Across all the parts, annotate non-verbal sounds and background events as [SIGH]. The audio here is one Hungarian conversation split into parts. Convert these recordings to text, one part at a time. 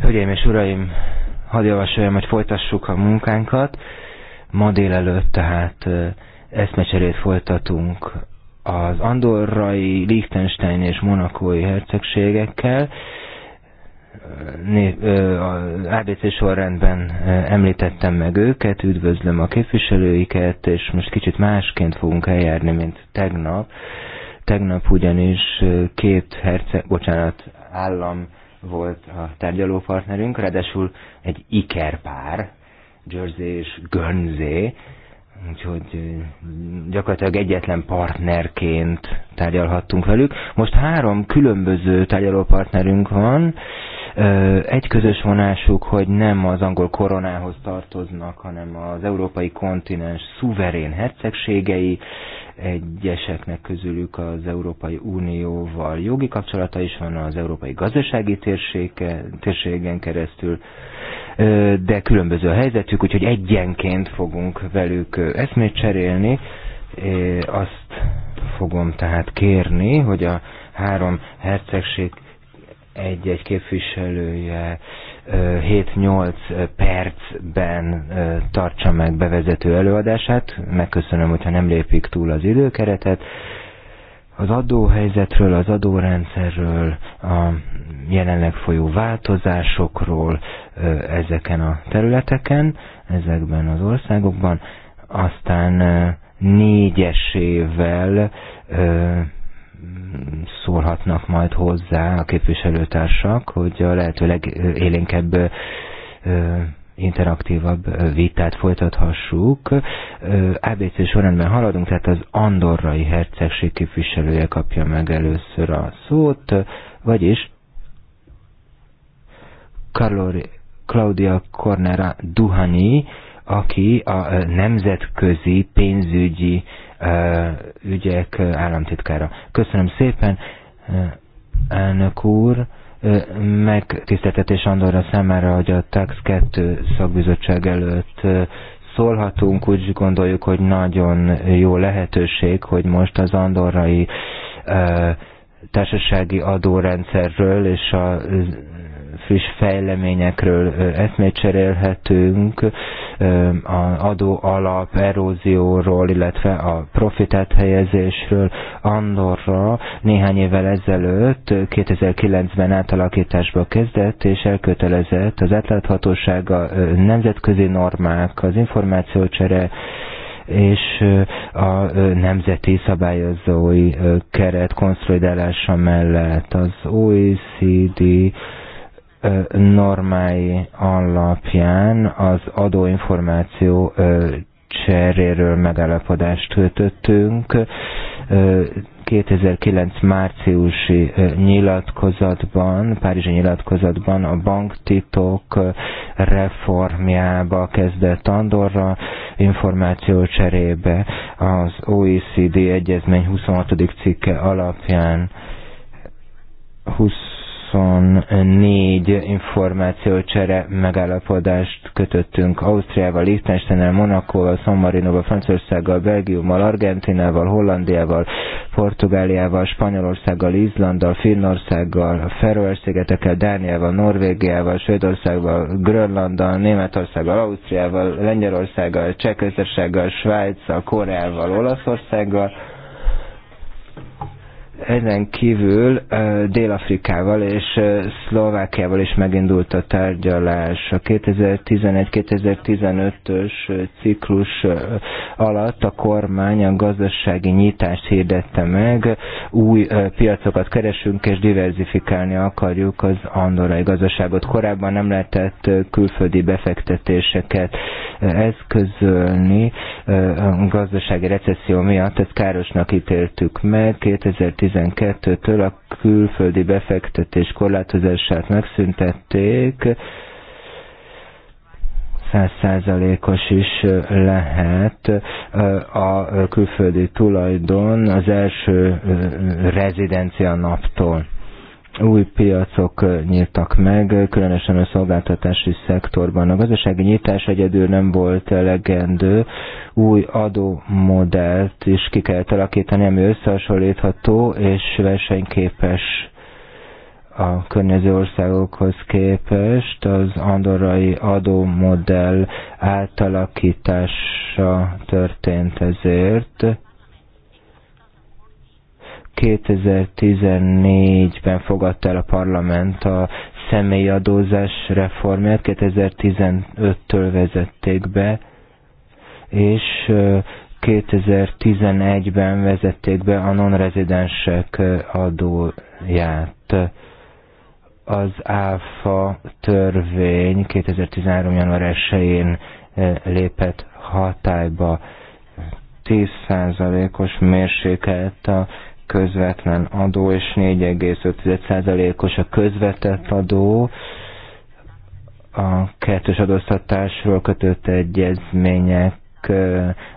Hölgyeim és uraim, hadd javasoljam, hogy folytassuk a munkánkat. Ma délelőtt tehát eszmecserét folytatunk az andorrai, Liechtenstein és monakói hercegségekkel. Az ABC sorrendben említettem meg őket, üdvözlöm a képviselőiket, és most kicsit másként fogunk eljárni, mint tegnap. Tegnap ugyanis két herceg, bocsánat, állam volt a tárgyalópartnerünk, ráadásul egy ikerpár, Jersey és Guernsey, úgyhogy gyakorlatilag egyetlen partnerként tárgyalhattunk velük. Most három különböző tárgyalópartnerünk van, egy közös vonásuk, hogy nem az angol koronához tartoznak, hanem az európai kontinens szuverén hercegségei, egyeseknek közülük az Európai Unióval jogi kapcsolata is van az Európai Gazdasági térsége, Térségen keresztül, de különböző a helyzetük, úgyhogy egyenként fogunk velük eszmét cserélni. Azt fogom tehát kérni, hogy a három hercegség egy-egy képviselője 7-8 percben tartsa meg bevezető előadását. Megköszönöm, hogyha nem lépik túl az időkeretet. Az adóhelyzetről, az adórendszerről, a jelenleg folyó változásokról ezeken a területeken, ezekben az országokban, aztán négyesével szólhatnak majd hozzá a képviselőtársak, hogy a lehető legélénkebb interaktívabb vitát folytathassuk. ABC sorrendben haladunk, tehát az Andorrai hercegség képviselője kapja meg először a szót, vagyis Carlori, Claudia Cornera Duhani, aki a nemzetközi pénzügyi ügyek államtitkára. Köszönöm szépen, elnök úr megtiszteltetés Andorra számára, hogy a TAX 2 szakbizottság előtt szólhatunk. Úgy gondoljuk, hogy nagyon jó lehetőség, hogy most az andorrai társasági adórendszerről és a friss fejleményekről eszmét cserélhetünk, az adó alap erózióról, illetve a profitát helyezésről. Andorra néhány évvel ezelőtt, 2009-ben átalakításba kezdett, és elkötelezett az átláthatóság, a nemzetközi normák, az információcsere, és a nemzeti szabályozói keret konszolidálása mellett az OECD normái alapján az adóinformáció cseréről megállapodást kötöttünk. 2009 márciusi nyilatkozatban, Párizsi nyilatkozatban a banktitok reformjába kezdett Andorra információ cserébe az OECD egyezmény 26. cikke alapján 20 24 információcsere megállapodást kötöttünk Ausztriával, Liechtensteinnel, Monakóval, San Marinoval, Franciaországgal, Belgiummal, Argentinával, Hollandiával, Portugáliával, Spanyolországgal, Izlanddal, Finnországgal, Feröer-szigetekkel, Dániával, Norvégiával, Svédországgal, Grönlanddal, Németországgal, Ausztriával, Lengyelországgal, Csehköztársággal, Svájccal, Koreával, Olaszországgal, ezen kívül Dél-Afrikával és Szlovákiával is megindult a tárgyalás. A 2011-2015-ös ciklus alatt a kormány a gazdasági nyitást hirdette meg, új piacokat keresünk és diversifikálni akarjuk az andorai gazdaságot. Korábban nem lehetett külföldi befektetéseket eszközölni a gazdasági recesszió miatt, ezt károsnak ítéltük meg 2010 2012-től a külföldi befektetés korlátozását megszüntették, 100%-os is lehet a külföldi tulajdon az első rezidencia naptól új piacok nyíltak meg, különösen a szolgáltatási szektorban. A gazdasági nyitás egyedül nem volt elegendő, új adómodellt is ki kell alakítani, ami összehasonlítható és versenyképes a környező országokhoz képest az andorrai adómodell átalakítása történt ezért 2014-ben fogadta el a parlament a személyi adózás reformját, 2015-től vezették be, és 2011-ben vezették be a non-rezidensek adóját. Az ÁFA törvény 2013. január 1-én lépett hatályba. 10%-os mérsékelt a közvetlen adó, és 4,5%-os a közvetett adó. A kettős adóztatásról kötött egyezmények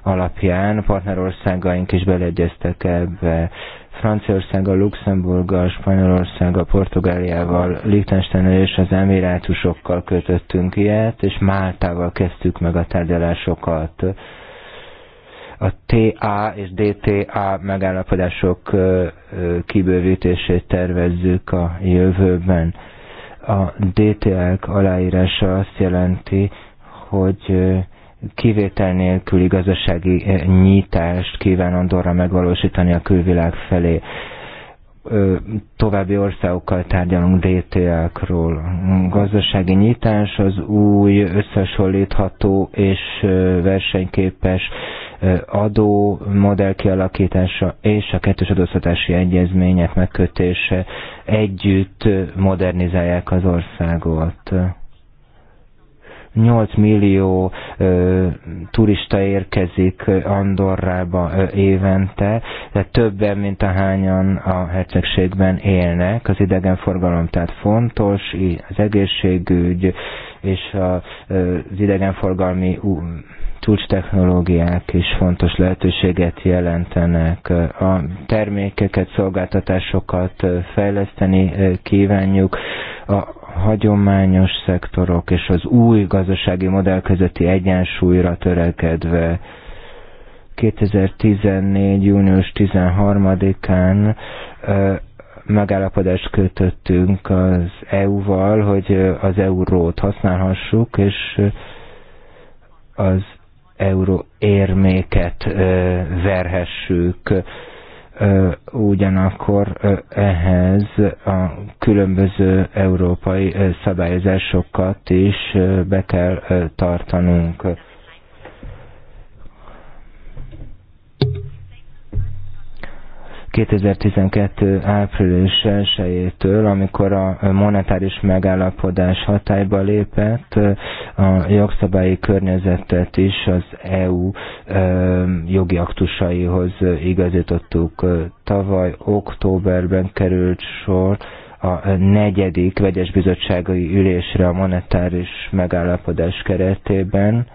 alapján partnerországaink is beleegyeztek ebbe. Franciaországgal, Luxemburggal, Spanyolországgal, Portugáliával, Liechtensteinnel és az Emirátusokkal kötöttünk ilyet, és Máltával kezdtük meg a tárgyalásokat a TA és DTA megállapodások kibővítését tervezzük a jövőben. A DTA-k aláírása azt jelenti, hogy kivétel nélküli gazdasági nyitást kíván Andorra megvalósítani a külvilág felé további országokkal tárgyalunk DTA-król. Gazdasági nyitás az új, összehasonlítható és versenyképes adó modell kialakítása és a kettős adóztatási egyezmények megkötése együtt modernizálják az országot. 8 millió ö, turista érkezik Andorrába ö, évente, de többen, mint ahányan a hercegségben élnek. Az idegenforgalom tehát fontos, az egészségügy és a, ö, az idegenforgalmi technológiák is fontos lehetőséget jelentenek. A termékeket, szolgáltatásokat fejleszteni kívánjuk. A hagyományos szektorok és az új gazdasági modell közötti egyensúlyra törekedve 2014. június 13-án megállapodást kötöttünk az EU-val, hogy az eurót használhassuk, és az euró érméket verhessük ugyanakkor ehhez a különböző európai szabályozásokat is be kell tartanunk. 2012. április 1 amikor a monetáris megállapodás hatályba lépett, a jogszabályi környezetet is az EU jogi aktusaihoz igazítottuk. Tavaly októberben került sor a negyedik vegyes bizottsági ülésre a monetáris megállapodás keretében,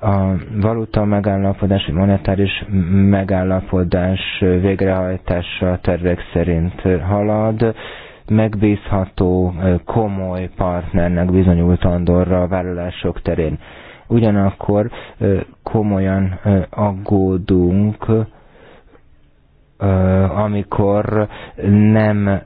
a valuta megállapodás, vagy monetáris megállapodás végrehajtása tervek szerint halad. Megbízható, komoly partnernek bizonyult Andorra a vállalások terén. Ugyanakkor komolyan aggódunk, amikor nem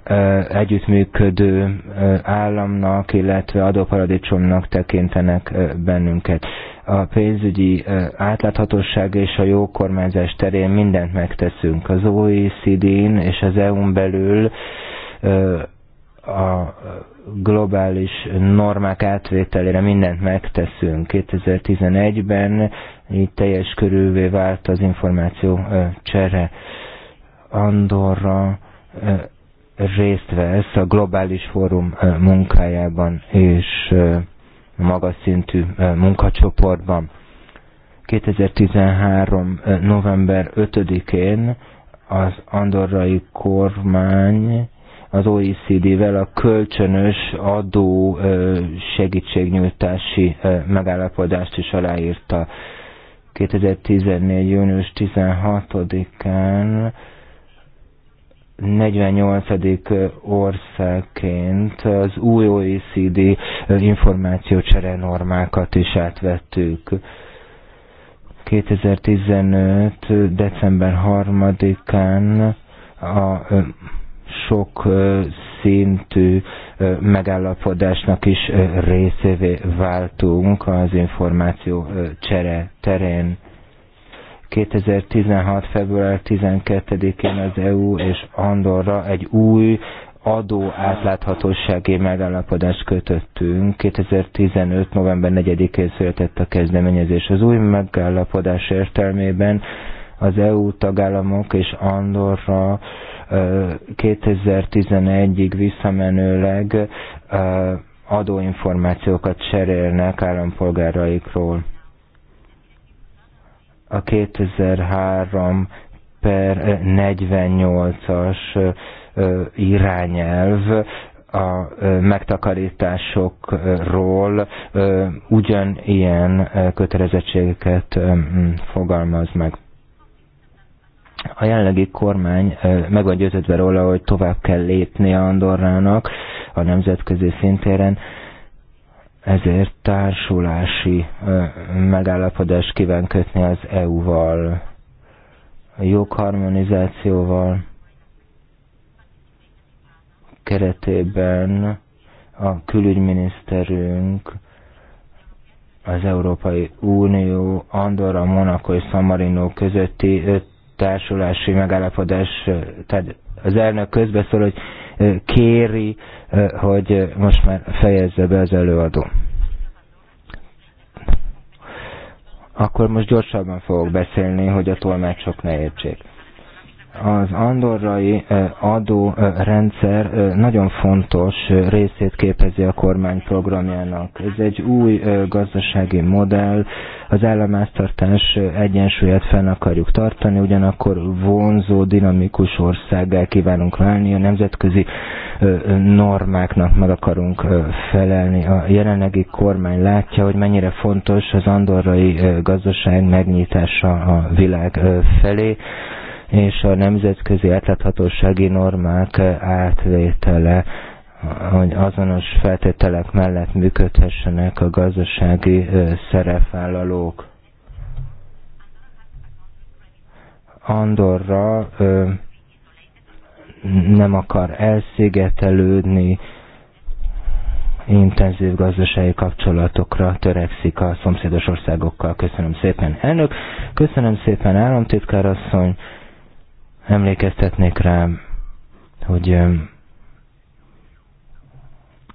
együttműködő államnak, illetve adóparadicsomnak tekintenek bennünket a pénzügyi átláthatóság és a jó kormányzás terén mindent megteszünk. Az OECD-n és az EU-n belül a globális normák átvételére mindent megteszünk. 2011-ben így teljes körülvé vált az információ csere. Andorra részt vesz a globális fórum munkájában, és magas szintű munkacsoportban. 2013. november 5-én az andorrai kormány az OECD-vel a kölcsönös adó segítségnyújtási megállapodást is aláírta. 2014. június 16-án 48. országként az új OECD információcsere normákat is átvettük. 2015. december 3-án a sok szintű megállapodásnak is részévé váltunk az információ csere terén. 2016. február 12-én az EU és Andorra egy új adó átláthatósági megállapodást kötöttünk. 2015. november 4-én született a kezdeményezés. Az új megállapodás értelmében az EU tagállamok és Andorra 2011-ig visszamenőleg adóinformációkat cserélnek állampolgáraikról a 2003 per 48-as irányelv a megtakarításokról ugyanilyen kötelezettségeket fogalmaz meg. A jelenlegi kormány meg van győződve róla, hogy tovább kell lépni Andorrának a nemzetközi szintéren, ezért társulási megállapodást kíván kötni az EU-val, jogharmonizációval keretében a külügyminiszterünk az Európai Unió, Andorra, Monaco és San Marino közötti társulási megállapodás, tehát az elnök közbeszól, hogy kéri, hogy most már fejezze be az előadó. Akkor most gyorsabban fogok beszélni, hogy a tolmácsok ne értsék az andorrai eh, adórendszer eh, eh, nagyon fontos részét képezi a kormány programjának. Ez egy új gazdasági modell, az államáztartás egyensúlyát fenn akarjuk tartani, ugyanakkor vonzó, dinamikus országgal kívánunk válni, a nemzetközi normáknak meg akarunk felelni. A jelenlegi kormány látja, hogy mennyire fontos az andorrai gazdaság megnyitása a világ felé, és a nemzetközi átláthatósági normák átvétele hogy azonos feltételek mellett működhessenek a gazdasági szerepvállalók. Andorra ö, nem akar elszigetelődni, intenzív gazdasági kapcsolatokra törekszik a szomszédos országokkal. Köszönöm szépen, elnök! Köszönöm szépen, államtitkár asszony! emlékeztetnék rá, hogy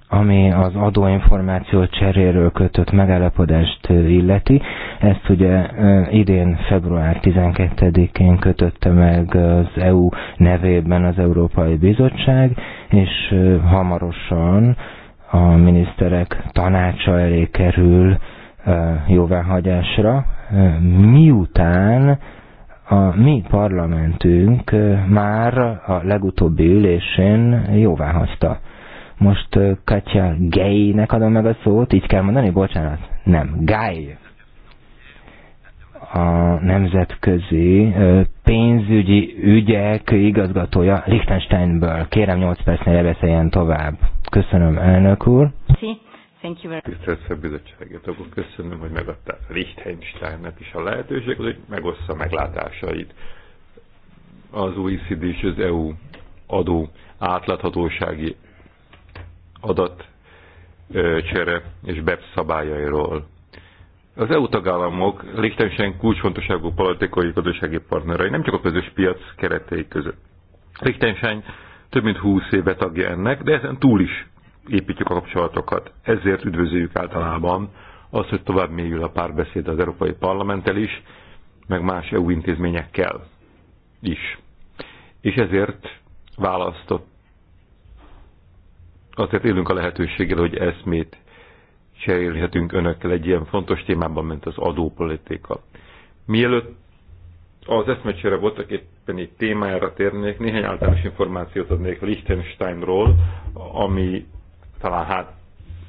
ami az adóinformáció cseréről kötött megállapodást illeti. Ezt ugye idén február 12-én kötötte meg az EU nevében az Európai Bizottság, és hamarosan a miniszterek tanácsa elé kerül jóváhagyásra, miután a mi parlamentünk már a legutóbbi ülésén jóvá hozta. Most Katya Gay-nek adom meg a szót, így kell mondani, bocsánat, nem, Gay. A nemzetközi pénzügyi ügyek igazgatója Liechtensteinből. Kérem 8 percnél beszéljen tovább. Köszönöm, elnök úr. Sí. Thank you very much. Tisztelt Szakbizottságot, akkor köszönöm, hogy megadta Liechtensteinnek is a lehetőség, hogy megossza meglátásait az OECD és az EU adó átláthatósági csere és BEPS szabályairól. Az EU tagállamok Lichtenstein kulcsfontosságú politikai gazdasági partnerei nem csak a közös piac keretei között. Lichtenstein több mint 20 éve tagja ennek, de ezen túl is építjük a kapcsolatokat. Ezért üdvözöljük általában azt, hogy tovább mélyül a párbeszéd az Európai Parlamenttel is, meg más EU intézményekkel is. És ezért választott, azért élünk a lehetőséggel, hogy eszmét cserélhetünk önökkel egy ilyen fontos témában, mint az adópolitika. Mielőtt az eszmecsere voltak éppen egy témájára térnék, néhány általános információt adnék Liechtensteinról, ami talán hát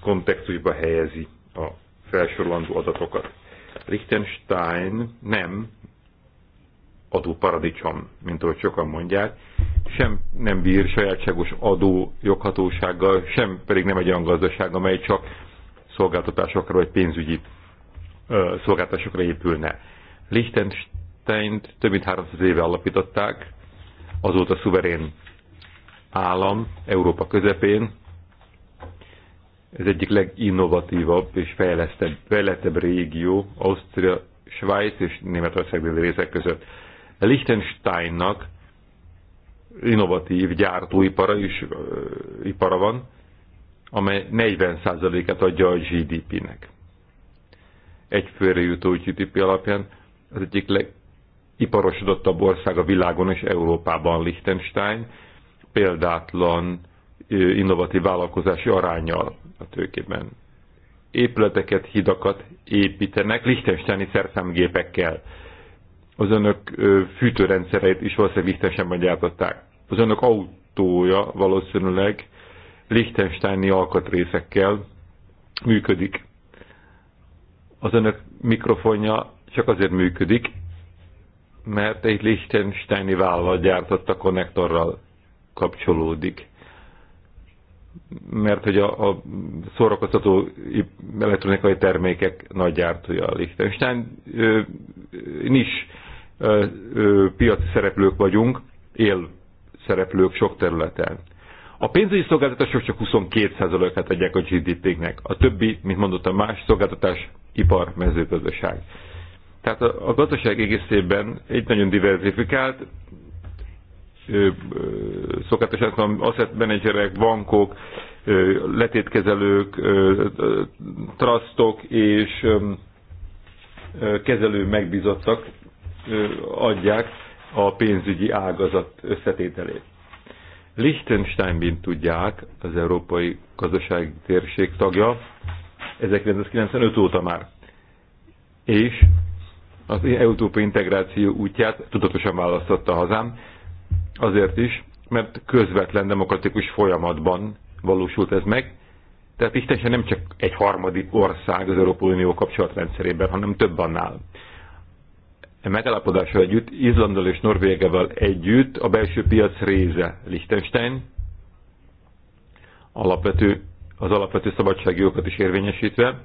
kontextusba helyezi a felsorolandó adatokat. Liechtenstein nem adóparadicsom, mint ahogy sokan mondják, sem nem bír sajátságos adó joghatósággal, sem pedig nem egy olyan gazdaság, amely csak szolgáltatásokra vagy pénzügyi ö, szolgáltatásokra épülne. Liechtenstein több mint 300 éve alapították, azóta szuverén állam Európa közepén, ez egyik leginnovatívabb és fejlesztebb, fejlettebb régió Ausztria, Svájc és Németország déli részek között. A Liechtensteinnak innovatív gyártóipara is ö, ipara van, amely 40%-át adja a GDP-nek. főre jutó GDP alapján az egyik legiparosodottabb ország a világon és Európában Liechtenstein, példátlan innovatív vállalkozási arányjal a tőkében. Épületeket, hidakat építenek lichtensteini szerszámgépekkel. Az önök fűtőrendszereit is valószínűleg Lichtensteinben gyártották. Az önök autója valószínűleg lichtensteini alkatrészekkel működik. Az önök mikrofonja csak azért működik, mert egy lichtensteini vállalat gyártotta konnektorral kapcsolódik mert hogy a, a szórakoztató elektronikai termékek nagy gyártója a Liechtenstein. Nis piaci szereplők vagyunk, él szereplők sok területen. A pénzügyi szolgáltatások csak 22%-át adják a GDP-nek. A többi, mint mondottam, más szolgáltatás, ipar, mezőgazdaság. Tehát a, a gazdaság egészében egy nagyon diversifikált, szokatosátlan asset menedzserek, bankok, letétkezelők, trustok és kezelő megbizottak adják a pénzügyi ágazat összetételét. Liechtenstein, mint tudják, az Európai Gazdasági Térség tagja, 1995 óta már. És az európai integráció útját tudatosan választotta hazám, Azért is, mert közvetlen demokratikus folyamatban valósult ez meg, tehát Liechtenstein nem csak egy harmadik ország az Európai Unió kapcsolatrendszerében, hanem több annál. A e megállapodása együtt, Izlandal és Norvégevel együtt a belső piac része Liechtenstein, alapvető, az alapvető szabadságjogokat is érvényesítve.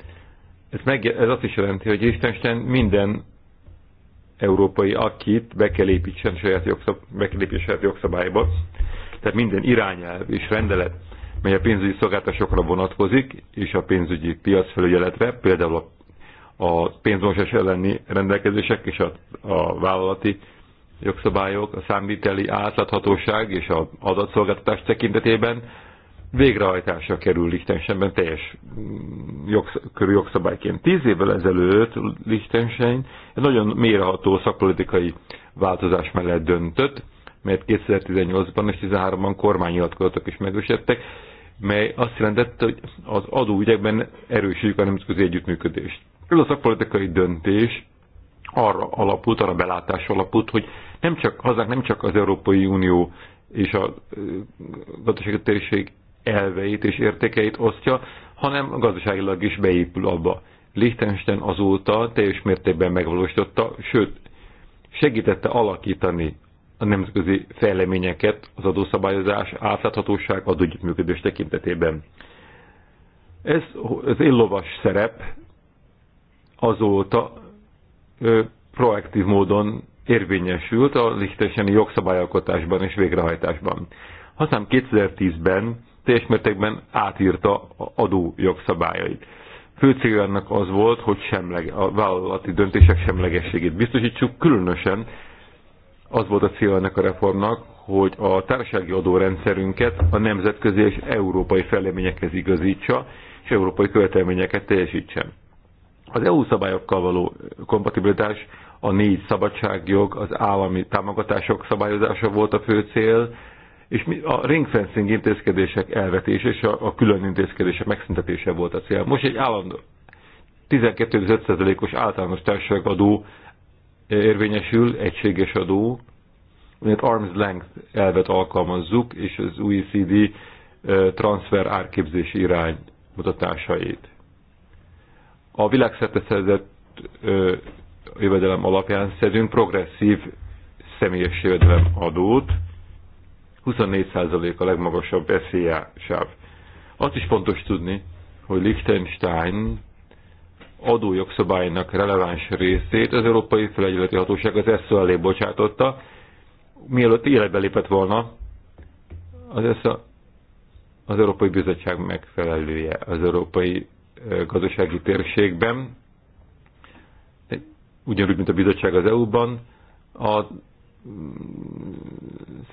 Ez, meg, ez azt is jelenti, hogy Liechtenstein minden európai akit be kell építsen saját, jogszab, be kell építsen saját jogszabályba. Tehát minden irányelv és rendelet, mely a pénzügyi szolgáltatásokra vonatkozik, és a pénzügyi piac felügyeletre, például a, a pénzmosás elleni rendelkezések és a, a vállalati jogszabályok, a számíteli átláthatóság és az adatszolgáltatás tekintetében végrehajtásra kerül Liechtensteinben teljes mm, jogsz, körű jogszabályként. Tíz évvel ezelőtt Lichtenstein nagyon mérható szakpolitikai változás mellett döntött, mert 2018-ban és 2013-ban kormányilatkozatok is megösettek, mely azt jelentette, hogy az adóügyekben erősítjük a nemzetközi együttműködést. Ez a szakpolitikai döntés arra alapult, arra belátás alapult, hogy nem csak, hazánk nem csak az Európai Unió és a gazdasági térség elveit és értékeit osztja, hanem gazdaságilag is beépül abba. Liechtenstein azóta teljes mértékben megvalósította, sőt, segítette alakítani a nemzetközi fejleményeket az adószabályozás, átláthatóság, adógyűjtműködés tekintetében. Ez az illovas szerep azóta ö, proaktív módon érvényesült a lichteseni jogszabályalkotásban és végrehajtásban. Aztán 2010-ben teljes mértékben átírta adó jogszabályait. Fő célja ennek az volt, hogy semleg, a vállalati döntések semlegességét biztosítsuk, különösen az volt a cél ennek a reformnak, hogy a társasági adórendszerünket a nemzetközi és európai fejleményekhez igazítsa, és európai követelményeket teljesítsen. Az EU szabályokkal való kompatibilitás, a négy szabadságjog, az állami támogatások szabályozása volt a fő cél, és a ringfencing intézkedések elvetése és a, a külön intézkedések megszüntetése volt a cél. Most egy állandó 12-5%-os általános társaságadó érvényesül, egységes adó, amit arm's length elvet alkalmazzuk, és az OECD transfer árképzési irány mutatásait. A világszerte szerzett jövedelem alapján szedünk progresszív személyes jövedelem adót, 24% a legmagasabb SZIA sáv. Azt is fontos tudni, hogy Liechtenstein adójogszabálynak releváns részét az Európai Felegyeleti Hatóság az ESZO elé bocsátotta, mielőtt életbe lépett volna az ESZO az Európai Bizottság megfelelője az Európai Gazdasági Térségben, ugyanúgy, mint a bizottság az EU-ban, a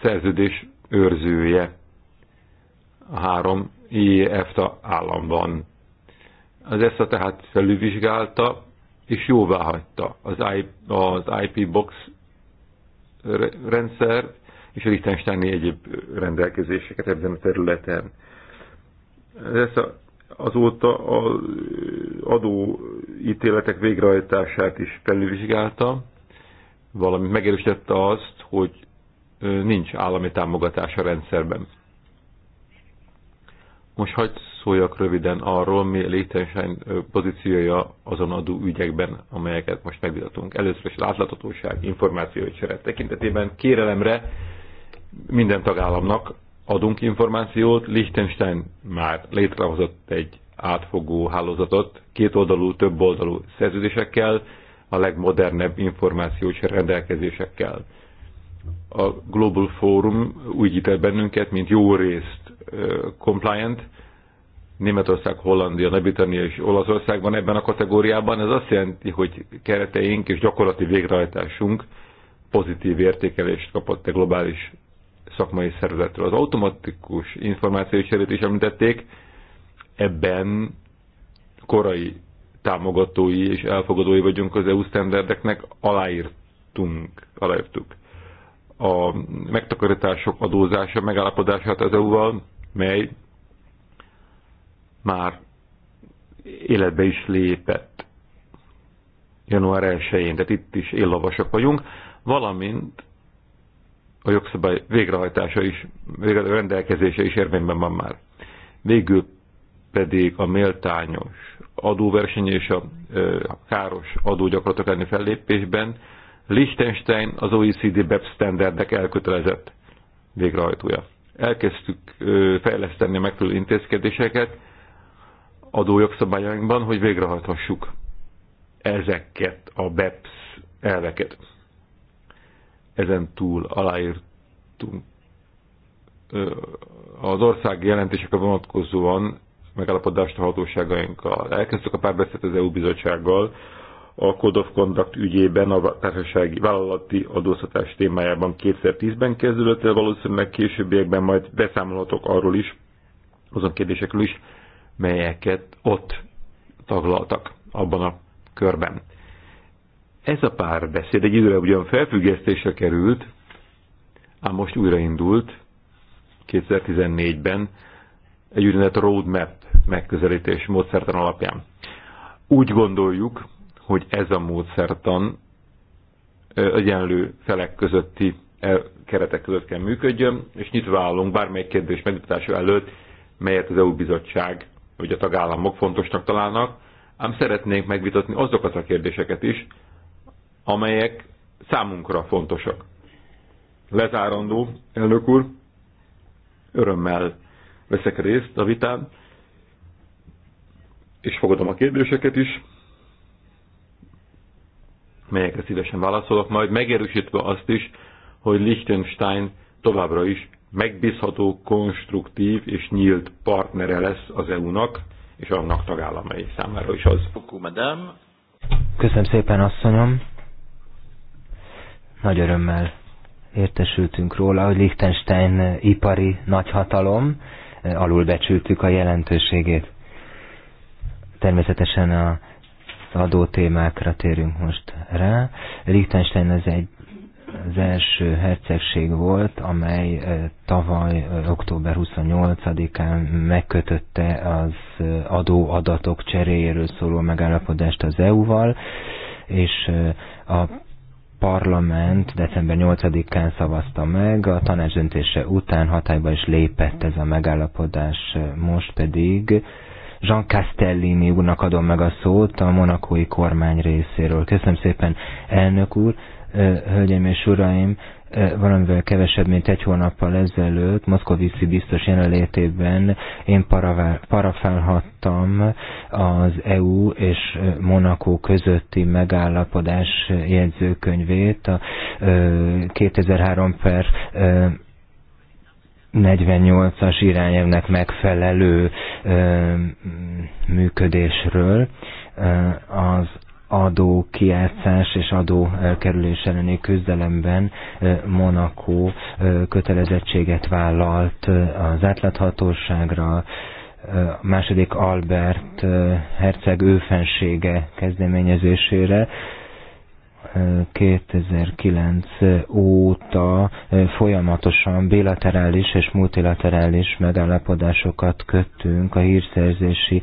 szerződés őrzője a három IEFTA államban. Az ESZA tehát felülvizsgálta és jóvá hagyta az, IP, az IP box rendszer és a Liechtensteini egyéb rendelkezéseket ebben a területen. Ez azóta az ítéletek végrehajtását is felülvizsgálta, valamint megerősítette azt, hogy nincs állami támogatás a rendszerben. Most hagyd szóljak röviden arról, mi Liechtenstein pozíciója azon adó ügyekben, amelyeket most megvitatunk. Először is láthatóság, információi csere tekintetében kérelemre minden tagállamnak adunk információt. Liechtenstein már létrehozott egy átfogó hálózatot, két oldalú, több oldalú szerződésekkel, a legmodernebb információs rendelkezésekkel. A Global Forum úgy ítél bennünket, mint jó részt compliant, Németország, Hollandia, Nebitania és Olaszországban ebben a kategóriában. Ez azt jelenti, hogy kereteink és gyakorlati végrehajtásunk pozitív értékelést kapott a globális szakmai szervezetről. Az automatikus információs cserét is említették, ebben korai támogatói és elfogadói vagyunk az EU standardeknek, aláírtunk, aláírtuk. A megtakarítások adózása megállapodását az EU-val, mely már életbe is lépett január 1-én, tehát itt is éllavasak vagyunk, valamint a jogszabály végrehajtása is, rendelkezése is érvényben van már. Végül pedig a méltányos adóverseny és a káros adógyakorlatok elleni fellépésben Liechtenstein az OECD BEPS standardek elkötelezett végrehajtója. Elkezdtük fejleszteni a megfelelő intézkedéseket adójogszabályainkban, hogy végrehajthassuk ezeket a BEPS elveket. Ezen túl aláírtunk az ország jelentésekre vonatkozóan megállapodást a hatóságainkkal. Elkezdtük a párbeszédet az EU bizottsággal a Code of Conduct ügyében a társasági vállalati adóztatás témájában 2010-ben kezdődött el, valószínűleg későbbiekben majd beszámolhatok arról is, azon kérdésekről is, melyeket ott taglaltak abban a körben. Ez a párbeszéd egy időre ugyan felfüggesztésre került, ám most újraindult 2014-ben egy úgynevezett roadmap megközelítés módszertan alapján. Úgy gondoljuk, hogy ez a módszertan egyenlő felek közötti e, keretek között kell működjön, és nyitva állunk bármely kérdés megvitatása előtt, melyet az EU bizottság vagy a tagállamok fontosnak találnak, ám szeretnénk megvitatni azokat a kérdéseket is, amelyek számunkra fontosak. Lezárandó, elnök úr, örömmel veszek részt a vitán, és fogadom a kérdéseket is, melyekre szívesen válaszolok, majd megerősítve azt is, hogy Liechtenstein továbbra is megbízható, konstruktív és nyílt partnere lesz az EU-nak, és annak tagállamai számára is az. Köszönöm szépen, asszonyom! Nagy örömmel értesültünk róla, hogy Liechtenstein ipari nagyhatalom, alulbecsültük a jelentőségét. Természetesen a adó témákra térünk most rá. Liechtenstein az egy az első hercegség volt, amely tavaly október 28-án megkötötte az adóadatok cseréjéről szóló megállapodást az EU-val, és a parlament december 8-án szavazta meg, a tanács döntése után hatályba is lépett ez a megállapodás, most pedig Jean Castellini úrnak adom meg a szót a monakói kormány részéről. Köszönöm szépen, elnök úr, hölgyeim és uraim, valamivel kevesebb, mint egy hónappal ezelőtt Moszkovici biztos jelenlétében én parafálhattam az EU és Monaco közötti megállapodás jegyzőkönyvét, a 2003 per 48-as irányelvnek megfelelő működésről az adó kiátszás és adó kerülés elleni küzdelemben Monaco kötelezettséget vállalt az átláthatóságra, a második Albert herceg őfensége kezdeményezésére, 2009 óta folyamatosan bilaterális és multilaterális megállapodásokat köttünk a hírszerzési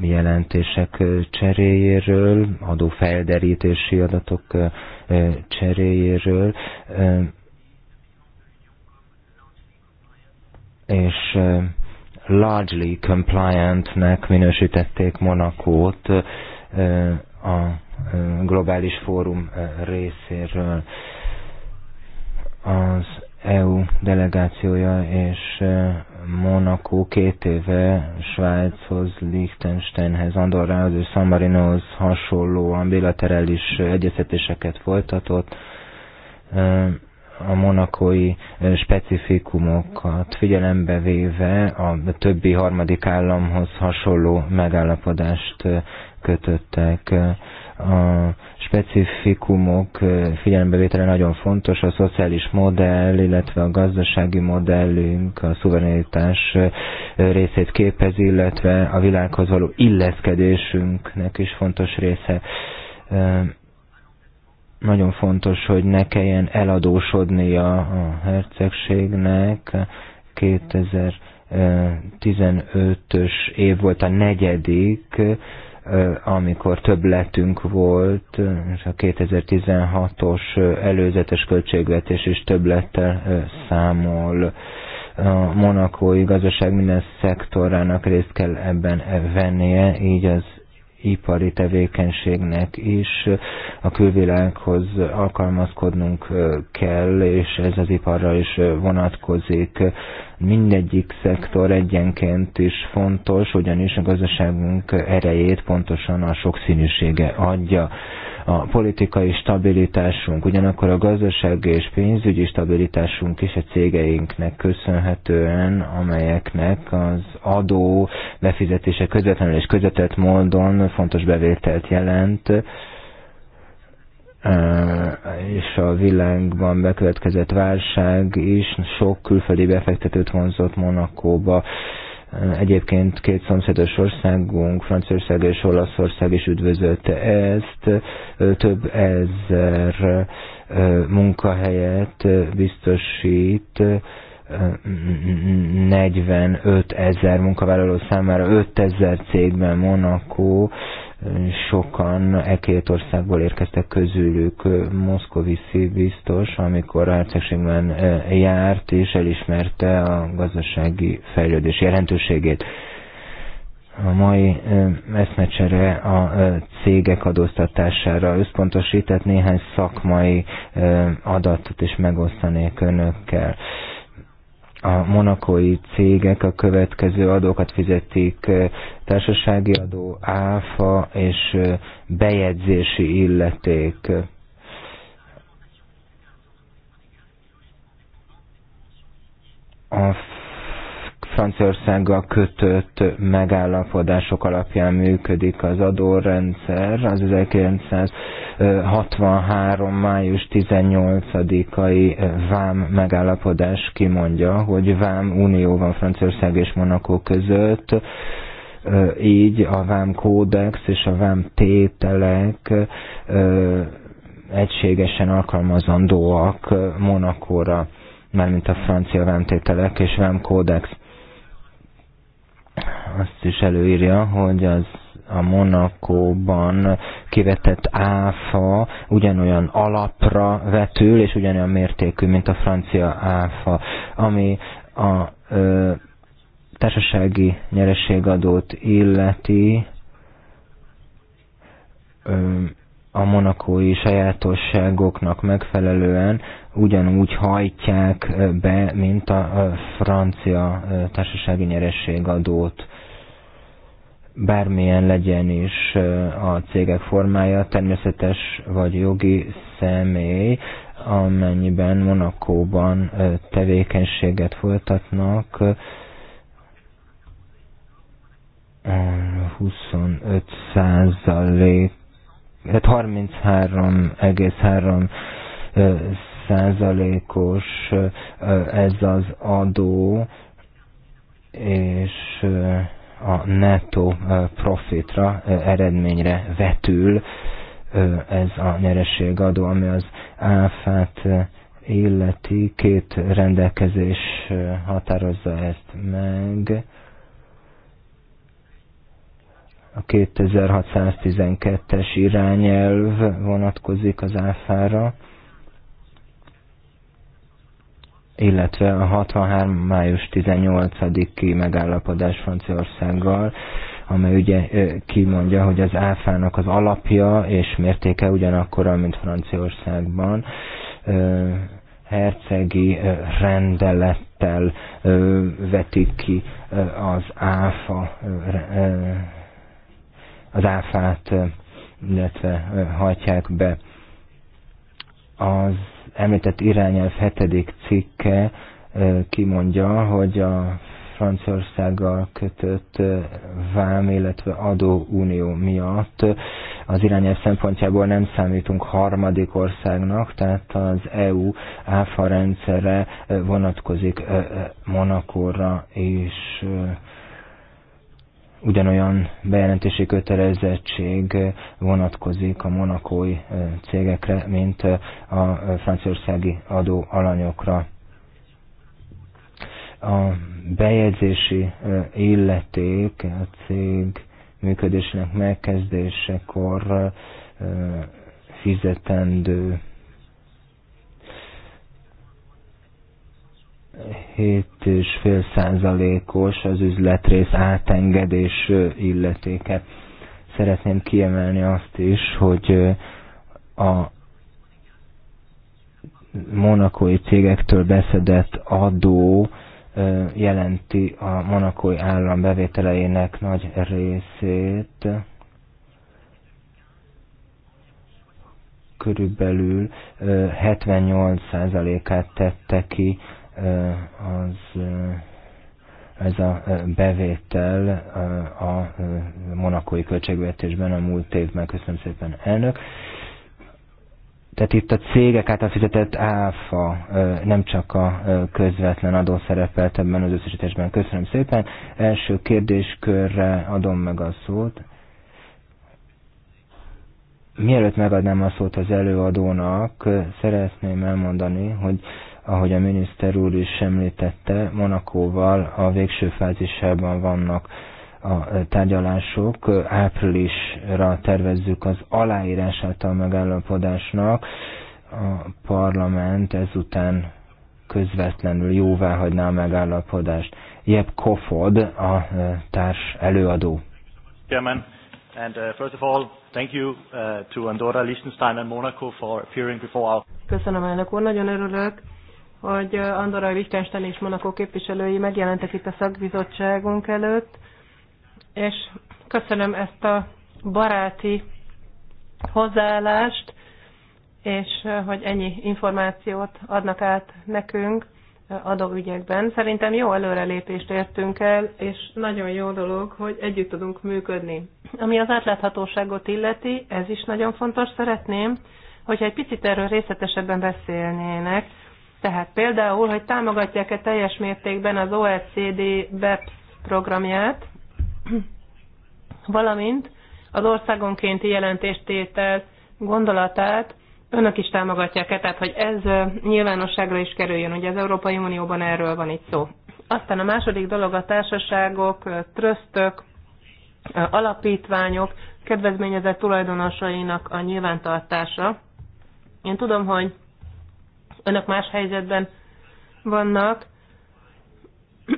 jelentések cseréjéről, adófelderítési adatok cseréjéről, és largely compliantnek minősítették Monakót a globális fórum részéről az EU delegációja és Monaco két éve Svájchoz, Liechtensteinhez, Andorrához és San Marinohoz hasonlóan bilaterális egyeztetéseket folytatott. A monakói specifikumokat figyelembe véve a többi harmadik államhoz hasonló megállapodást kötöttek a specifikumok figyelembevétele nagyon fontos, a szociális modell, illetve a gazdasági modellünk, a szuverenitás részét képez, illetve a világhoz való illeszkedésünknek is fontos része. Nagyon fontos, hogy ne kelljen eladósodnia a hercegségnek 2015-ös év volt a negyedik, amikor többletünk volt, és a 2016-os előzetes költségvetés is többlettel számol. A monakói gazdaság minden szektorának részt kell ebben vennie, így az ipari tevékenységnek is a külvilághoz alkalmazkodnunk kell, és ez az iparra is vonatkozik. Mindegyik szektor egyenként is fontos, ugyanis a gazdaságunk erejét pontosan a sokszínűsége adja a politikai stabilitásunk, ugyanakkor a gazdasági és pénzügyi stabilitásunk is a cégeinknek köszönhetően, amelyeknek az adó befizetése közvetlenül és közvetett módon fontos bevételt jelent, és a világban bekövetkezett válság is sok külföldi befektetőt vonzott Monakóba, Eh, egyébként két szomszédos országunk, Franciaország és Olaszország is üdvözölte ezt. Eh, több ezer eh, munkahelyet biztosít 45 ezer munkavállaló számára, 5 ezer cégben Monaco sokan e két országból érkeztek közülük, Moszkoviszi biztos, amikor Hercegségben e, járt, és elismerte a gazdasági fejlődés jelentőségét. A mai e, eszmecsere a e, cégek adóztatására összpontosített néhány szakmai adatot is megosztanék önökkel a monakói cégek a következő adókat fizetik, társasági adó, áfa és bejegyzési illeték. A Franciaországgal kötött megállapodások alapján működik az adórendszer, az 1963. május 18-ai vám megállapodás kimondja, hogy vám unió van Franciaország és Monaco között, így a vám kódex és a vám tételek egységesen alkalmazandóak Monakóra, mármint a francia vámtételek és vámkódex azt is előírja, hogy az a Monakóban kivetett áfa ugyanolyan alapra vetül, és ugyanolyan mértékű, mint a francia áfa, ami a ö, társasági nyereségadót illeti, ö, a monakói sajátosságoknak megfelelően ugyanúgy hajtják be, mint a francia társasági nyerességadót bármilyen legyen is a cégek formája, természetes vagy jogi személy, amennyiben Monakóban tevékenységet folytatnak, 25 százalék, tehát 33,3 százalékos ez az adó, és a netto eh, profitra, eh, eredményre vetül eh, ez a nyerességadó, ami az áfát illeti. Két rendelkezés határozza ezt meg. A 2612-es irányelv vonatkozik az áfára illetve a 63. május 18-i megállapodás Franciaországgal, amely ugye kimondja, hogy az áfának az alapja és mértéke ugyanakkor, mint Franciaországban. Hercegi rendelettel vetik ki az áfa az áfát, illetve hajtják be az említett irányelv hetedik cikke kimondja, hogy a Franciaországgal kötött vám, illetve adóunió miatt az irányelv szempontjából nem számítunk harmadik országnak, tehát az EU áfa rendszere vonatkozik Monakóra és ugyanolyan bejelentési kötelezettség vonatkozik a monakói cégekre, mint a franciaországi adó alanyokra. A bejegyzési illeték a cég működésének megkezdésekor fizetendő 7,5 százalékos az üzletrész átengedés illetéke. Szeretném kiemelni azt is, hogy a monakói cégektől beszedett adó jelenti a monakói állam bevételeinek nagy részét. Körülbelül 78%-át tette ki az ez a bevétel a monakói költségvetésben a múlt évben. Köszönöm szépen, elnök. Tehát itt a cégek által fizetett áfa nem csak a közvetlen adó szerepelt ebben az összesítésben. Köszönöm szépen. Első kérdéskörre adom meg a szót. Mielőtt megadnám a szót az előadónak, szeretném elmondani, hogy ahogy a miniszter úr is említette, Monakóval a végső fázisában vannak a tárgyalások. Áprilisra tervezzük az aláírás által megállapodásnak. A parlament ezután közvetlenül jóvá hagyná a megállapodást. Jeb Kofod, a e, társ előadó. Chairman, and uh, first of all, thank you uh, to Andorra, Liechtenstein and Monaco for appearing before our... Köszönöm, elnök úr, nagyon örülök hogy Andorra, Lichtenstein és Monaco képviselői megjelentek itt a szakbizottságunk előtt, és köszönöm ezt a baráti hozzáállást, és hogy ennyi információt adnak át nekünk adóügyekben. Szerintem jó előrelépést értünk el, és nagyon jó dolog, hogy együtt tudunk működni. Ami az átláthatóságot illeti, ez is nagyon fontos, szeretném, hogyha egy picit erről részletesebben beszélnének, tehát például, hogy támogatják-e teljes mértékben az OECD BEPS programját, valamint az országonkénti jelentéstétel gondolatát önök is támogatják-e, tehát hogy ez nyilvánosságra is kerüljön, ugye az Európai Unióban erről van itt szó. Aztán a második dolog a társaságok, trösztök, alapítványok, kedvezményezett tulajdonosainak a nyilvántartása. Én tudom, hogy önök más helyzetben vannak, [CLEARS THROAT]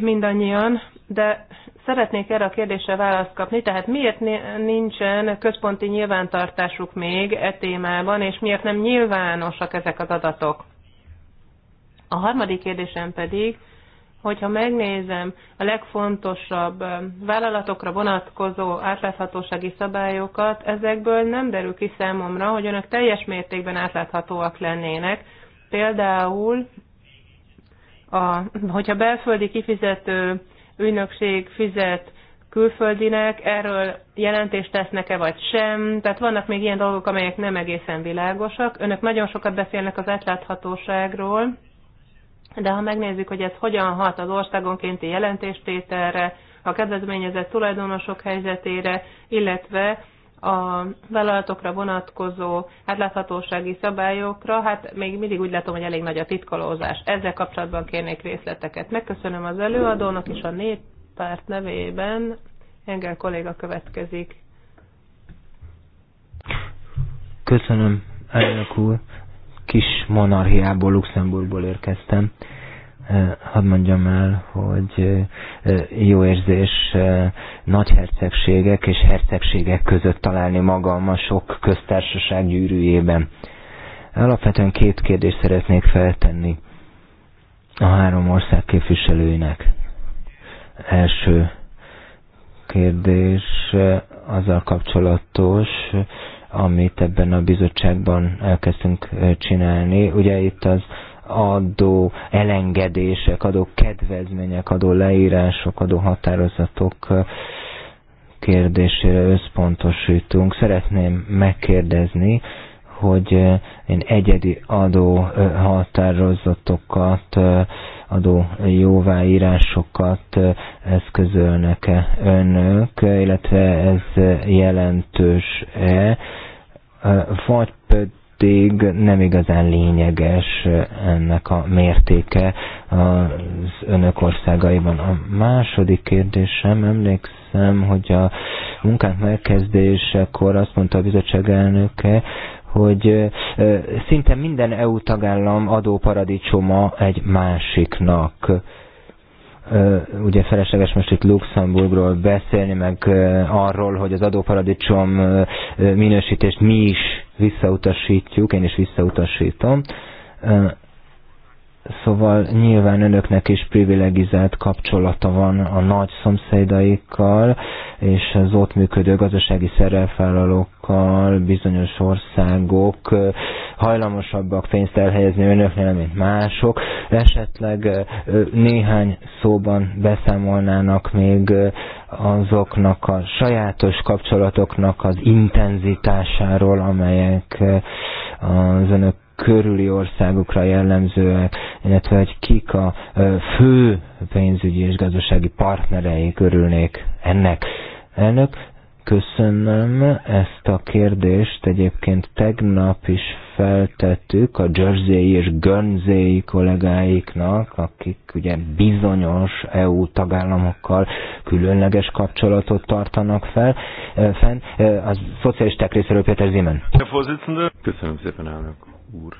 mindannyian, de szeretnék erre a kérdésre választ kapni, tehát miért nincsen központi nyilvántartásuk még e témában, és miért nem nyilvánosak ezek az adatok? A harmadik kérdésem pedig, hogyha megnézem a legfontosabb um, vállalatokra vonatkozó átláthatósági szabályokat, ezekből nem derül ki számomra, hogy önök teljes mértékben átláthatóak lennének, Például, a, hogyha belföldi kifizető ügynökség fizet külföldinek, erről jelentést tesznek-e vagy sem. Tehát vannak még ilyen dolgok, amelyek nem egészen világosak. Önök nagyon sokat beszélnek az átláthatóságról, de ha megnézzük, hogy ez hogyan hat az országonkénti jelentéstételre, a kedvezményezett tulajdonosok helyzetére, illetve a vállalatokra vonatkozó átláthatósági szabályokra, hát még mindig úgy látom, hogy elég nagy a titkolózás. Ezzel kapcsolatban kérnék részleteket. Megköszönöm az előadónak és a néppárt nevében. Engel kolléga következik. Köszönöm, elnök úr. Kis monarchiából, Luxemburgból érkeztem. Eh, hadd mondjam el, hogy eh, jó érzés eh, nagy hercegségek és hercegségek között találni magam a sok köztársaság gyűrűjében. Alapvetően két kérdést szeretnék feltenni a három ország képviselőinek. Első kérdés azzal kapcsolatos, amit ebben a bizottságban elkezdtünk csinálni. Ugye itt az adó elengedések, adó kedvezmények, adó leírások, adó határozatok kérdésére összpontosítunk. Szeretném megkérdezni, hogy én egyedi adó határozatokat, adó jóváírásokat eszközölnek-e önök, illetve ez jelentős-e, vagy pedig mértékig nem igazán lényeges ennek a mértéke az önök országaiban. A második kérdésem, emlékszem, hogy a munkánk megkezdésekor azt mondta a bizottság elnöke, hogy szinte minden EU tagállam adóparadicsoma egy másiknak ugye felesleges most itt Luxemburgról beszélni, meg arról, hogy az adóparadicsom minősítést mi is visszautasítjuk, én is visszautasítom Szóval nyilván önöknek is privilegizált kapcsolata van a nagy szomszédaikkal, és az ott működő gazdasági szerelfállalókkal bizonyos országok hajlamosabbak pénzt elhelyezni önöknél, mint mások. Esetleg néhány szóban beszámolnának még azoknak a sajátos kapcsolatoknak az intenzitásáról, amelyek az önök körüli országokra jellemzőek, illetve hogy kik a fő pénzügyi és gazdasági partnerei körülnék ennek. Elnök, köszönöm ezt a kérdést. Egyébként tegnap is feltettük a Jersey és Guernsey kollégáiknak, akik ugye bizonyos EU tagállamokkal különleges kapcsolatot tartanak fel. Fenn, a szocialisták részéről Péter Zimen. Köszönöm szépen, elnök úr.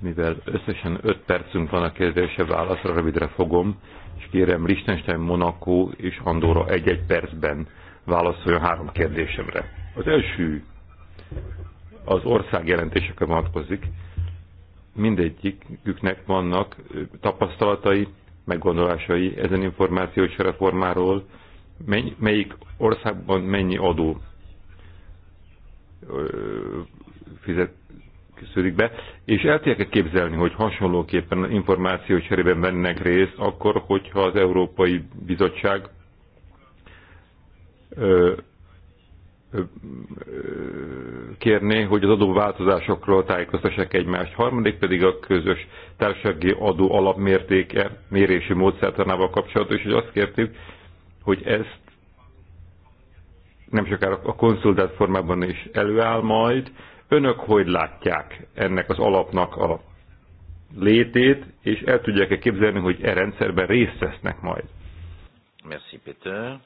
Mivel összesen 5 percünk van a kérdése válaszra, rövidre fogom, és kérem Liechtenstein, Monaco és Andorra egy-egy percben válaszoljon három kérdésemre. Az első az ország jelentésekre vonatkozik. Mindegyiküknek vannak tapasztalatai, meggondolásai ezen információs reformáról, melyik országban mennyi adó fizet, szűrik be, és el tudják képzelni, hogy hasonlóképpen információ cserében vennek részt, akkor, hogyha az Európai Bizottság ö, ö, kérné, hogy az adóváltozásokról tájékoztassák egymást. Harmadik pedig a közös társasági adó alapmértéke mérési módszertanával kapcsolatos, és azt kértük, hogy ezt nem sokára a konszultált formában is előáll majd, Önök hogy látják ennek az alapnak a létét, és el tudják-e képzelni, hogy e rendszerben részt vesznek majd? Merci Peter.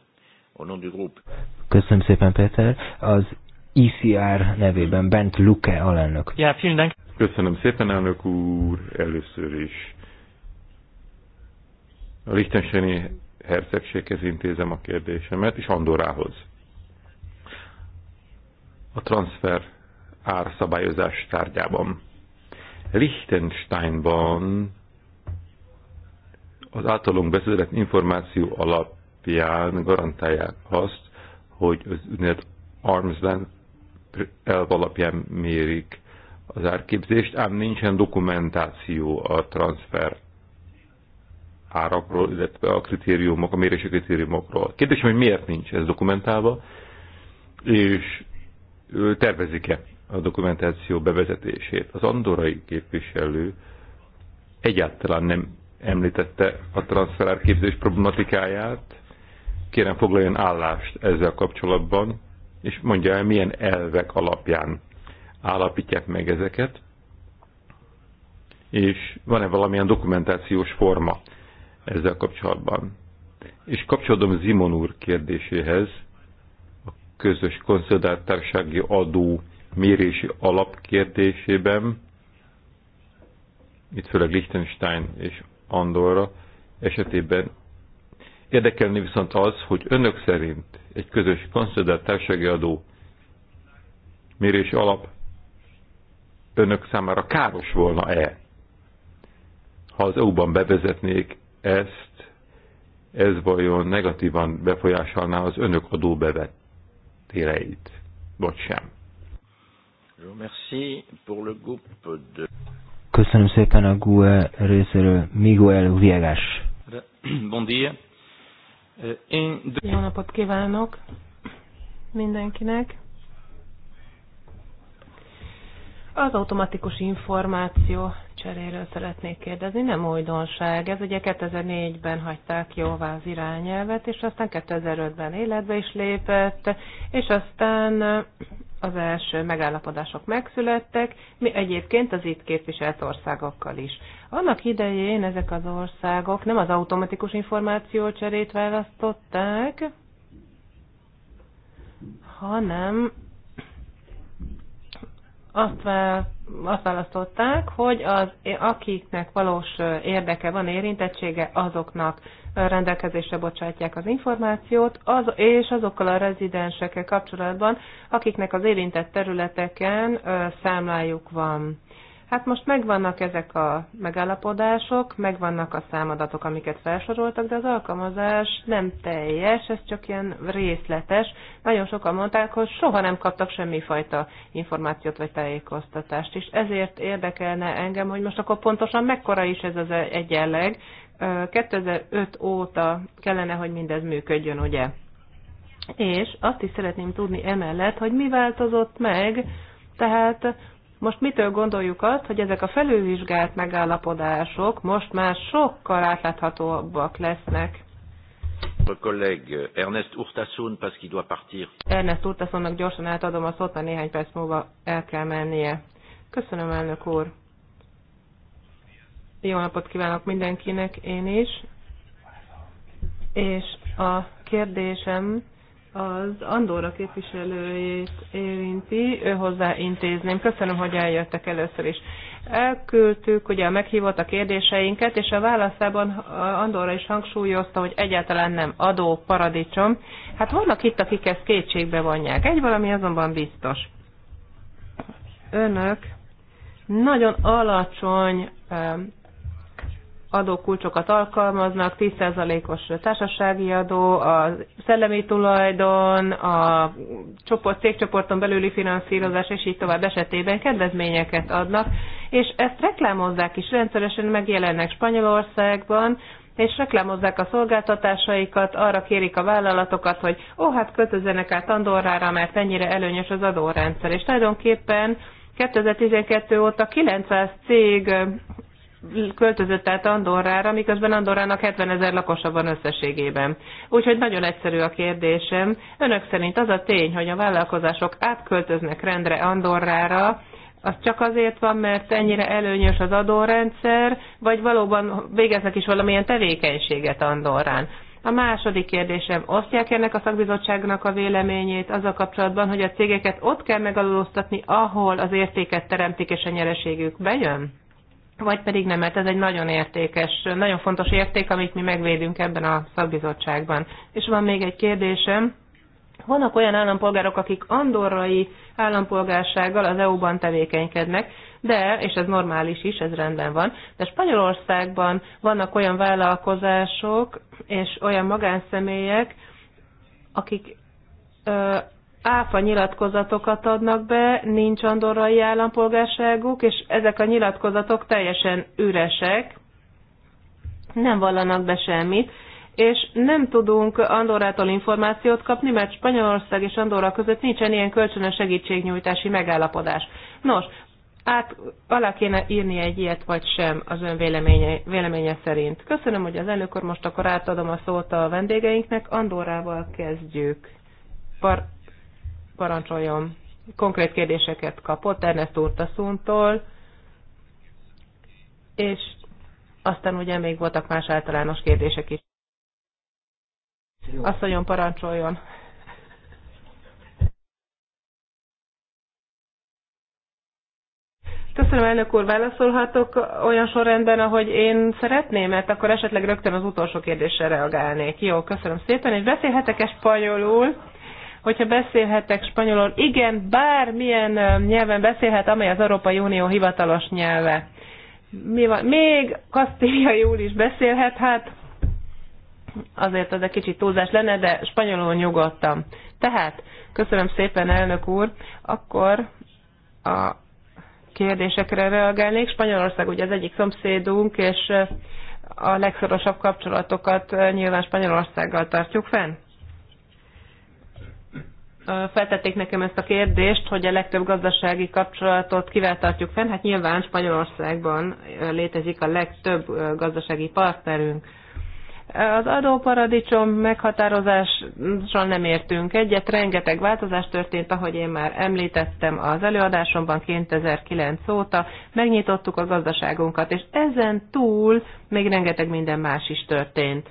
Au nom du groupe. Köszönöm szépen Péter. Az ICR nevében Bent Luke alelnök. Ja, vielen Dank. Köszönöm szépen, elnök úr, először is. A Lichtensteini hercegséghez intézem a kérdésemet, és Andorához. A transfer árszabályozás tárgyában. Liechtensteinban az általunk beszélett információ alapján garantálják azt, hogy az ünnep arms elv alapján mérik az árképzést, ám nincsen dokumentáció a transfer árakról, illetve a kritériumok, a mérési kritériumokról. Kérdésem, hogy miért nincs ez dokumentálva, és tervezik-e a dokumentáció bevezetését. Az andorai képviselő egyáltalán nem említette a képzés problematikáját. Kérem foglaljon állást ezzel kapcsolatban, és mondja el, milyen elvek alapján állapítják meg ezeket, és van-e valamilyen dokumentációs forma ezzel kapcsolatban. És kapcsolódom Zimon úr kérdéséhez, a közös konszolidált társági adó mérési alapkérdésében, itt főleg Liechtenstein és Andorra esetében érdekelni viszont az, hogy önök szerint egy közös konszolidált társasági adó mérési alap önök számára káros volna-e? Ha az EU-ban bevezetnék ezt, ez vajon negatívan befolyásolná az önök adóbevetéleit, vagy sem? Köszönöm szépen a GUE részéről, Miguel Viegas. Bon dia. Én... Euh, Jó napot kívánok mindenkinek. Az automatikus információ cseréről szeretnék kérdezni, nem újdonság. Ez ugye 2004-ben hagyták jóvá az irányelvet, és aztán 2005-ben életbe is lépett, és aztán az első megállapodások megszülettek, mi egyébként az itt képviselt országokkal is. Annak idején ezek az országok nem az automatikus információcserét választották, hanem azt, azt választották, hogy az, akiknek valós érdeke van, érintettsége, azoknak rendelkezésre bocsátják az információt, az, és azokkal a rezidensekkel kapcsolatban, akiknek az érintett területeken ö, számlájuk van. Hát most megvannak ezek a megállapodások, megvannak a számadatok, amiket felsoroltak, de az alkalmazás nem teljes, ez csak ilyen részletes. Nagyon sokan mondták, hogy soha nem kaptak semmifajta információt vagy tájékoztatást, és ezért érdekelne engem, hogy most akkor pontosan mekkora is ez az egyenleg, 2005 óta kellene, hogy mindez működjön, ugye? És azt is szeretném tudni emellett, hogy mi változott meg, tehát most mitől gondoljuk azt, hogy ezek a felülvizsgált megállapodások most már sokkal átláthatóbbak lesznek? Notre collègue Ernest Urtasun, parce qu'il doit partir. Ernest Urtasunnak gyorsan átadom a szót, mert néhány perc múlva el kell mennie. Köszönöm, elnök úr. Jó napot kívánok mindenkinek, én is. És a kérdésem az Andorra képviselőjét érinti, ő hozzá intézném. Köszönöm, hogy eljöttek először is. Elküldtük ugye a meghívott a kérdéseinket, és a válaszában Andorra is hangsúlyozta, hogy egyáltalán nem adó paradicsom. Hát vannak itt, akik ezt kétségbe vonják. Egy valami azonban biztos. Önök nagyon alacsony adókulcsokat alkalmaznak, 10%-os társasági adó, a szellemi tulajdon, a csoport, cégcsoporton belüli finanszírozás, és így tovább esetében kedvezményeket adnak, és ezt reklámozzák is, rendszeresen megjelennek Spanyolországban, és reklámozzák a szolgáltatásaikat, arra kérik a vállalatokat, hogy ó, hát kötözzenek át Andorrára, mert ennyire előnyös az adórendszer. És tulajdonképpen 2012 óta 900 cég költözött át Andorrára, miközben Andorrának 70 ezer lakosa van összességében. Úgyhogy nagyon egyszerű a kérdésem. Önök szerint az a tény, hogy a vállalkozások átköltöznek rendre Andorrára, az csak azért van, mert ennyire előnyös az adórendszer, vagy valóban végeznek is valamilyen tevékenységet Andorrán? A második kérdésem, osztják ennek a szakbizottságnak a véleményét az a kapcsolatban, hogy a cégeket ott kell megalóztatni, ahol az értéket teremtik és a nyereségük bejön? vagy pedig nem, mert ez egy nagyon értékes, nagyon fontos érték, amit mi megvédünk ebben a szakbizottságban. És van még egy kérdésem. Vannak olyan állampolgárok, akik andorrai állampolgársággal az EU-ban tevékenykednek, de, és ez normális is, ez rendben van, de Spanyolországban vannak olyan vállalkozások és olyan magánszemélyek, akik ö, áfa nyilatkozatokat adnak be, nincs andorrai állampolgárságuk, és ezek a nyilatkozatok teljesen üresek, nem vallanak be semmit, és nem tudunk Andorrától információt kapni, mert Spanyolország és Andorra között nincsen ilyen kölcsönös segítségnyújtási megállapodás. Nos, át, alá kéne írni egy ilyet, vagy sem az ön véleménye, véleménye szerint. Köszönöm, hogy az előkor most akkor átadom a szót a vendégeinknek. Andorrával kezdjük. Par- parancsoljon. Konkrét kérdéseket kapott Ernest Urtaszuntól, és aztán ugye még voltak más általános kérdések is. mondjon, parancsoljon. Köszönöm, elnök úr, válaszolhatok olyan sorrendben, ahogy én szeretném, mert akkor esetleg rögtön az utolsó kérdésre reagálnék. Jó, köszönöm szépen, és beszélhetek-e spanyolul? hogyha beszélhetek spanyolul, igen, bármilyen nyelven beszélhet, amely az Európai Unió hivatalos nyelve. Mi van? Még kasztíliai úr is beszélhet, hát azért az egy kicsit túlzás lenne, de spanyolul nyugodtam. Tehát, köszönöm szépen, elnök úr, akkor a kérdésekre reagálnék. Spanyolország ugye az egyik szomszédunk, és a legszorosabb kapcsolatokat nyilván Spanyolországgal tartjuk fenn feltették nekem ezt a kérdést, hogy a legtöbb gazdasági kapcsolatot kivel tartjuk fenn. Hát nyilván Spanyolországban létezik a legtöbb gazdasági partnerünk. Az adóparadicsom meghatározással nem értünk egyet, rengeteg változás történt, ahogy én már említettem az előadásomban 2009 óta, megnyitottuk a gazdaságunkat, és ezen túl még rengeteg minden más is történt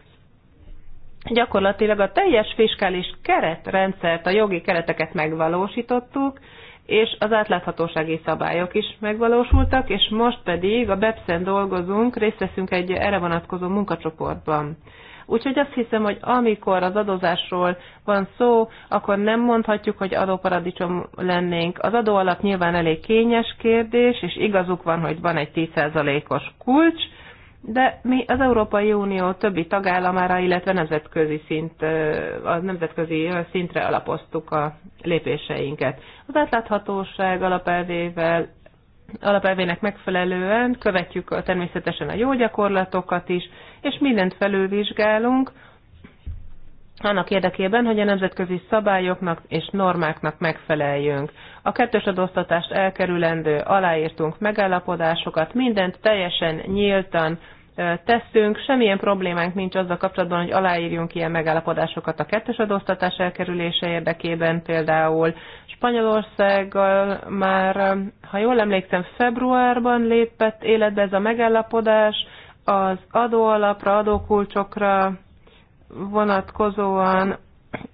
gyakorlatilag a teljes fiskális keretrendszert, a jogi kereteket megvalósítottuk, és az átláthatósági szabályok is megvalósultak, és most pedig a BEPS-en dolgozunk, részt veszünk egy erre vonatkozó munkacsoportban. Úgyhogy azt hiszem, hogy amikor az adózásról van szó, akkor nem mondhatjuk, hogy adóparadicsom lennénk. Az adóalap nyilván elég kényes kérdés, és igazuk van, hogy van egy 10%-os kulcs, de mi az Európai Unió többi tagállamára, illetve nemzetközi szint, a nemzetközi szintre alapoztuk a lépéseinket. Az átláthatóság alapelvével alapelvének megfelelően követjük természetesen a jó gyakorlatokat is, és mindent felülvizsgálunk, annak érdekében, hogy a nemzetközi szabályoknak és normáknak megfeleljünk. A kettős adóztatást elkerülendő aláírtunk megállapodásokat, mindent teljesen nyíltan teszünk, semmilyen problémánk nincs azzal kapcsolatban, hogy aláírjunk ilyen megállapodásokat a kettős adóztatás elkerülése érdekében, például Spanyolországgal már, ha jól emlékszem, februárban lépett életbe ez a megállapodás, az adóalapra, adókulcsokra vonatkozóan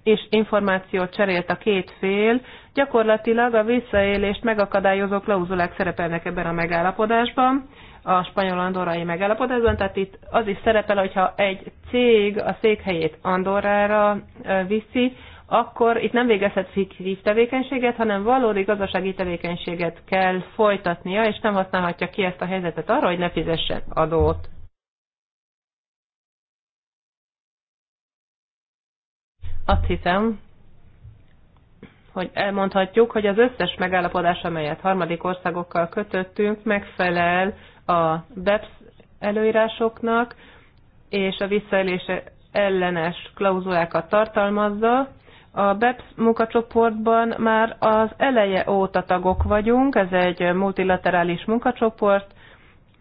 és információt cserélt a két fél, gyakorlatilag a visszaélést megakadályozó klauzulák szerepelnek ebben a megállapodásban, a spanyol andorrai megállapodásban, tehát itt az is szerepel, hogyha egy cég a székhelyét Andorrára viszi, akkor itt nem végezhet fiktív tevékenységet, hanem valódi gazdasági tevékenységet kell folytatnia, és nem használhatja ki ezt a helyzetet arra, hogy ne fizessen adót. Azt hiszem, hogy elmondhatjuk, hogy az összes megállapodás, amelyet harmadik országokkal kötöttünk, megfelel a BEPS előírásoknak, és a visszaélése ellenes klauzulákat tartalmazza. A BEPS munkacsoportban már az eleje óta tagok vagyunk, ez egy multilaterális munkacsoport,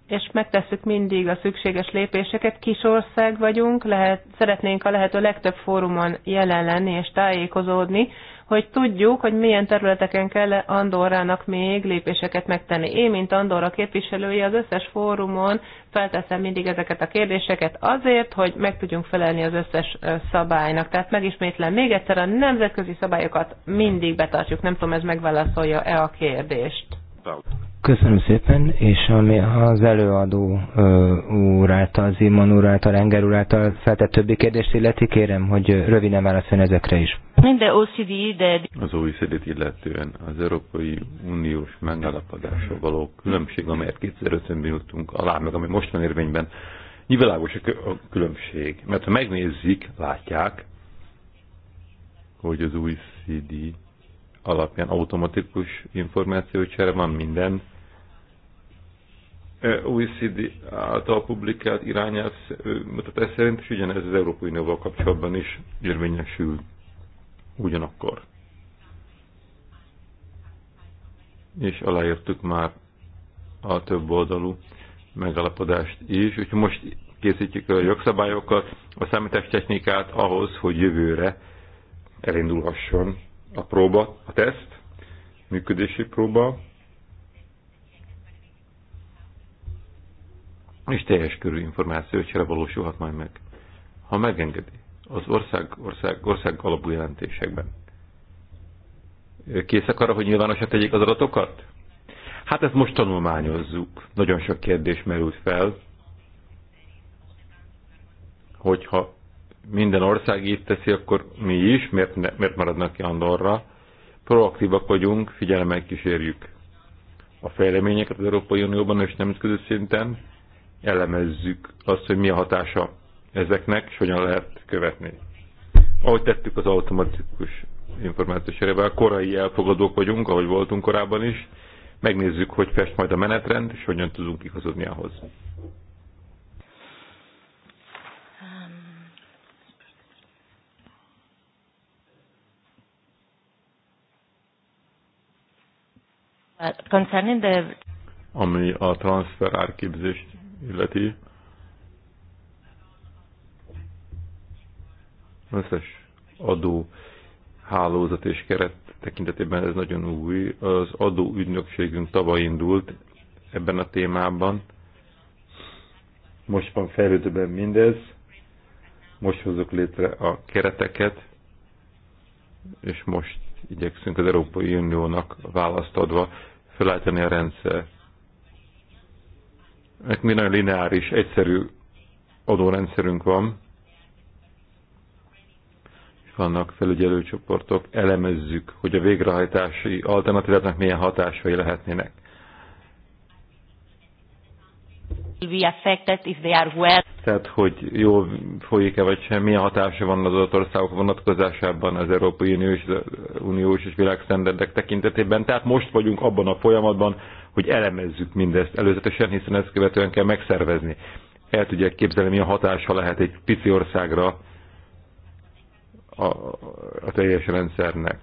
és megtesszük mindig a szükséges lépéseket. Kis ország vagyunk, lehet, szeretnénk a lehető legtöbb fórumon jelen lenni és tájékozódni, hogy tudjuk, hogy milyen területeken kell Andorrának még lépéseket megtenni. Én, mint Andorra képviselője, az összes fórumon felteszem mindig ezeket a kérdéseket azért, hogy meg tudjunk felelni az összes szabálynak. Tehát megismétlem még egyszer, a nemzetközi szabályokat mindig betartjuk. Nem tudom, ez megválaszolja-e a kérdést. Köszönöm szépen, és ami az előadó úr által, Zimon úr által, Enger úr által feltett többi kérdést illeti, kérem, hogy röviden válaszoljon ezekre is. OCD, de... Az OECD-t illetően az Európai Uniós megállapodásra való különbség, amelyet 2005-ben jutunk alá, meg ami most van érvényben, nyilvánvalós a különbség. Mert ha megnézzük, látják, hogy az OECD alapján automatikus információcsere van minden OECD által publikált irányelv mutatás szerint, és ugyanez az Európai Unióval kapcsolatban is érvényesül ugyanakkor. És aláírtuk már a több oldalú megalapodást is, úgyhogy most készítjük a jogszabályokat, a számítástechnikát ahhoz, hogy jövőre elindulhasson a próba, a teszt, működési próba, és teljes körű információ hogy valósulhat majd meg, ha megengedi az ország, ország, ország alapú jelentésekben. Készek arra, hogy nyilvánosra tegyék az adatokat? Hát ezt most tanulmányozzuk. Nagyon sok kérdés merült fel, hogyha minden ország így teszi, akkor mi is, miért, ne, miért maradnak ki Andorra? Proaktívak vagyunk, figyelemmel kísérjük a fejleményeket az Európai Unióban és nemzetközi szinten, elemezzük azt, hogy mi a hatása ezeknek, és hogyan lehet követni. Ahogy tettük az automatikus információs erővel, korai elfogadók vagyunk, ahogy voltunk korábban is, megnézzük, hogy fest majd a menetrend, és hogyan tudunk igazodni ahhoz. Concerning the... Ami a transfer árképzést illeti, összes adó hálózat és keret tekintetében ez nagyon új. Az ügynökségünk tavaly indult ebben a témában. Most van fejlődőben mindez. Most hozok létre a kereteket, és most igyekszünk az Európai Uniónak választ adva felállítani a rendszer. mi nagyon lineáris, egyszerű adórendszerünk van, és vannak felügyelőcsoportok, elemezzük, hogy a végrehajtási alternatíváknak milyen hatásai lehetnének. Tehát, hogy jó folyik-e, vagy sem, milyen hatása van az adott országok vonatkozásában az Európai Uniós, Uniós és világsztenderdek tekintetében. Tehát most vagyunk abban a folyamatban, hogy elemezzük mindezt előzetesen, hiszen ezt követően kell megszervezni. El tudják képzelni, milyen hatása lehet egy pici országra a, a teljes rendszernek.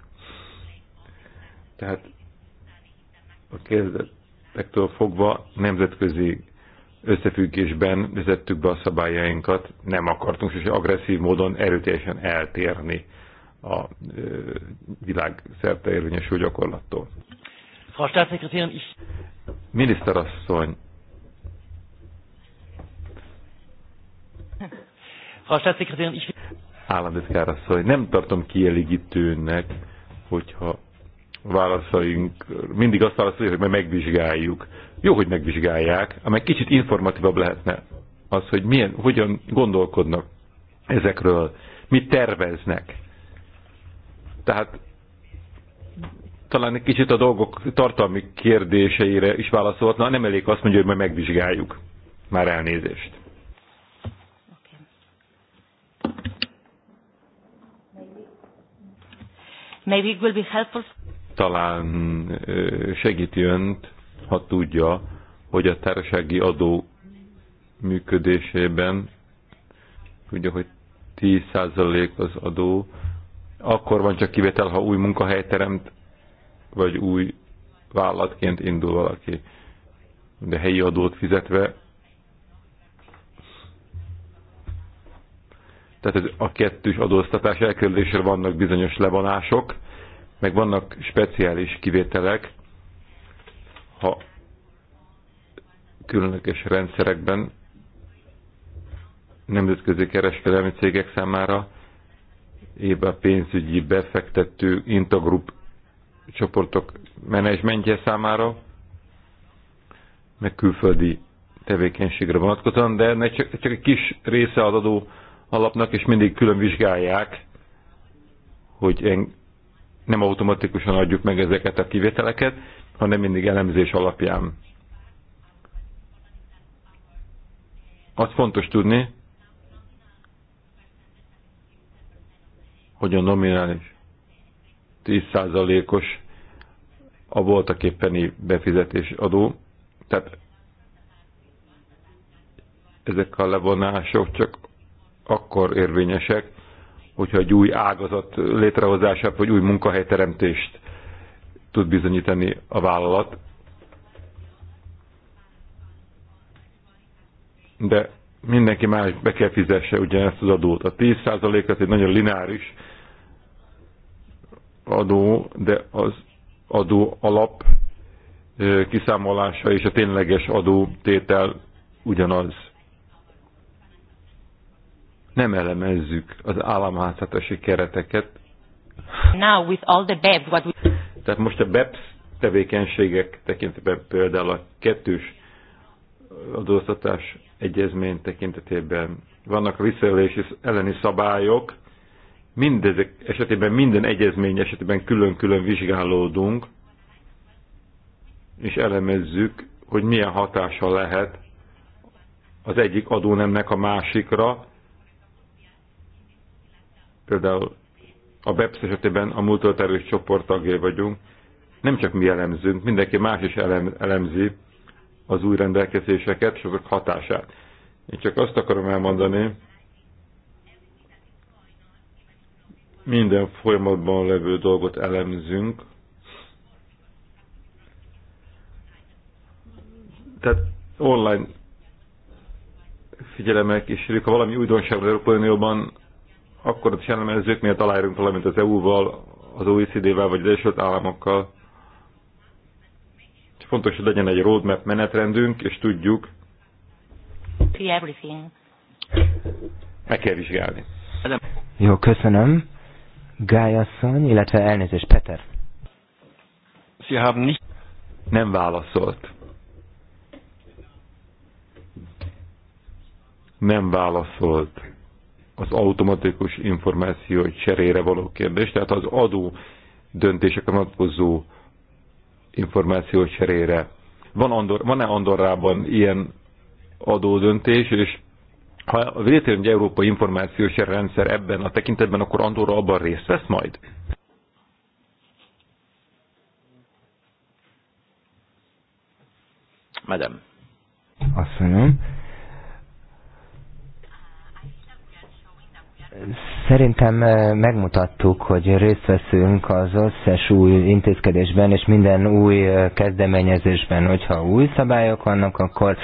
Tehát a kezdetektől fogva nemzetközi összefüggésben vezettük be a szabályainkat, nem akartunk sose agresszív módon erőteljesen eltérni a világ érvényesül gyakorlattól. Miniszterasszony, Frau nem tartom kielégítőnek, hogyha válaszaink, mindig azt válaszolja, hogy majd megvizsgáljuk. Jó, hogy megvizsgálják, amely kicsit informatívabb lehetne az, hogy milyen, hogyan gondolkodnak ezekről, mit terveznek. Tehát talán egy kicsit a dolgok tartalmi kérdéseire is válaszolhatna, nem elég azt mondja, hogy majd megvizsgáljuk. Már elnézést. Maybe it will be helpful. Talán segíti önt, ha tudja, hogy a társasági adó működésében tudja, hogy 10% az adó, akkor van csak kivétel, ha új munkahely teremt, vagy új vállalatként indul valaki. De helyi adót fizetve, tehát a kettős adóztatás elkerülésre vannak bizonyos levonások, meg vannak speciális kivételek, ha különleges rendszerekben nemzetközi kereskedelmi cégek számára éve a pénzügyi befektető intagrup csoportok menedzsmentje számára, meg külföldi tevékenységre vonatkozóan, de ennek csak, csak egy kis része az adó alapnak, és mindig külön vizsgálják, hogy en, nem automatikusan adjuk meg ezeket a kivételeket, hanem mindig elemzés alapján. az fontos tudni, hogy a nominális 10%-os a voltak éppeni befizetés adó, tehát ezek a levonások csak akkor érvényesek, hogyha egy új ágazat létrehozását vagy új munkahelyteremtést tud bizonyítani a vállalat. De mindenki más be kell fizesse ugyanezt az adót. A 10% az egy nagyon lineáris adó, de az adó alap kiszámolása és a tényleges adótétel ugyanaz. Nem elemezzük az államháztartási kereteket. Now with all the what we... Tehát most a BEPS tevékenységek tekintetében például a kettős adóztatás egyezmény tekintetében vannak visszaélési elleni szabályok, mindezek esetében, minden egyezmény esetében külön-külön vizsgálódunk, és elemezzük, hogy milyen hatása lehet az egyik adónemnek a másikra, például a BEPS esetében a multilaterális csoport tagjai vagyunk, nem csak mi elemzünk, mindenki más is elem, elemzi az új rendelkezéseket és azok hatását. Én csak azt akarom elmondani, minden folyamatban levő dolgot elemzünk. Tehát online figyelemek is, ha valami újdonság Európai Unióban, akkor is jellemezők, miért aláírunk valamit az EU-val, az OECD-vel vagy az Egyesült Államokkal. Fontos, hogy legyen egy roadmap menetrendünk, és tudjuk. Meg kell vizsgálni. Jó, köszönöm. Gály asszony, illetve elnézést, Peter. Sie haben nicht... Nem válaszolt. Nem válaszolt az automatikus információ cserére való kérdés, tehát az adó döntésekre vonatkozó információ cserére. Van Andor, van-e Andorrában ilyen adó döntés, és ha létrejön egy európai információs rendszer ebben a tekintetben, akkor Andorra abban részt vesz majd? Madame. Asszonyom, Szerintem eh, megmutattuk, hogy részt veszünk az összes új intézkedésben és minden új eh, kezdeményezésben. Hogyha új szabályok vannak, akkor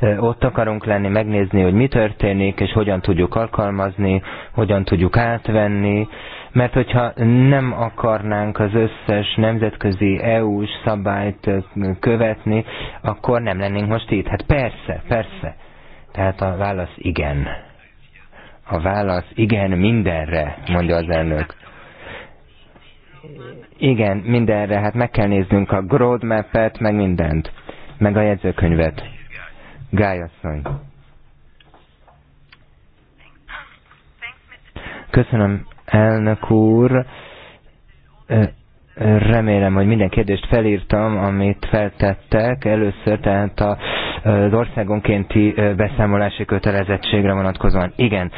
eh, ott akarunk lenni, megnézni, hogy mi történik, és hogyan tudjuk alkalmazni, hogyan tudjuk átvenni, mert hogyha nem akarnánk az összes nemzetközi EU-s szabályt követni, akkor nem lennénk most itt. Hát persze, persze. Tehát a válasz igen. A válasz igen mindenre, mondja az elnök. Igen, mindenre, hát meg kell néznünk a roadmap-et, meg mindent. Meg a jegyzőkönyvet. Gályasszony. Köszönöm, elnök úr. Remélem, hogy minden kérdést felírtam, amit feltettek. Először tehát a az országonkénti beszámolási kötelezettségre vonatkozóan. Igen,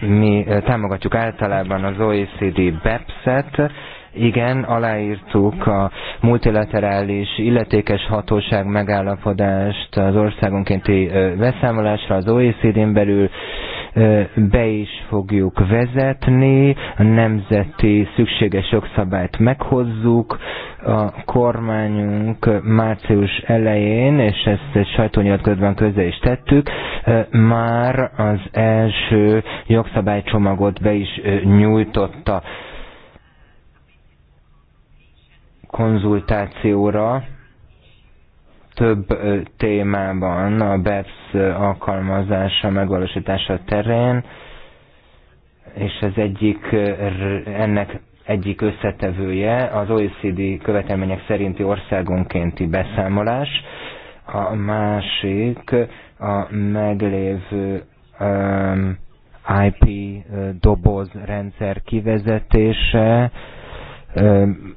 mi támogatjuk általában az OECD BEPS-et, igen, aláírtuk a multilaterális illetékes hatóság megállapodást az országonkénti beszámolásra az OECD-n belül, be is fogjuk vezetni, a nemzeti szükséges jogszabályt meghozzuk, a kormányunk március elején, és ezt egy sajtónyilatkozatban közé is tettük, már az első jogszabálycsomagot be is nyújtotta konzultációra, több témában a BEPS alkalmazása, megvalósítása terén, és ez egyik, ennek egyik összetevője az OECD követelmények szerinti országonkénti beszámolás, a másik a meglévő um, IP doboz rendszer kivezetése, um,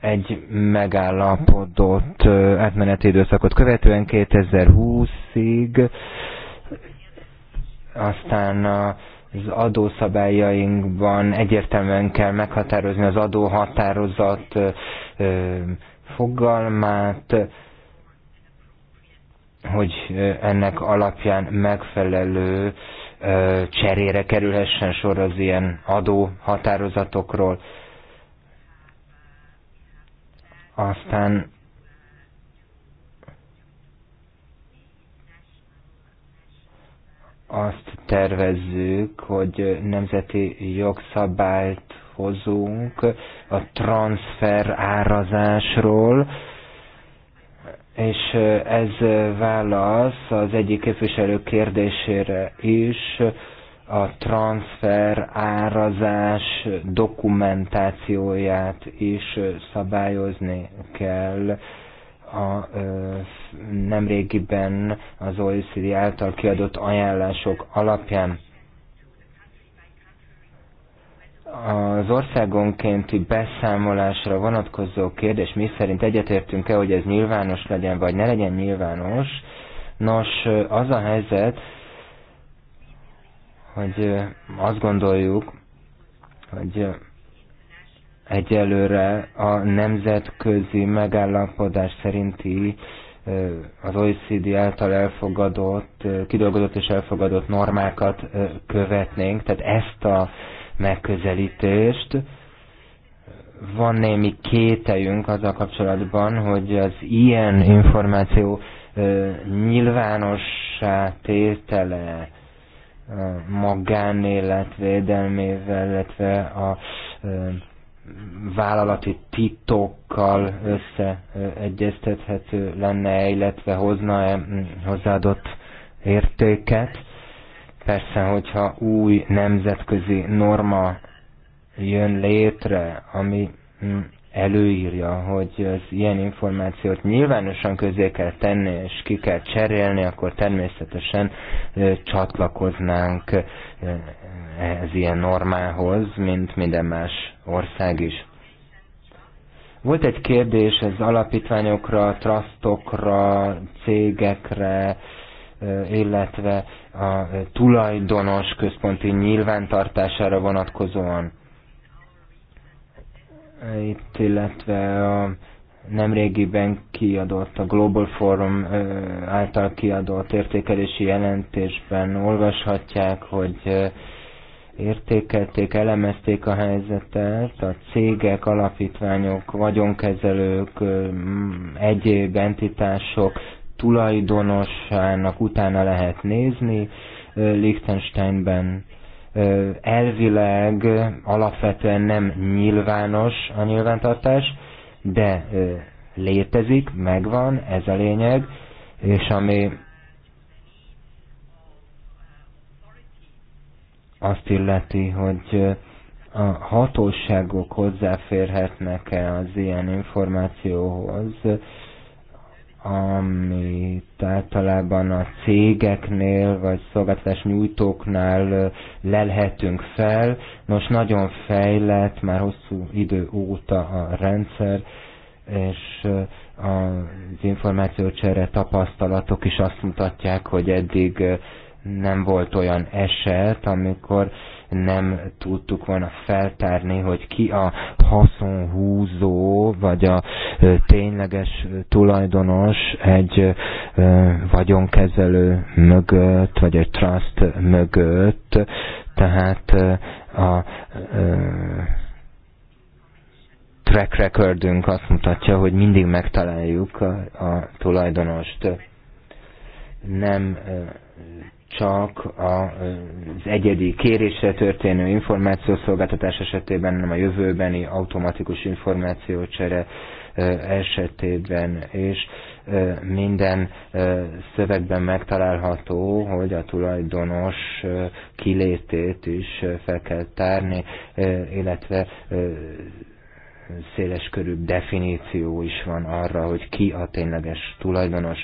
egy megállapodott átmeneti időszakot követően 2020-ig, aztán az adószabályainkban egyértelműen kell meghatározni az adóhatározat fogalmát, hogy ennek alapján megfelelő cserére kerülhessen sor az ilyen adóhatározatokról. Aztán azt tervezzük, hogy nemzeti jogszabályt hozunk a transfer árazásról, és ez válasz az egyik képviselő kérdésére is, a transfer árazás dokumentációját is szabályozni kell a nemrégiben az OECD által kiadott ajánlások alapján. Az országonkénti beszámolásra vonatkozó kérdés, mi szerint egyetértünk-e, hogy ez nyilvános legyen, vagy ne legyen nyilvános, Nos, az a helyzet, hogy azt gondoljuk, hogy egyelőre a nemzetközi megállapodás szerinti az OECD által elfogadott, kidolgozott és elfogadott normákat követnénk, tehát ezt a megközelítést. Van némi kételjünk azzal kapcsolatban, hogy az ilyen információ nyilvánossá tétele magánélet védelmével, illetve a vállalati titokkal összeegyeztethető lenne, illetve hozna-e mm, hozzáadott értéket. Persze, hogyha új nemzetközi norma jön létre, ami mm, előírja, hogy az ilyen információt nyilvánosan közé kell tenni, és ki kell cserélni, akkor természetesen csatlakoznánk ez ilyen normához, mint minden más ország is. Volt egy kérdés az alapítványokra, trustokra, cégekre, illetve a tulajdonos központi nyilvántartására vonatkozóan itt, illetve a nemrégiben kiadott, a Global Forum által kiadott értékelési jelentésben olvashatják, hogy értékelték, elemezték a helyzetet, a cégek, alapítványok, vagyonkezelők, egyéb entitások tulajdonosának utána lehet nézni, Liechtensteinben elvileg alapvetően nem nyilvános a nyilvántartás, de létezik, megvan, ez a lényeg, és ami azt illeti, hogy a hatóságok hozzáférhetnek-e az ilyen információhoz, amit általában a cégeknél vagy szolgáltatás nyújtóknál lelhetünk fel. Nos, nagyon fejlett már hosszú idő óta a rendszer, és az információcsere tapasztalatok is azt mutatják, hogy eddig nem volt olyan eset, amikor nem tudtuk volna feltárni, hogy ki a haszonhúzó, vagy a tényleges tulajdonos egy vagyonkezelő mögött, vagy egy trust mögött, tehát a, track recordünk azt mutatja, hogy mindig megtaláljuk a, a tulajdonost. Nem csak az egyedi kérésre történő információszolgáltatás esetében, hanem a jövőbeni automatikus információcsere esetében, és minden szövegben megtalálható, hogy a tulajdonos kilétét is fel kell tárni, illetve széles körű definíció is van arra, hogy ki a tényleges tulajdonos.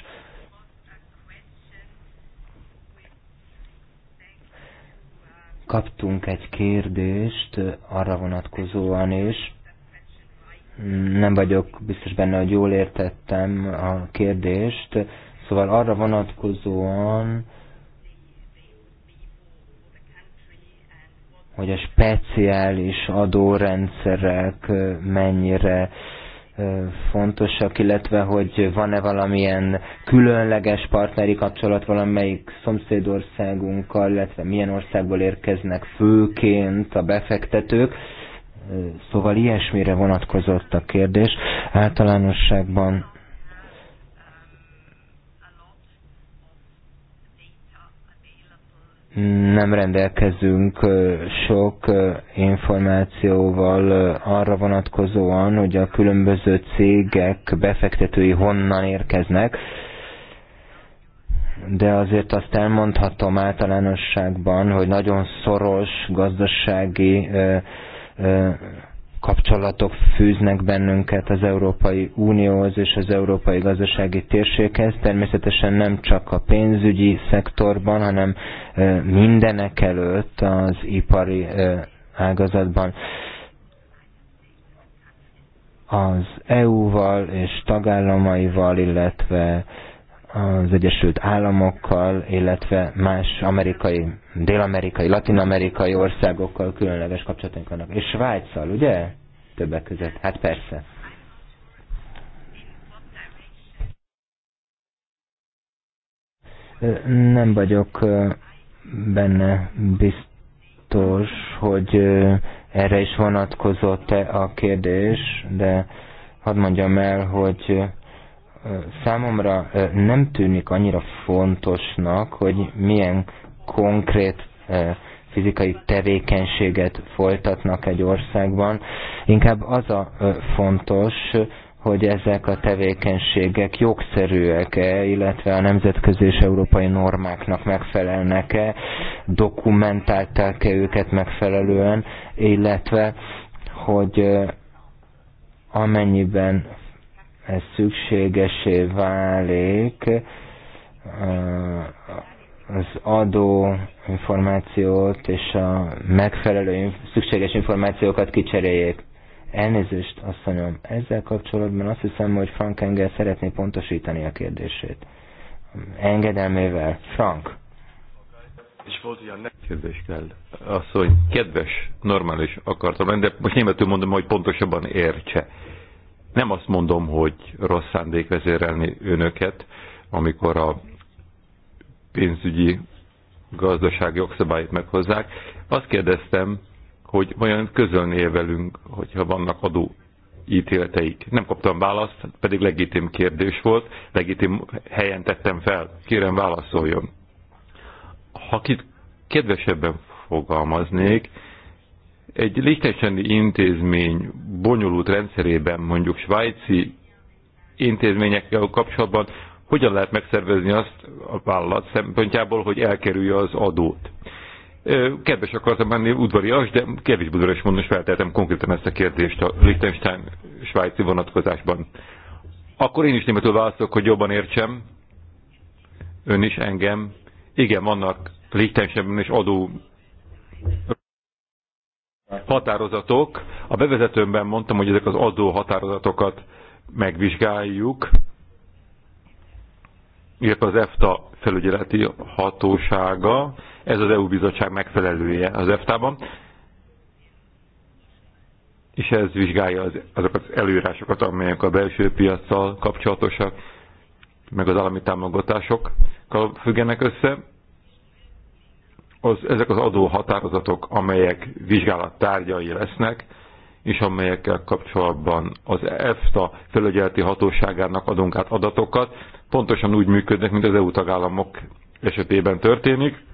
kaptunk egy kérdést arra vonatkozóan is, nem vagyok biztos benne, hogy jól értettem a kérdést, szóval arra vonatkozóan, hogy a speciális adórendszerek mennyire fontosak, illetve hogy van-e valamilyen különleges partneri kapcsolat valamelyik szomszédországunkkal, illetve milyen országból érkeznek főként a befektetők. Szóval ilyesmire vonatkozott a kérdés. Általánosságban nem rendelkezünk sok információval arra vonatkozóan, hogy a különböző cégek befektetői honnan érkeznek, de azért azt elmondhatom általánosságban, hogy nagyon szoros gazdasági kapcsolatok fűznek bennünket az Európai Unióhoz és az Európai Gazdasági Térséghez. Természetesen nem csak a pénzügyi szektorban, hanem mindenek előtt az ipari ágazatban. Az EU-val és tagállamaival, illetve az Egyesült Államokkal, illetve más amerikai, dél-amerikai, latin-amerikai országokkal különleges kapcsolatunk vannak. És Svájccal, ugye? Többek között. Hát persze. Nem vagyok benne biztos, hogy erre is vonatkozott-e a kérdés, de hadd mondjam el, hogy számomra nem tűnik annyira fontosnak, hogy milyen konkrét fizikai tevékenységet folytatnak egy országban. Inkább az a fontos, hogy ezek a tevékenységek jogszerűek-e, illetve a nemzetközi és európai normáknak megfelelnek-e, dokumentálták-e őket megfelelően, illetve hogy amennyiben ez szükségesé válik eh, az adó információt és a megfelelő szükséges információkat kicseréljék. Elnézést, asszonyom, ezzel kapcsolatban azt hiszem, hogy Frank Engel szeretné pontosítani a kérdését. Engedelmével. Frank. És volt ilyen kérdés kell. Asszony, kedves, normális akartam lenni, de most németül mondom, hogy pontosabban értse nem azt mondom, hogy rossz szándék vezérelni önöket, amikor a pénzügyi gazdasági jogszabályt meghozzák. Azt kérdeztem, hogy vajon közölnél -e velünk, hogyha vannak adó ítéleteik. Nem kaptam választ, pedig legitim kérdés volt, legitim helyen tettem fel. Kérem, válaszoljon. Ha kit kedvesebben fogalmaznék, egy Liechtensteini intézmény bonyolult rendszerében, mondjuk svájci intézményekkel kapcsolatban, hogyan lehet megszervezni azt a vállalat szempontjából, hogy elkerülje az adót. Kedves akartam menni udvarias, de kevés udvarias mondom, és felteltem konkrétan ezt a kérdést a Liechtenstein svájci vonatkozásban. Akkor én is németül válaszolok, hogy jobban értsem. Ön is engem. Igen, vannak Liechtensteinben is adó határozatok. A bevezetőmben mondtam, hogy ezek az adó határozatokat megvizsgáljuk, illetve az EFTA felügyeleti hatósága, ez az EU bizottság megfelelője az EFTA-ban, és ez vizsgálja az, azokat az előírásokat, amelyek a belső piacsal kapcsolatosak, meg az állami támogatásokkal függenek össze az, ezek az adó határozatok, amelyek vizsgálat tárgyai lesznek, és amelyekkel kapcsolatban az EFTA felügyeleti hatóságának adunk át adatokat, pontosan úgy működnek, mint az EU tagállamok esetében történik.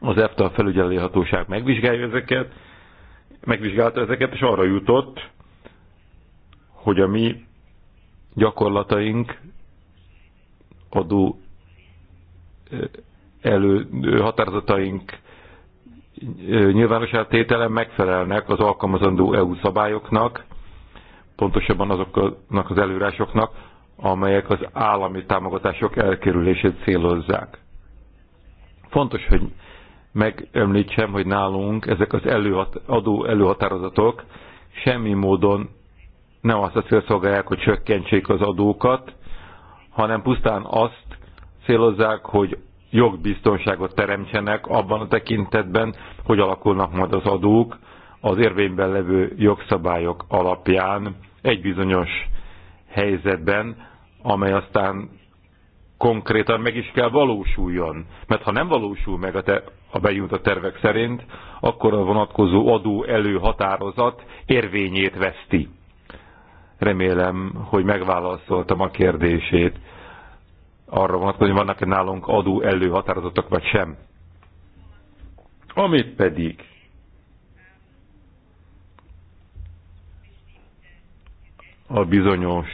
Az EFTA felügyeleti hatóság megvizsgálja ezeket, megvizsgálta ezeket, és arra jutott, hogy a mi gyakorlataink adó elő határozataink nyilvános tételen megfelelnek az alkalmazandó EU szabályoknak, pontosabban azoknak az előrásoknak, amelyek az állami támogatások elkerülését célozzák. Fontos, hogy megemlítsem, hogy nálunk ezek az előhat, adó előhatározatok semmi módon nem azt a cél szolgálják, hogy csökkentsék az adókat, hanem pusztán azt célozzák, hogy jogbiztonságot teremtsenek abban a tekintetben, hogy alakulnak majd az adók az érvényben levő jogszabályok alapján egy bizonyos helyzetben, amely aztán konkrétan meg is kell valósuljon. Mert ha nem valósul meg a, te, a bejutott tervek szerint, akkor a vonatkozó adó előhatározat érvényét veszti. Remélem, hogy megválaszoltam a kérdését arra vonatkozóan, hogy vannak-e nálunk adó előhatározatok, vagy sem. Amit pedig a bizonyos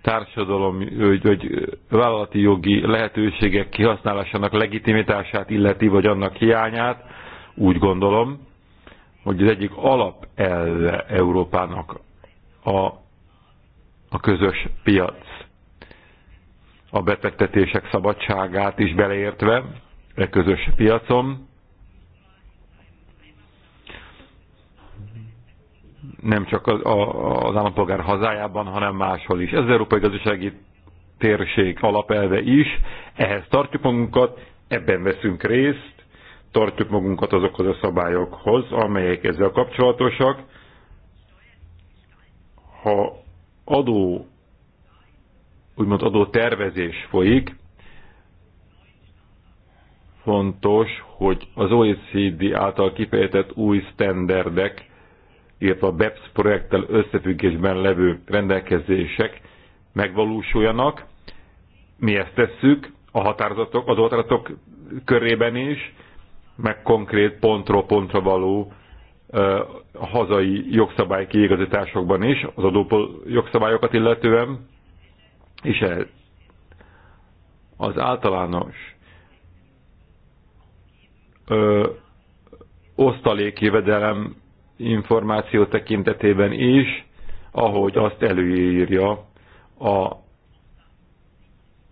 társadalom, vagy, vagy vállalati jogi lehetőségek kihasználásának legitimitását illeti, vagy annak hiányát, úgy gondolom, hogy az egyik alapelve Európának a, a közös piac a befektetések szabadságát is beleértve e közös piacon. Nem csak az, az állampolgár hazájában, hanem máshol is. Ez az európai gazdasági térség alapelve is. Ehhez tartjuk magunkat, ebben veszünk részt, tartjuk magunkat azokhoz a szabályokhoz, amelyek ezzel kapcsolatosak. Ha adó úgymond adó tervezés folyik. Fontos, hogy az OECD által kifejtett új standardek, illetve a BEPS projekttel összefüggésben levő rendelkezések megvalósuljanak. Mi ezt tesszük a határozatok, az határozatok körében is, meg konkrét pontról pontra való a hazai jogszabály kiigazításokban is, az adó jogszabályokat illetően, és az általános ö, osztalékjövedelem információ tekintetében is, ahogy azt előírja a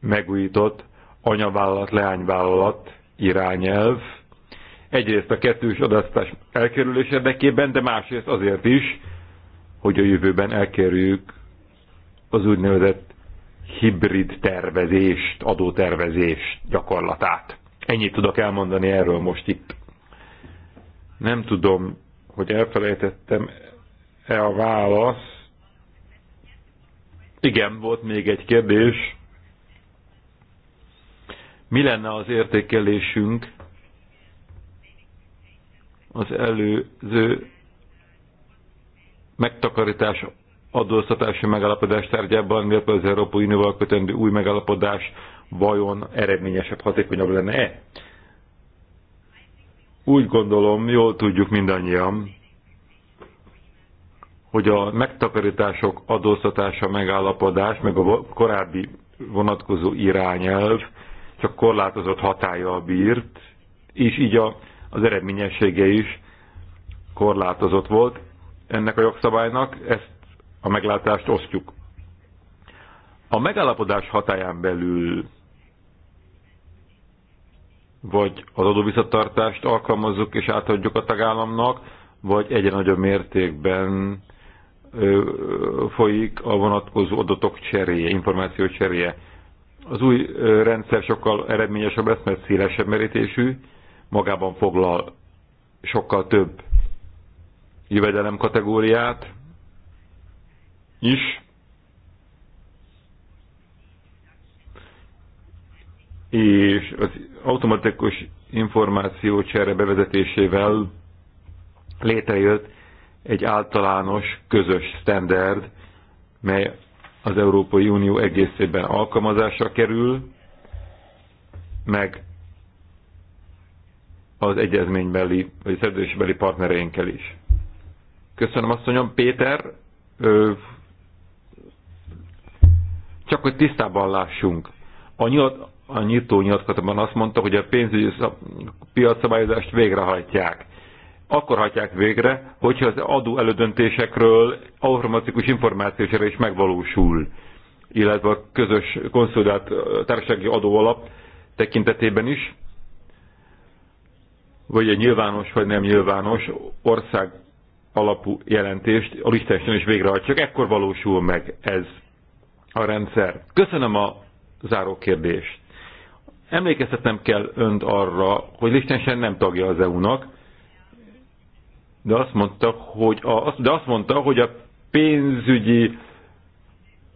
megújított anyavállalat, leányvállalat irányelv. Egyrészt a kettős adasztás elkerülés érdekében, de másrészt azért is, hogy a jövőben elkerüljük az úgynevezett hibrid tervezést, adótervezést gyakorlatát. Ennyit tudok elmondani erről most itt. Nem tudom, hogy elfelejtettem-e a válasz. Igen, volt még egy kérdés. Mi lenne az értékelésünk az előző megtakarítás adóztatási megállapodás tárgyában, illetve az Európai Unióval kötendő új megállapodás vajon eredményesebb, hatékonyabb lenne-e? Úgy gondolom, jól tudjuk mindannyian, hogy a megtakarítások adóztatása megállapodás, meg a korábbi vonatkozó irányelv csak korlátozott hatája bírt, és így a, az eredményessége is korlátozott volt ennek a jogszabálynak. Ezt a meglátást osztjuk. A megállapodás hatáján belül vagy az adóvisszatartást alkalmazzuk és átadjuk a tagállamnak, vagy egyre nagyobb mértékben folyik a vonatkozó adatok cseréje, információ cseréje. Az új rendszer sokkal eredményesebb lesz, mert szélesebb merítésű, magában foglal sokkal több jövedelem kategóriát, is, és az automatikus csere bevezetésével létrejött egy általános, közös standard, mely az Európai Unió egészében alkalmazásra kerül, meg az egyezménybeli, vagy szerződésbeli partnereinkkel is. Köszönöm, asszonyom. Péter, csak hogy tisztában lássunk. A, nyilat, a nyitó nyilatkozatban azt mondta, hogy a pénzügyi piacszabályozást végrehajtják. Akkor hajtják végre, hogyha az adó elődöntésekről automatikus információsra is megvalósul, illetve a közös konszolidált társasági adóalap tekintetében is, vagy egy nyilvános vagy nem nyilvános ország alapú jelentést a listásnál is végrehajt. Csak ekkor valósul meg ez a rendszer. Köszönöm a záró kérdést. Emlékeztetnem kell önt arra, hogy Lichtenstein nem tagja az EU-nak, de azt mondta, hogy a, de azt mondta, hogy a pénzügyi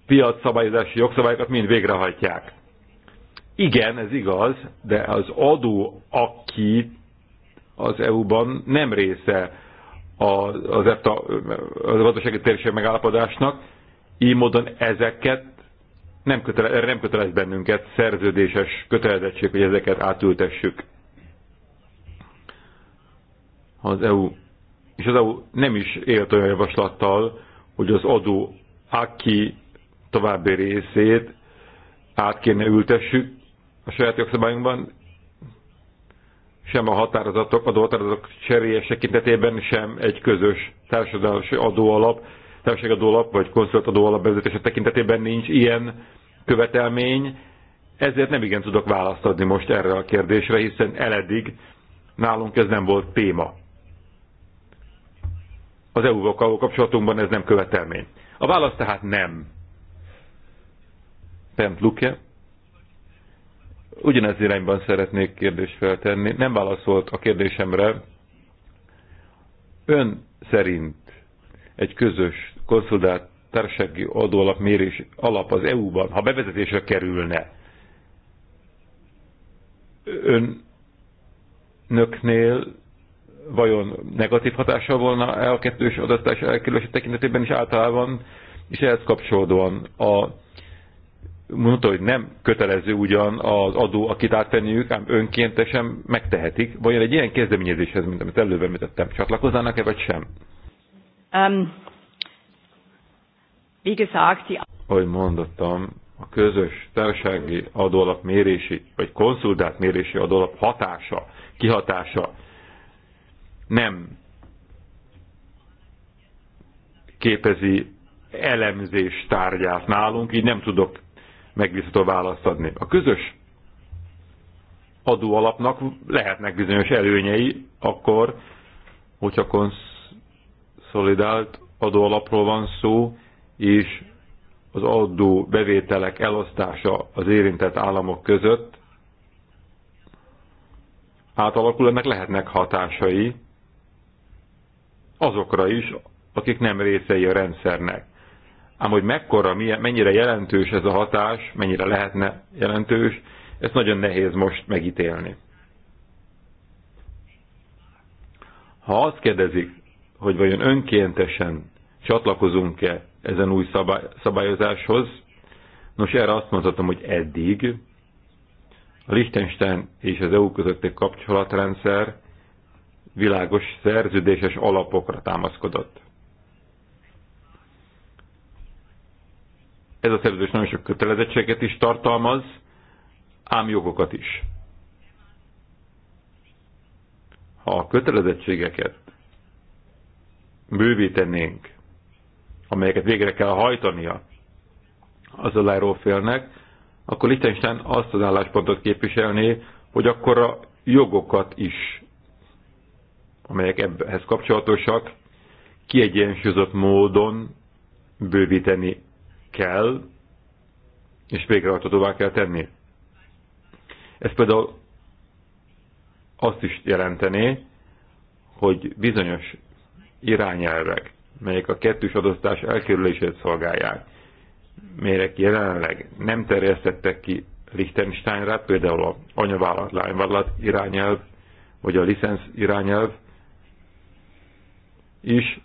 piacszabályozási jogszabályokat mind végrehajtják. Igen, ez igaz, de az adó, aki az EU-ban nem része az, e az EFTA, az gazdasági térség megállapodásnak, így módon ezeket nem kötele, erre nem kötelez bennünket szerződéses kötelezettség, hogy ezeket átültessük. az EU, és az EU nem is élt olyan javaslattal, hogy az adó aki további részét át kéne ültessük a saját jogszabályunkban, sem a határozatok, adóhatározatok cseréje tekintetében, sem egy közös társadalmi adóalap társadalmi vagy konszolidáltató alap bevezetése tekintetében nincs ilyen követelmény, ezért nem igen tudok választ adni most erre a kérdésre, hiszen eledig nálunk ez nem volt téma. Az EU-val kapcsolatunkban ez nem követelmény. A válasz tehát nem. Pent Luke. Ugyanez irányban szeretnék kérdést feltenni. Nem válaszolt a kérdésemre. Ön szerint egy közös konszolidált társasági adóalap mérés alap az EU-ban, ha bevezetésre kerülne, önöknél vajon negatív hatása volna -e a kettős adatás elkerülése tekintetében is általában, és ehhez kapcsolódóan a mondta, hogy nem kötelező ugyan az adó, akit átvenniük, ám önkéntesen megtehetik. Vajon egy ilyen kezdeményezéshez, mint amit előbb említettem, csatlakoznának-e, vagy sem? Um, Wie gesagt, die... Ahogy mondottam, a közös társági adólap mérési, vagy konszultált mérési adólap hatása, kihatása nem képezi elemzés tárgyát nálunk, így nem tudok megbízható választ adni. A közös adóalapnak lehetnek bizonyos előnyei akkor, hogyha konszolidált adóalapról van szó, és az adó bevételek elosztása az érintett államok között átalakul, ennek lehetnek hatásai azokra is, akik nem részei a rendszernek. Ám hogy mekkora, milyen, mennyire jelentős ez a hatás, mennyire lehetne jelentős, ezt nagyon nehéz most megítélni. Ha azt kérdezik, hogy vajon önkéntesen csatlakozunk-e ezen új szabály, szabályozáshoz. Nos, erre azt mondhatom, hogy eddig a Liechtenstein és az EU közötti kapcsolatrendszer világos szerződéses alapokra támaszkodott. Ez a szerződés nagyon sok kötelezettséget is tartalmaz, ám jogokat is. Ha a kötelezettségeket bővítenénk amelyeket végre kell hajtania az aláíró félnek, akkor Liechtenstein azt az álláspontot képviselné, hogy akkor a jogokat is, amelyek ebbehez kapcsolatosak, kiegyensúlyozott módon bővíteni kell, és végrehajtatóvá kell tenni. Ez például azt is jelentené, hogy bizonyos irányelvek, melyek a kettős adóztás elkerülését szolgálják, melyek jelenleg nem terjesztettek ki Liechtensteinre, például a anyavállalat, lányvállalat irányelv, vagy a licensz irányelv is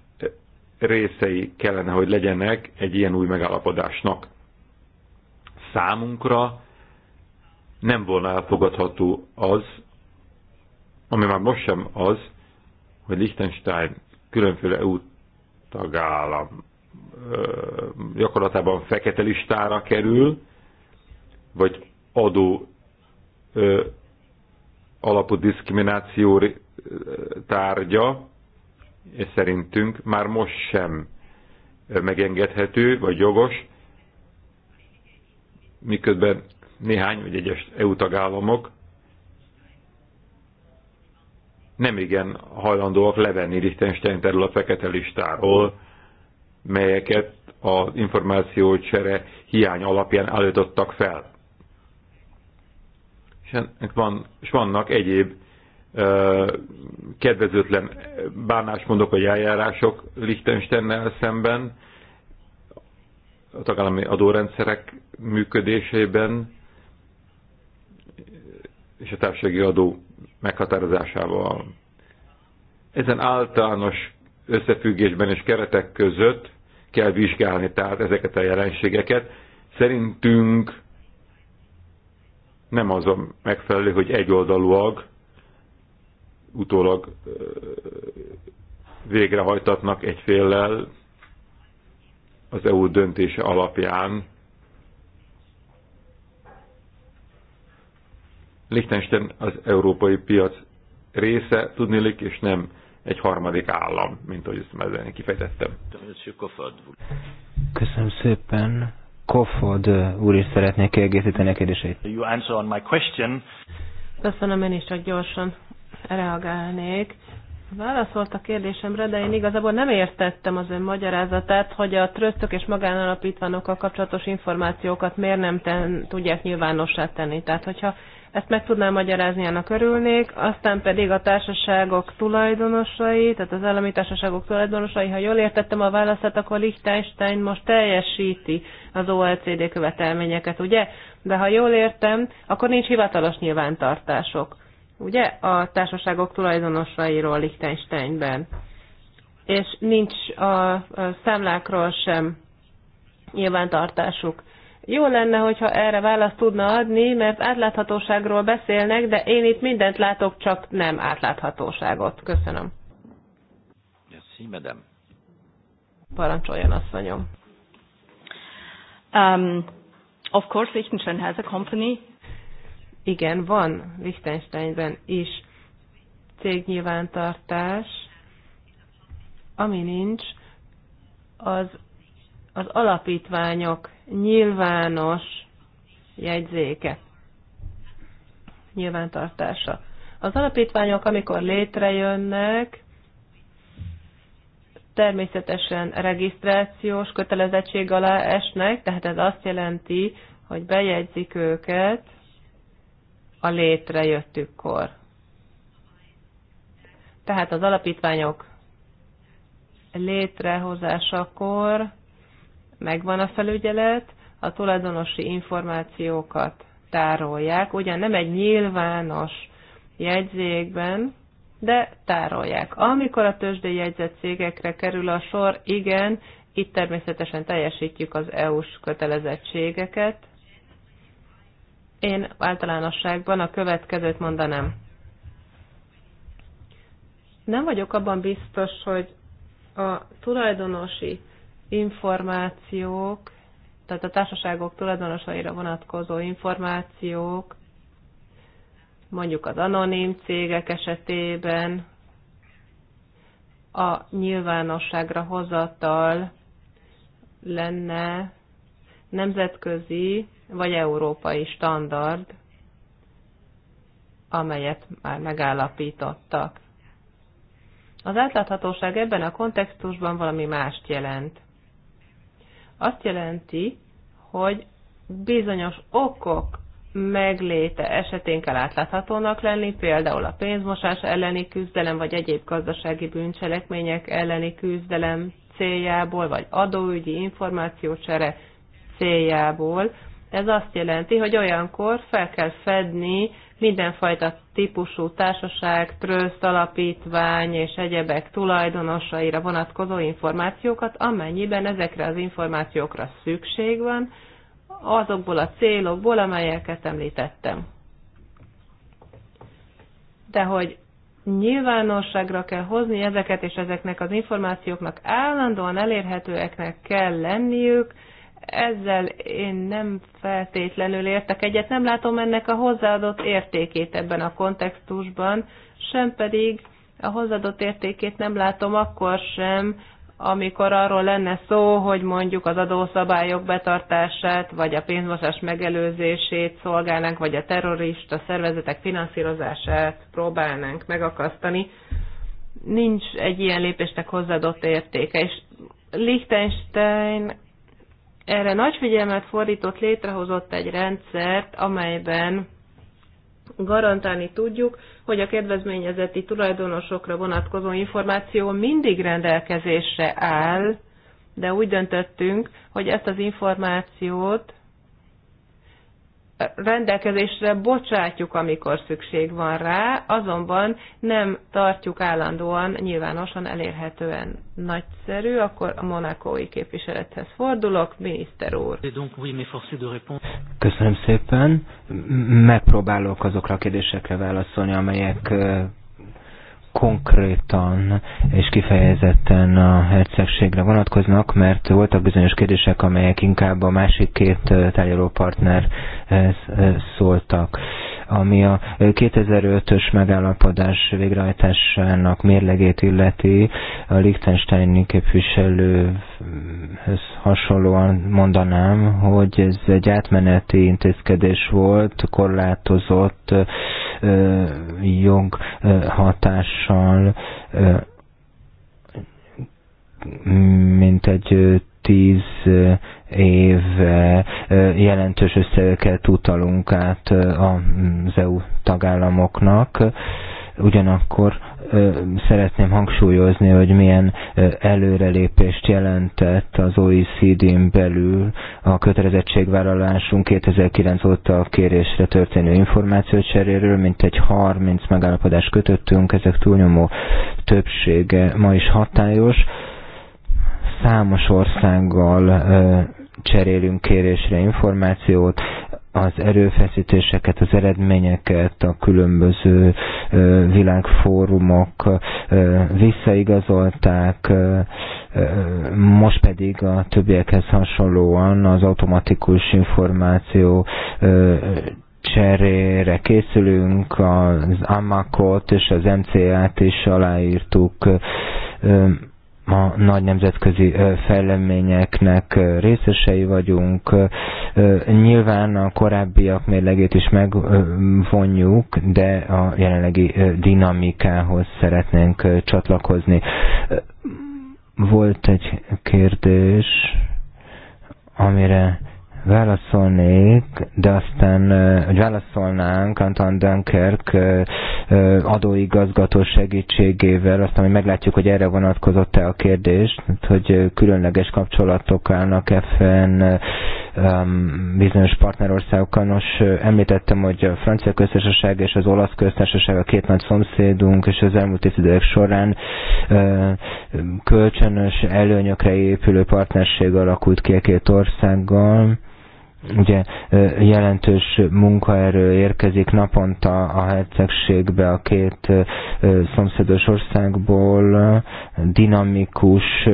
részei kellene, hogy legyenek egy ilyen új megállapodásnak. Számunkra nem volna elfogadható az, ami már most sem az, hogy Liechtenstein különféle út tagállam gyakorlatában fekete listára kerül, vagy adó ö, alapú diszkrimináció tárgya, és szerintünk már most sem megengedhető, vagy jogos, miközben néhány, vagy egyes EU tagállamok nemigen hajlandóak levenni Liechtenstein terül a fekete listáról, melyeket az információcsere hiány alapján állítottak fel. És, van, és vannak egyéb ö, kedvezőtlen bánásmondok vagy eljárások Liechtensteinnel szemben, a tagállami adórendszerek működésében és a társasági adó meghatározásával. Ezen általános összefüggésben és keretek között kell vizsgálni tehát ezeket a jelenségeket. Szerintünk nem az a megfelelő, hogy egyoldalúak utólag végrehajtatnak egyféllel az EU döntése alapján Liechtenstein az európai piac része, tudnélik, és nem egy harmadik állam, mint ahogy ezt már kifejtettem. Köszönöm szépen. Kofod eh, úr is szeretnék kiegészíteni a kérdéseit. Köszönöm, én is csak gyorsan reagálnék. Válaszolt a kérdésemre, de én igazából nem értettem az ön magyarázatát, hogy a trösztök és magánalapítványokkal kapcsolatos információkat miért nem ten, tudják nyilvánossá tenni. Tehát, hogyha ezt meg tudnám magyarázni, annak örülnék. Aztán pedig a társaságok tulajdonosai, tehát az állami társaságok tulajdonosai, ha jól értettem a válaszát, akkor Liechtenstein most teljesíti az OLCD követelményeket, ugye? De ha jól értem, akkor nincs hivatalos nyilvántartások, ugye? A társaságok tulajdonosairól Liechtensteinben. És nincs a, a számlákról sem nyilvántartásuk. Jó lenne, hogyha erre választ tudna adni, mert átláthatóságról beszélnek, de én itt mindent látok, csak nem átláthatóságot. Köszönöm. Merci, madame. Parancsoljon, asszonyom. Um, of course, Liechtenstein has a company. Igen, van Liechtensteinben is cégnyilvántartás, ami nincs, az az alapítványok nyilvános jegyzéke, nyilvántartása. Az alapítványok, amikor létrejönnek, természetesen regisztrációs kötelezettség alá esnek, tehát ez azt jelenti, hogy bejegyzik őket a létrejöttükkor. Tehát az alapítványok létrehozásakor megvan a felügyelet, a tulajdonosi információkat tárolják, ugyan nem egy nyilvános jegyzékben, de tárolják. Amikor a tőzsdei jegyzett cégekre kerül a sor, igen, itt természetesen teljesítjük az EU-s kötelezettségeket. Én általánosságban a következőt mondanám. Nem vagyok abban biztos, hogy a tulajdonosi információk, tehát a társaságok tulajdonosaira vonatkozó információk, mondjuk az anonim cégek esetében a nyilvánosságra hozatal lenne nemzetközi vagy európai standard, amelyet már megállapítottak. Az átláthatóság ebben a kontextusban valami mást jelent azt jelenti, hogy bizonyos okok megléte esetén kell átláthatónak lenni, például a pénzmosás elleni küzdelem, vagy egyéb gazdasági bűncselekmények elleni küzdelem céljából, vagy adóügyi információcsere céljából. Ez azt jelenti, hogy olyankor fel kell fedni mindenfajta típusú társaság, tröszt, alapítvány és egyebek tulajdonosaira vonatkozó információkat, amennyiben ezekre az információkra szükség van, azokból a célokból, amelyeket említettem. De hogy nyilvánosságra kell hozni ezeket, és ezeknek az információknak állandóan elérhetőeknek kell lenniük, ezzel én nem feltétlenül értek egyet, nem látom ennek a hozzáadott értékét ebben a kontextusban, sem pedig a hozzáadott értékét nem látom akkor sem, amikor arról lenne szó, hogy mondjuk az adószabályok betartását, vagy a pénzmosás megelőzését szolgálnánk, vagy a terrorista szervezetek finanszírozását próbálnánk megakasztani. Nincs egy ilyen lépésnek hozzáadott értéke, és Liechtenstein erre nagy figyelmet fordított, létrehozott egy rendszert, amelyben garantálni tudjuk, hogy a kedvezményezeti tulajdonosokra vonatkozó információ mindig rendelkezésre áll, de úgy döntöttünk, hogy ezt az információt rendelkezésre bocsátjuk, amikor szükség van rá, azonban nem tartjuk állandóan nyilvánosan elérhetően nagyszerű, akkor a monakói képviselethez fordulok, miniszter úr. Köszönöm szépen. Megpróbálok azokra a kérdésekre válaszolni, amelyek konkrétan és kifejezetten a hercegségre vonatkoznak, mert voltak bizonyos kérdések, amelyek inkább a másik két tárgyalópartnerhez szóltak. Ami a 2005-ös megállapodás végrehajtásának mérlegét illeti, a Liechtenstein képviselőhöz hasonlóan mondanám, hogy ez egy átmeneti intézkedés volt, korlátozott jog hatással mint egy tíz éve jelentős összegeket utalunk át az EU tagállamoknak. Ugyanakkor szeretném hangsúlyozni, hogy milyen előrelépést jelentett az OECD-n belül a kötelezettségvállalásunk 2009 óta a kérésre történő információcseréről, mint egy 30 megállapodást kötöttünk, ezek túlnyomó többsége ma is hatályos. Számos országgal cserélünk kérésre információt, az erőfeszítéseket, az eredményeket a különböző világfórumok visszaigazolták, most pedig a többiekhez hasonlóan az automatikus információ cserére készülünk, az AMAKot és az MCA-t is aláírtuk ma nagy nemzetközi fejleményeknek részesei vagyunk. Nyilván a korábbiak mérlegét is megvonjuk, de a jelenlegi dinamikához szeretnénk csatlakozni. Volt egy kérdés, amire válaszolnék, de aztán, hogy válaszolnánk Anton Dunkerk adóigazgató segítségével, aztán hogy meglátjuk, hogy erre vonatkozott-e a kérdés, hogy különleges kapcsolatok állnak-e fenn bizonyos partnerországokkal. Nos, említettem, hogy a francia köztársaság és az olasz köztársaság a két nagy szomszédunk, és az elmúlt évtizedek során kölcsönös előnyökre épülő partnerség alakult ki a két országgal ugye jelentős munkaerő érkezik naponta a hercegségbe a két szomszédos országból, dinamikus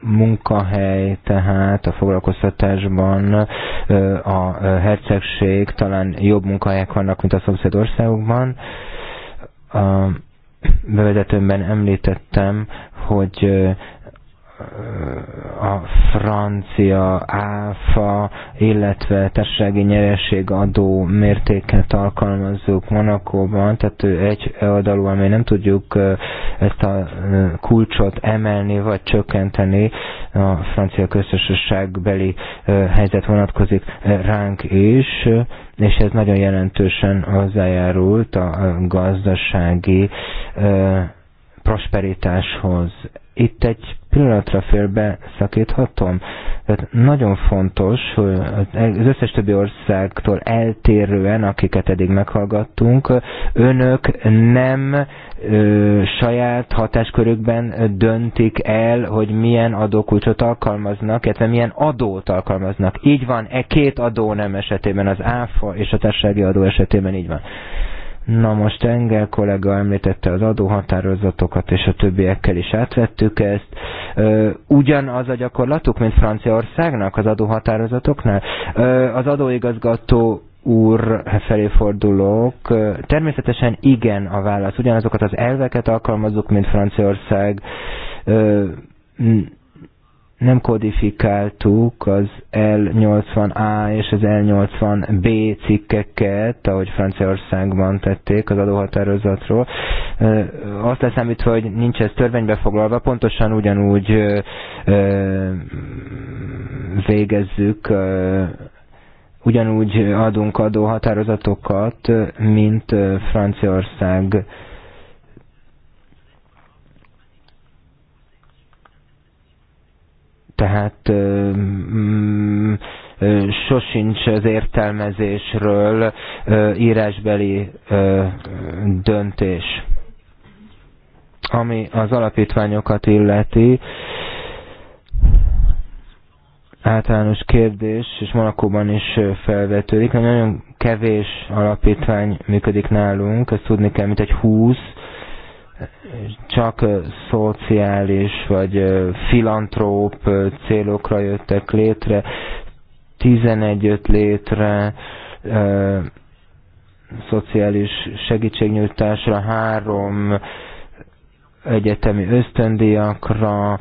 munkahely tehát a foglalkoztatásban a hercegség talán jobb munkahelyek vannak, mint a szomszéd országokban. A bevezetőmben említettem, hogy a francia áfa, illetve társasági adó mértéket alkalmazzuk Monakóban, tehát egy oldalú, ami nem tudjuk ezt a kulcsot emelni vagy csökkenteni, a francia beli helyzet vonatkozik ránk is, és ez nagyon jelentősen hozzájárult a gazdasági prosperitáshoz. Itt egy pillanatra félbe szakíthatom. Tehát nagyon fontos, hogy az összes többi országtól eltérően, akiket eddig meghallgattunk, önök nem ö, saját hatáskörükben döntik el, hogy milyen adókulcsot alkalmaznak, illetve milyen adót alkalmaznak. Így van, e két adó nem esetében, az ÁFA és a társasági adó esetében így van. Na most Engel kollega említette az adóhatározatokat, és a többiekkel is átvettük ezt ugyanaz a gyakorlatuk, mint Franciaországnak az adóhatározatoknál? Az adóigazgató úr felé fordulok. Természetesen igen a válasz. Ugyanazokat az elveket alkalmazzuk, mint Franciaország nem kodifikáltuk az L80A és az L80B cikkeket, ahogy Franciaországban tették az adóhatározatról. Azt leszámítva, hogy nincs ez törvénybe foglalva, pontosan ugyanúgy végezzük, ugyanúgy adunk adóhatározatokat, mint Franciaország Tehát mm, sosincs az értelmezésről írásbeli döntés. Ami az alapítványokat illeti, általános kérdés, és Monakóban is felvetődik, hogy nagyon kevés alapítvány működik nálunk, ezt tudni kell, mint egy 20, csak szociális vagy filantróp célokra jöttek létre, 11 jött létre, szociális segítségnyújtásra, három egyetemi ösztöndíjakra,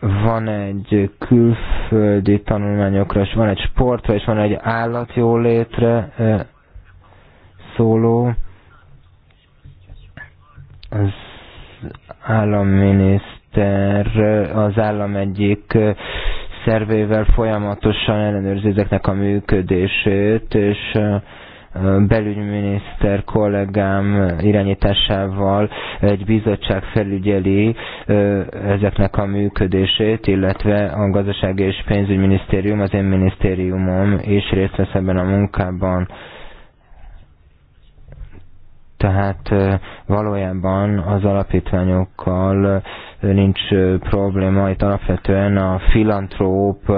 van egy külföldi tanulmányokra, és van egy sportra, és van egy állatjólétre szóló az államminiszter az állam egyik szervével folyamatosan ellenőrzi ezeknek a működését, és belügyminiszter kollégám irányításával egy bizottság felügyeli ezeknek a működését, illetve a gazdasági és pénzügyminisztérium, az én minisztériumom is részt vesz ebben a munkában tehát valójában az alapítványokkal nincs probléma, itt alapvetően a filantróp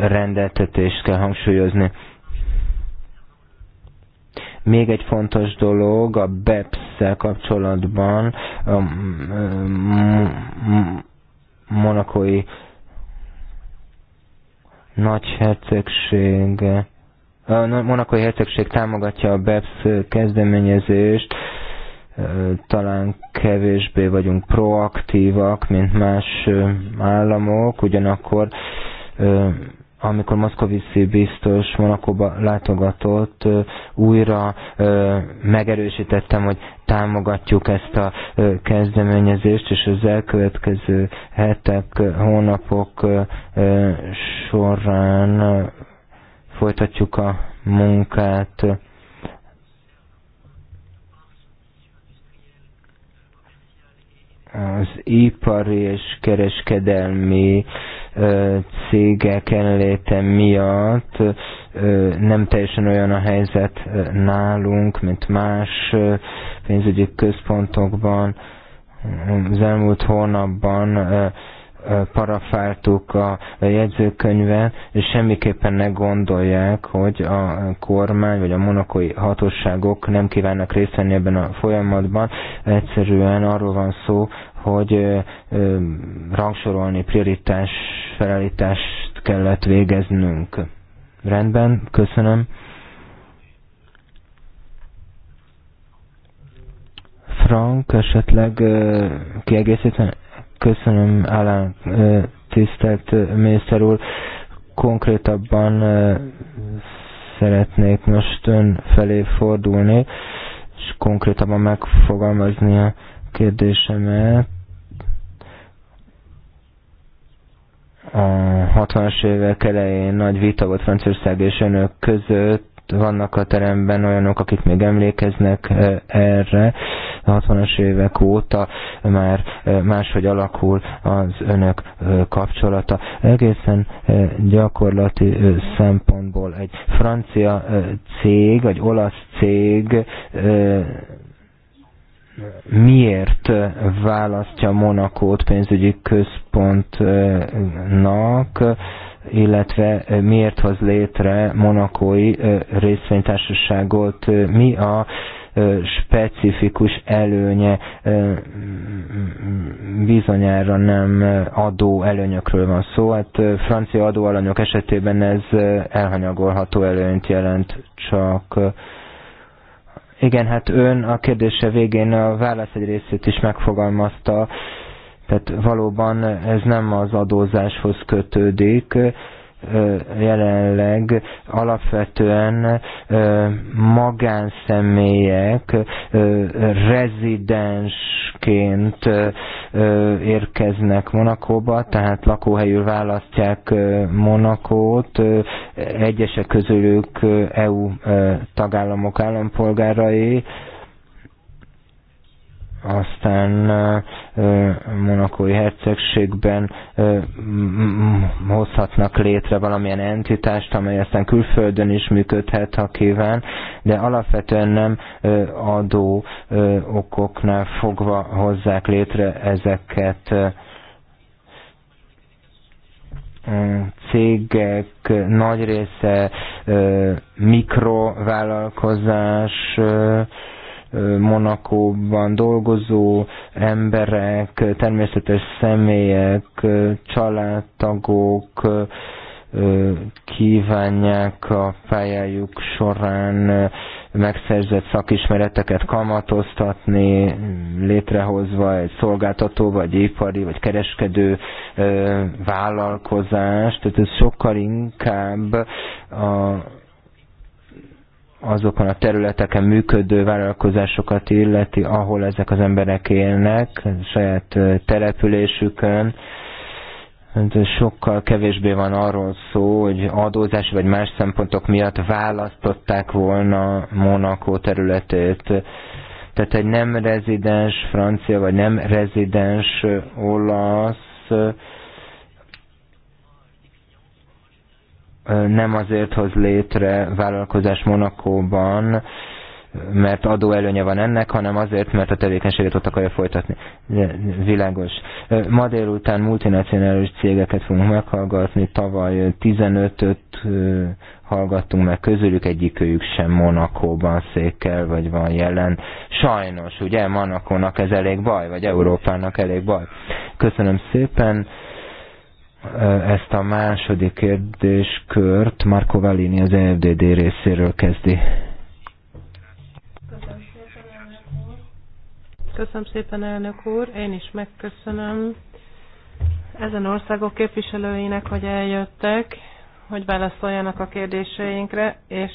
rendeltetést kell hangsúlyozni. Még egy fontos dolog a BEPS-szel kapcsolatban a monakói nagyhercegsége a Monakói Hercegség támogatja a BEPS kezdeményezést, talán kevésbé vagyunk proaktívak, mint más államok, ugyanakkor amikor Moszkovici biztos Monakóba látogatott, újra megerősítettem, hogy támogatjuk ezt a kezdeményezést, és az elkövetkező hetek, hónapok során folytatjuk a munkát. Az ipari és kereskedelmi cégek jelenléte miatt nem teljesen olyan a helyzet nálunk, mint más pénzügyi központokban. Az elmúlt hónapban parafáltuk a jegyzőkönyvben, és semmiképpen ne gondolják, hogy a kormány vagy a monokói hatóságok nem kívánnak részt venni ebben a folyamatban. Egyszerűen arról van szó, hogy rangsorolni prioritás felállítást kellett végeznünk. Rendben, köszönöm. Frank esetleg kiegészíteni? Köszönöm, Alan, tisztelt miniszter úr. Konkrétabban szeretnék most ön felé fordulni, és konkrétabban megfogalmazni a kérdésemet. A 60-as évek elején nagy vita volt Franciaország és önök között, vannak a teremben olyanok, akik még emlékeznek erre. 60-as évek óta már eh, máshogy alakul az önök eh, kapcsolata. Egészen eh, gyakorlati szempontból egy francia cég, egy olasz cég miért választja Monakót pénzügyi központnak, illetve miért hoz létre monakói részvénytársaságot, mi a specifikus előnye bizonyára nem adó előnyökről van szó. Hát francia adóalanyok esetében ez elhanyagolható előnyt jelent, csak igen, hát ön a kérdése végén a válasz egy részét is megfogalmazta, tehát valóban ez nem az adózáshoz kötődik, jelenleg alapvetően magánszemélyek rezidensként érkeznek Monakóba, tehát lakóhelyül választják Monakót, egyesek közülük EU tagállamok állampolgárai, aztán monakói hercegségben hozhatnak létre valamilyen entitást, amely aztán külföldön is működhet, ha kíván, de alapvetően nem adó okoknál fogva hozzák létre ezeket cégek nagy része mikrovállalkozás, Monakóban dolgozó emberek, természetes személyek, családtagok kívánják a pályájuk során megszerzett szakismereteket kamatoztatni, létrehozva egy szolgáltató, vagy ipari, vagy kereskedő vállalkozást. Tehát ez sokkal inkább a azokon a területeken működő vállalkozásokat illeti, ahol ezek az emberek élnek, saját településükön, hát sokkal kevésbé van arról szó, hogy adózás vagy más szempontok miatt választották volna Monaco területét. Tehát egy nem rezidens francia vagy nem rezidens olasz nem azért hoz létre vállalkozás Monakóban, mert adó előnye van ennek, hanem azért, mert a tevékenységet ott akarja folytatni. Világos. Ma délután multinacionális cégeket fogunk meghallgatni, tavaly 15-öt hallgattunk meg, közülük egyikőjük sem Monakóban székel, vagy van jelen. Sajnos, ugye, Monakónak ez elég baj, vagy Európának elég baj. Köszönöm szépen. Ezt a második kérdéskört Marco Valini az EFDD részéről kezdi. Köszönöm szépen, elnök úr. Köszönöm szépen, elnök úr. Én is megköszönöm ezen országok képviselőinek, hogy eljöttek, hogy válaszoljanak a kérdéseinkre, és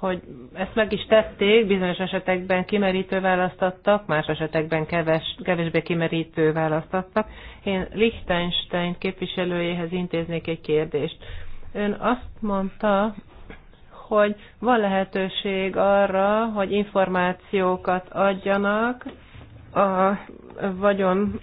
hogy ezt meg is tették, bizonyos esetekben kimerítő választattak, más esetekben keves, kevesbé kimerítő választattak. Én Liechtenstein képviselőjéhez intéznék egy kérdést. Ön azt mondta, hogy van lehetőség arra, hogy információkat adjanak a vagyon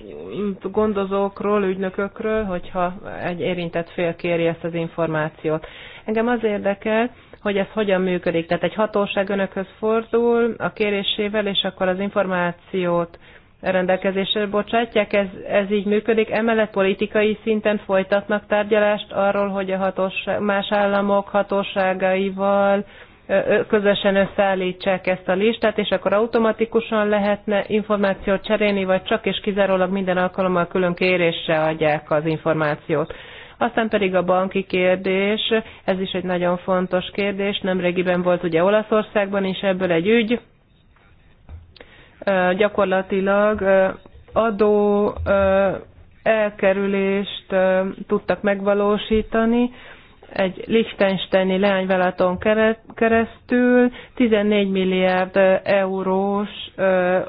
gondozókról, ügynökökről, hogyha egy érintett fél kéri ezt az információt. Engem az érdekel, hogy ez hogyan működik. Tehát egy hatóság önökhöz fordul a kérésével, és akkor az információt rendelkezésre bocsátják, ez, ez így működik. Emellett politikai szinten folytatnak tárgyalást arról, hogy a hatóság, más államok hatóságaival közösen összeállítsák ezt a listát, és akkor automatikusan lehetne információt cserélni, vagy csak és kizárólag minden alkalommal külön kérésre adják az információt. Aztán pedig a banki kérdés, ez is egy nagyon fontos kérdés. Nemrégiben volt ugye Olaszországban is ebből egy ügy. Gyakorlatilag adó elkerülést tudtak megvalósítani, egy lichtensteini leányvállalaton keresztül 14 milliárd eurós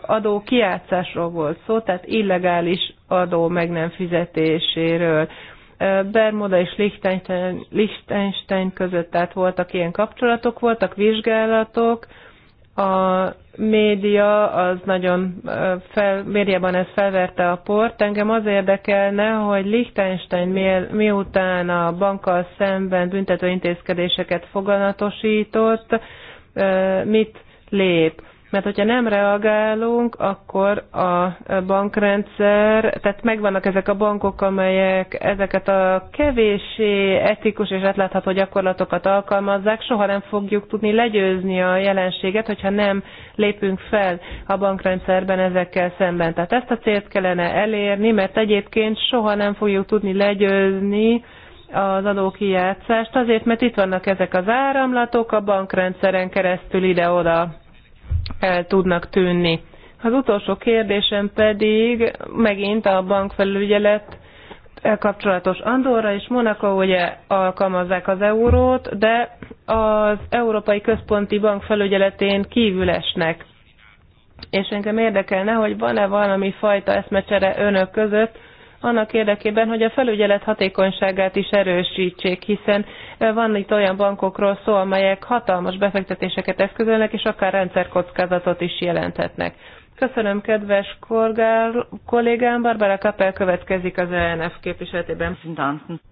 adó kiátszásról volt szó, tehát illegális adó meg nem fizetéséről. Bermuda és Liechtenstein, Liechtenstein között, tehát voltak ilyen kapcsolatok, voltak vizsgálatok, a média az nagyon fel, médiában ez felverte a port. Engem az érdekelne, hogy Liechtenstein miután a bankkal szemben büntető intézkedéseket foganatosított, mit lép mert hogyha nem reagálunk, akkor a bankrendszer, tehát megvannak ezek a bankok, amelyek ezeket a kevéssé etikus és átlátható gyakorlatokat alkalmazzák, soha nem fogjuk tudni legyőzni a jelenséget, hogyha nem lépünk fel a bankrendszerben ezekkel szemben. Tehát ezt a célt kellene elérni, mert egyébként soha nem fogjuk tudni legyőzni az adókijátszást, azért, mert itt vannak ezek az áramlatok a bankrendszeren keresztül ide-oda el tudnak tűnni. Az utolsó kérdésem pedig megint a bankfelügyelet e, kapcsolatos Andorra és Monaco ugye alkalmazzák az eurót, de az Európai Központi Bank felügyeletén kívül esnek. És engem érdekelne, hogy van-e valami fajta eszmecsere önök között annak érdekében, hogy a felügyelet hatékonyságát is erősítsék, hiszen eh, van itt olyan bankokról szó, amelyek hatalmas befektetéseket eszközölnek, és akár rendszerkockázatot is jelenthetnek. Köszönöm, kedves korgár, kollégám, Barbara Kapel következik az ENF képviseletében.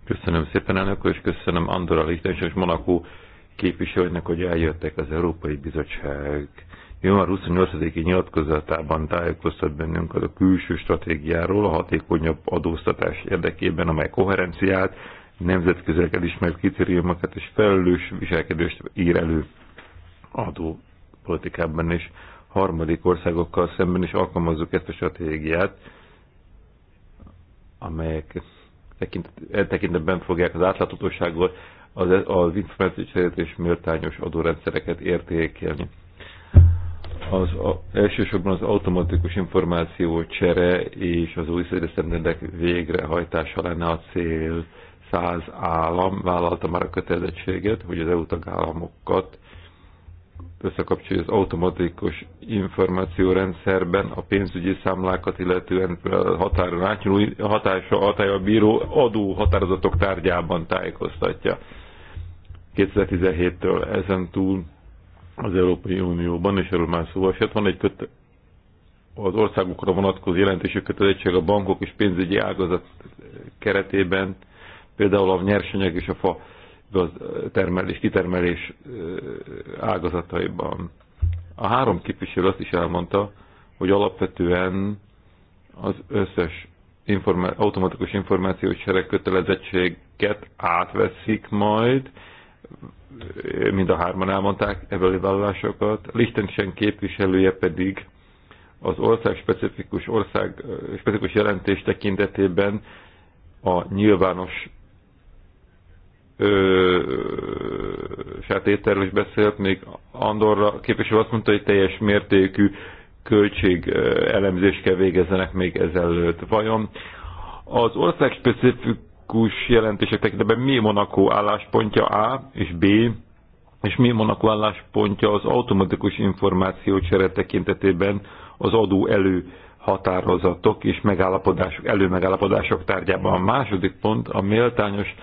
Köszönöm szépen, elnök és köszönöm Andorra Lichtenstein és Monaco képviselőnek, hogy eljöttek az Európai Bizottság január 28-i nyilatkozatában tájékoztat bennünket a külső stratégiáról a hatékonyabb adóztatás érdekében, amely koherenciát, nemzetközileg elismert kritériumokat és felelős viselkedést ír elő adópolitikában és harmadik országokkal szemben is alkalmazzuk ezt a stratégiát, amelyek tekintet, tekintetben fogják az átláthatóságot, az, az információs és méltányos adórendszereket értékelni az a, elsősorban az automatikus információ csere és az új szervezetnek végrehajtása lenne a cél. Száz állam vállalta már a kötelezettséget, hogy az EU tagállamokat összekapcsolja az automatikus információrendszerben a pénzügyi számlákat, illetően határon átnyúló hatása hatája a bíró adó határozatok tárgyában tájékoztatja. 2017-től ezen túl az Európai Unióban, és erről már szó esett, van egy köte, az országokra vonatkozó jelentési kötelezettség a bankok és pénzügyi ágazat keretében, például a nyersanyag és a fa termelés, kitermelés ágazataiban. A három képviselő azt is elmondta, hogy alapvetően az összes informá- automatikus információs sereg kötelezettséget átveszik majd, mind a hárman elmondták ebbeli vállalásokat, Lichtenstein képviselője pedig az ország specifikus, ország specifikus jelentés tekintetében a nyilvános sátéterről is beszélt, még Andorra képviselő azt mondta, hogy teljes mértékű költség elemzést kell végezzenek még ezelőtt. Vajon az ország specifikus kritikus jelentések tekintetben mi Monaco álláspontja A és B, és mi Monaco álláspontja az automatikus információcsere tekintetében az adó elő határozatok és megállapodások, előmegállapodások tárgyában. A második pont a méltányos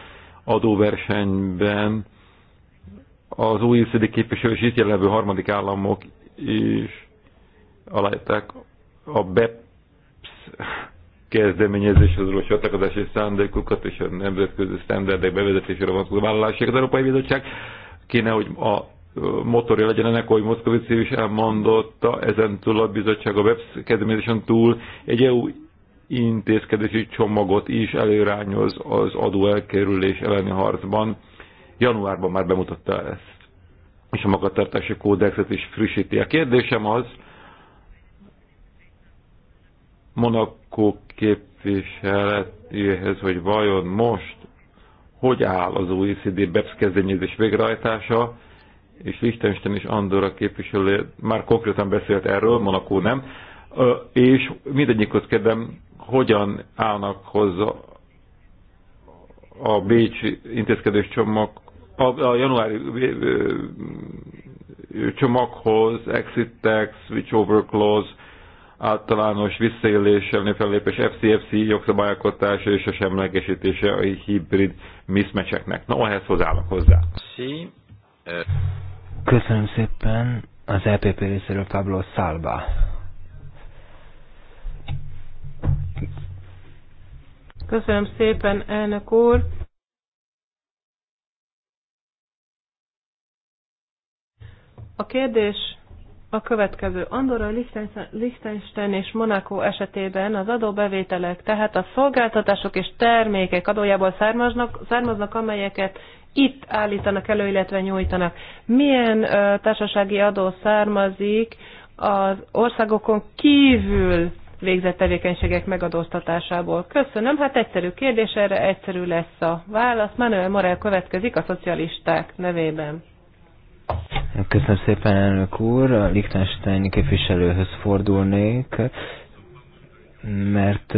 adóversenyben az OECD képviselő és itt jelenlevő harmadik államok is aláírták a BEPS az való csatlakozási szándékokat és a nemzetközi sztenderdek bevezetésére vonatkozó vállalásokat. Az Európai Bizottság kéne, hogy a motorja legyen ennek, ahogy Moszkovici is elmondotta, ezen túl a bizottság a webs kezdeményezésen túl egy EU intézkedési csomagot is előrányoz az adóelkerülés elleni harcban. Januárban már bemutatta ezt és a magatartási kódexet is frissíti. A kérdésem az, Monaco képviseletéhez, hogy vajon most hogy áll az OECD BEPS kezdeményezés végrehajtása, és Lichtenstein és Andorra képviselő már konkrétan beszélt erről, Monaco nem, és mindegyikhoz kérdem, hogyan állnak hozzá a Bécsi intézkedés csomag, a, a januári csomaghoz, exit tax, switch over clause, általános visszaéléssel, fellépés FCFC jogszabályalkotása és a semlegesítése a hibrid miszmecseknek. Na, no, ehhez hozzáállok hozzá. Köszönöm szépen az EPP részéről Pablo Szálba. Köszönöm szépen, elnök úr. A kérdés a következő. Andorra, Liechtenstein és Monaco esetében az adóbevételek, tehát a szolgáltatások és termékek adójából származnak, származnak amelyeket itt állítanak elő, illetve nyújtanak. Milyen ö, társasági adó származik az országokon kívül végzett tevékenységek megadóztatásából? Köszönöm, hát egyszerű kérdés, erre egyszerű lesz a válasz. Manuel Morel következik a szocialisták nevében. Köszönöm szépen, elnök úr. A Liechtenstein képviselőhöz fordulnék, mert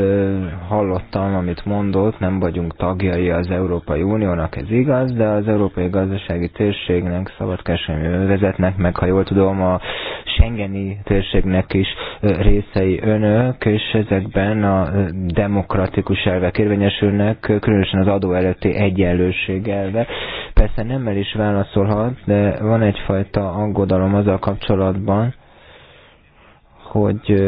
hallottam, amit mondott, nem vagyunk tagjai az Európai Uniónak, ez igaz, de az Európai Gazdasági Térségnek, Szabadkereskedelmi Övezetnek, meg ha jól tudom, a Schengeni térségnek is részei önök, és ezekben a demokratikus elvek érvényesülnek, különösen az adó előtti egyenlőség elve persze el is válaszolhat, de van egyfajta aggodalom azzal kapcsolatban, hogy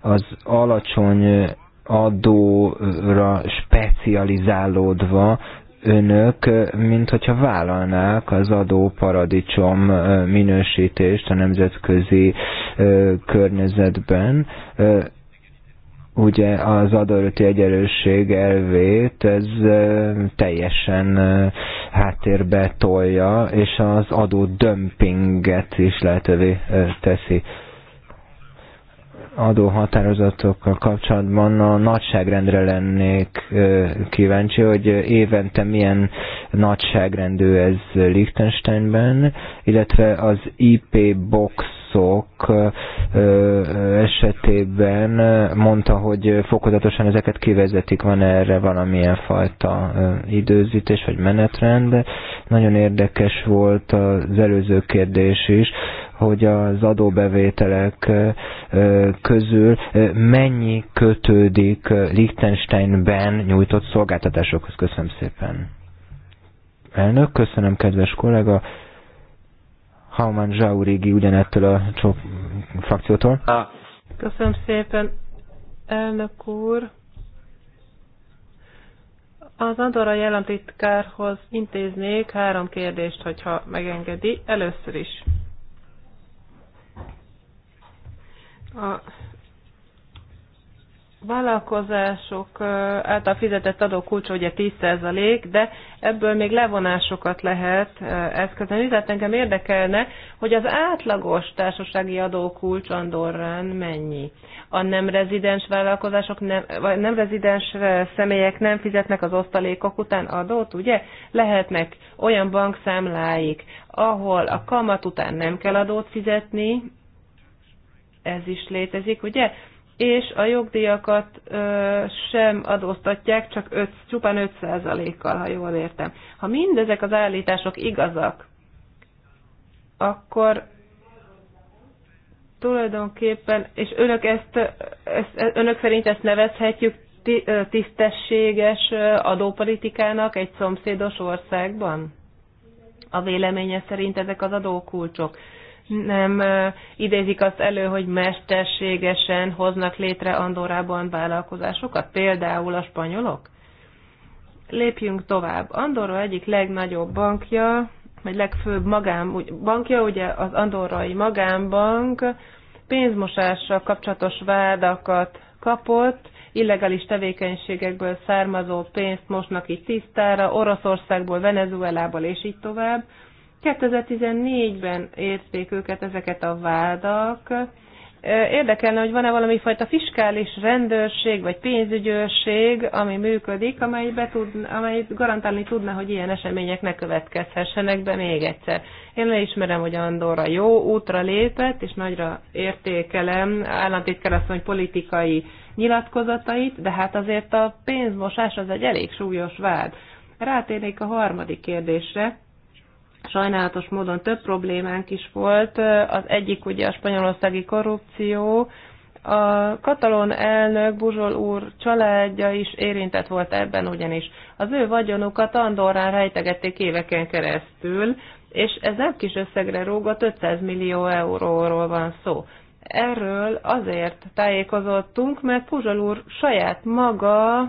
az alacsony adóra specializálódva önök, mint hogyha vállalnák az paradicsom minősítést a nemzetközi környezetben, ugye az adóröti egyenlőség elvét ez teljesen háttérbe tolja, és az adó dömpinget is lehetővé teszi adóhatározatokkal kapcsolatban a nagyságrendre lennék kíváncsi, hogy évente milyen nagyságrendű ez Liechtensteinben, illetve az IP boxok esetében mondta, hogy fokozatosan ezeket kivezetik, van erre valamilyen fajta időzítés vagy menetrend. Nagyon érdekes volt az előző kérdés is, hogy az adóbevételek közül mennyi kötődik Liechtensteinben nyújtott szolgáltatásokhoz. Köszönöm szépen. Elnök, köszönöm kedves kollega. Hauman Zsaurigi ugyanettől a csop frakciótól. Köszönöm szépen, elnök úr. Az Andorra jelentitkárhoz intéznék három kérdést, hogyha megengedi. Először is, A vállalkozások által fizetett adókulcs ugye 10%, de ebből még levonásokat lehet eszközölni. Tehát engem érdekelne, hogy az átlagos társasági adókulcs Andorrán mennyi. A nem rezidens vállalkozások, nem, vagy nem rezidens személyek nem fizetnek az osztalékok után adót, ugye? Lehetnek olyan bankszámláik, ahol a kamat után nem kell adót fizetni, ez is létezik, ugye? És a jogdíjakat ö, sem adóztatják, csak 5, csupán 5%-kal, ha jól értem. Ha mindezek az állítások igazak, akkor tulajdonképpen, és önök, ezt, ezt, önök szerint ezt nevezhetjük tisztességes adópolitikának egy szomszédos országban? A véleménye szerint ezek az adókulcsok nem idézik azt elő, hogy mesterségesen hoznak létre Andorában vállalkozásokat, például a spanyolok? Lépjünk tovább. Andorra egyik legnagyobb bankja, vagy legfőbb magán, bankja, ugye az andorrai magánbank pénzmosással kapcsolatos vádakat kapott, illegális tevékenységekből származó pénzt mosnak így tisztára, Oroszországból, Venezuelából és így tovább. 2014-ben érték őket ezeket a vádak. Érdekelne, hogy van-e valami fajta fiskális rendőrség vagy pénzügyőrség, ami működik, amely, be tud, amely garantálni tudna, hogy ilyen események ne következhessenek be még egyszer. Én leismerem, hogy Andorra jó útra lépett, és nagyra értékelem államtitkárasszony politikai nyilatkozatait, de hát azért a pénzmosás az egy elég súlyos vád. Rátérnék a harmadik kérdésre sajnálatos módon több problémánk is volt. Az egyik ugye a spanyolországi korrupció, a katalon elnök Buzsol úr családja is érintett volt ebben ugyanis. Az ő vagyonukat Andorrán rejtegették éveken keresztül, és ez nem kis összegre rúgott, 500 millió euróról van szó. Erről azért tájékozottunk, mert Puzsol úr saját maga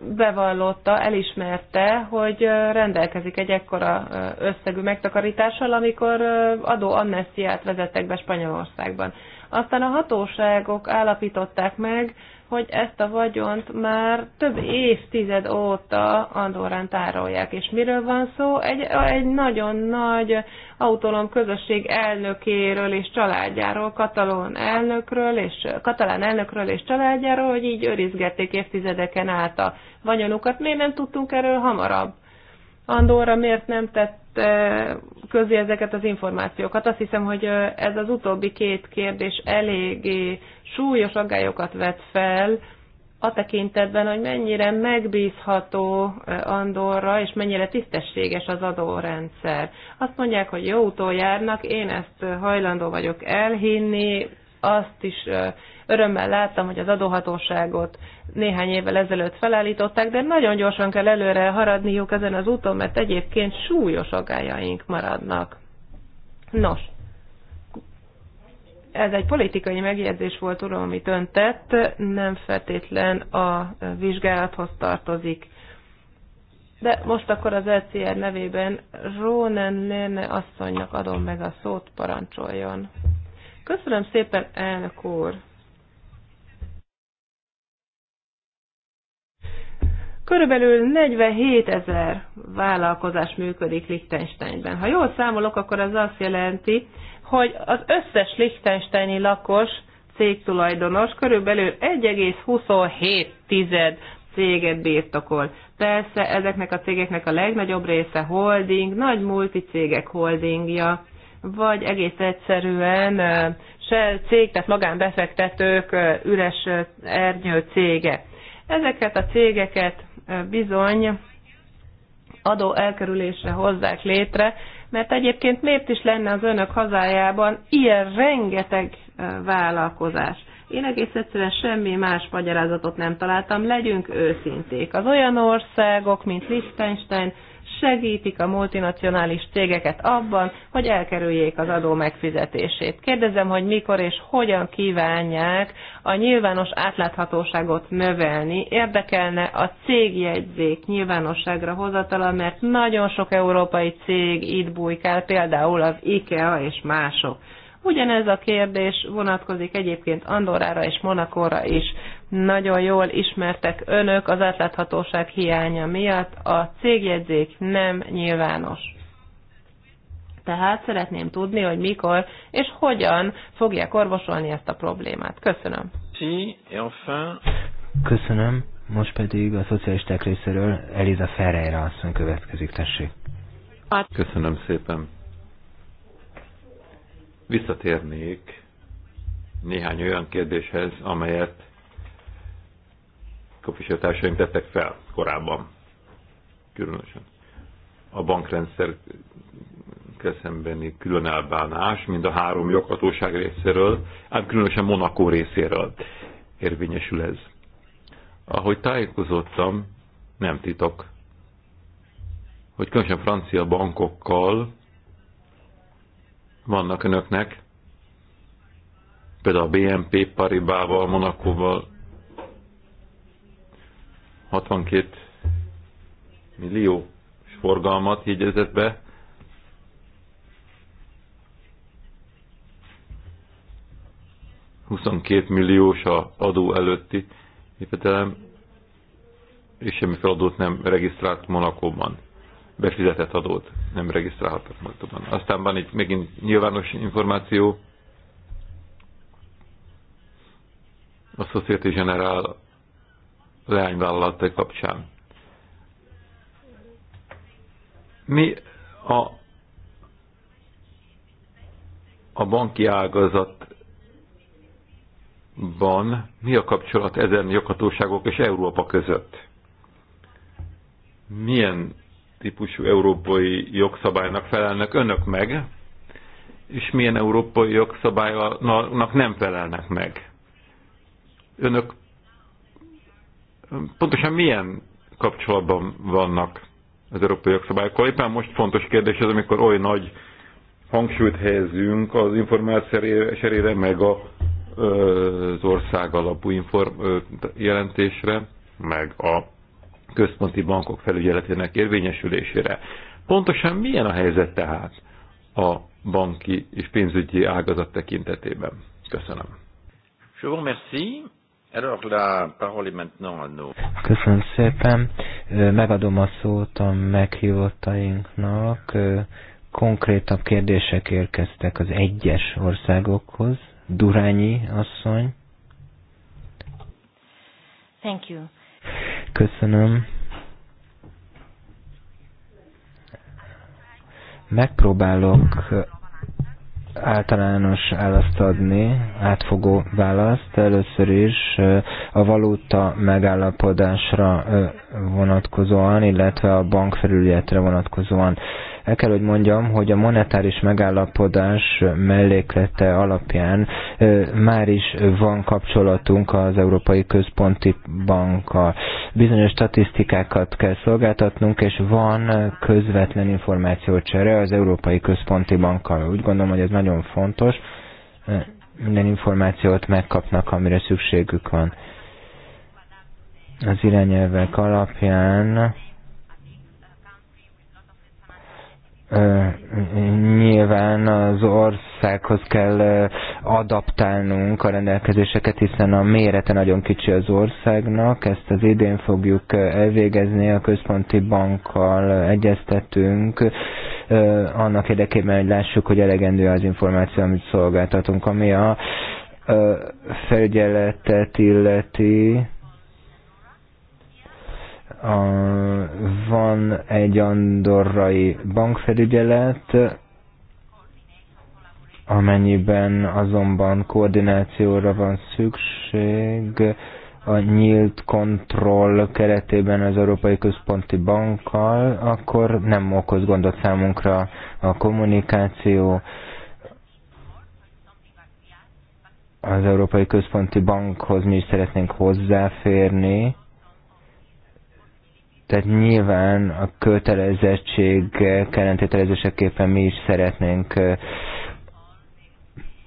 bevallotta, elismerte, hogy rendelkezik egy ekkora összegű megtakarítással, amikor adó amnestiát vezettek be Spanyolországban. Aztán a hatóságok állapították meg, hogy ezt a vagyont már több évtized óta Andorán tárolják. És miről van szó? Egy, egy nagyon nagy autonóm közösség elnökéről és családjáról, katalón elnökről és katalán elnökről és családjáról, hogy így őrizgették évtizedeken át a vagyonukat. Miért nem tudtunk erről hamarabb? Andorra miért nem tett közé ezeket az információkat? Azt hiszem, hogy ez az utóbbi két kérdés eléggé súlyos aggályokat vet fel, a tekintetben, hogy mennyire megbízható eh, Andorra, és mennyire tisztességes az adórendszer. Azt mondják, hogy jó úton járnak, én ezt eh, hajlandó vagyok elhinni, azt is eh, örömmel láttam, hogy az adóhatóságot néhány évvel ezelőtt felállították, de nagyon gyorsan kell előre haradniuk ezen az úton, mert egyébként súlyos agályaink maradnak. Nos, ez egy politikai megjegyzés volt, uram, amit ön tett, nem feltétlen a vizsgálathoz tartozik. De most akkor az LCR nevében Rónen Lene asszonynak adom meg a szót, parancsoljon. Köszönöm szépen, elnök úr! Körülbelül 47 ezer vállalkozás működik Liechtensteinben. Ha jól számolok, akkor az azt jelenti, hogy az összes lichtensteini lakos cégtulajdonos körülbelül 1,27 céget birtokol. Persze ezeknek a cégeknek a legnagyobb része holding, nagy multicégek holdingja, vagy egész egyszerűen se cég, tehát magánbefektetők üres ernyő cége. Ezeket a cégeket bizony adó elkerülésre hozzák létre, mert egyébként miért is lenne az önök hazájában ilyen rengeteg vállalkozás? Én egész egyszerűen semmi más magyarázatot nem találtam, legyünk őszinték. Az olyan országok, mint Liechtenstein, segítik a multinacionális cégeket abban, hogy elkerüljék az adó megfizetését. Kérdezem, hogy mikor és hogyan kívánják a nyilvános átláthatóságot növelni. Érdekelne a cégjegyzék nyilvánosságra hozatala, mert nagyon sok európai cég itt bujkál, például az IKEA és mások. Ugyanez a kérdés vonatkozik egyébként Andorára és Monakóra is nagyon jól ismertek önök az átláthatóság hiánya miatt, a cégjegyzék nem nyilvános. Tehát szeretném tudni, hogy mikor és hogyan fogják orvosolni ezt a problémát. Köszönöm. Köszönöm. Most pedig a szocialisták részéről Eliza Ferreira asszony következik, tessék. Köszönöm szépen. Visszatérnék néhány olyan kérdéshez, amelyet képviselőtársaim tettek fel korábban. Különösen a bankrendszer szembeni elbánás, mind a három joghatóság részéről, ám különösen Monaco részéről érvényesül ez. Ahogy tájékozottam, nem titok, hogy különösen francia bankokkal vannak önöknek, például a BNP Paribával, Monakóval 62 millió forgalmat jegyezett be, 22 milliós a adó előtti jövedelem, és semmiféle adót nem regisztrált Monakóban. Befizetett adót nem regisztrálhatott Monakóban. Aztán van itt megint nyilvános információ. A Société Generale leányvállalatai kapcsán. Mi a, a banki ágazatban mi a kapcsolat ezen joghatóságok és Európa között? Milyen típusú európai jogszabálynak felelnek önök meg, és milyen európai jogszabálynak nem felelnek meg? Önök pontosan milyen kapcsolatban vannak az európai jogszabályokkal. Éppen most fontos kérdés ez, amikor oly nagy hangsúlyt helyezünk az információ meg a, az ország alapú inform, jelentésre, meg a központi bankok felügyeletének érvényesülésére. Pontosan milyen a helyzet tehát a banki és pénzügyi ágazat tekintetében? Köszönöm. Je vous remercie. Köszönöm szépen. Megadom a szót a meghívottainknak. Konkrétabb kérdések érkeztek az egyes országokhoz. Durányi asszony. Thank you. Köszönöm. Megpróbálok általános választ adni, átfogó választ. Először is a valuta megállapodásra vonatkozóan, illetve a bankfelületre vonatkozóan el kell, hogy mondjam, hogy a monetáris megállapodás melléklete alapján már is van kapcsolatunk az Európai Központi Bankkal. Bizonyos statisztikákat kell szolgáltatnunk, és van közvetlen információcsere az Európai Központi Bankkal. Úgy gondolom, hogy ez nagyon fontos. Minden információt megkapnak, amire szükségük van. Az irányelvek alapján nyilván az országhoz kell adaptálnunk a rendelkezéseket, hiszen a mérete nagyon kicsi az országnak, ezt az idén fogjuk elvégezni, a központi bankkal egyeztetünk, annak érdekében, hogy lássuk, hogy elegendő az információ, amit szolgáltatunk, ami a felügyeletet illeti, a, van egy andorrai bankfelügyelet, amennyiben azonban koordinációra van szükség, a nyílt kontroll keretében az Európai Központi Bankkal, akkor nem okoz gondot számunkra a kommunikáció. Az Európai Központi Bankhoz mi is szeretnénk hozzáférni, tehát nyilván a kötelezettség ellentételezéseképpen mi is szeretnénk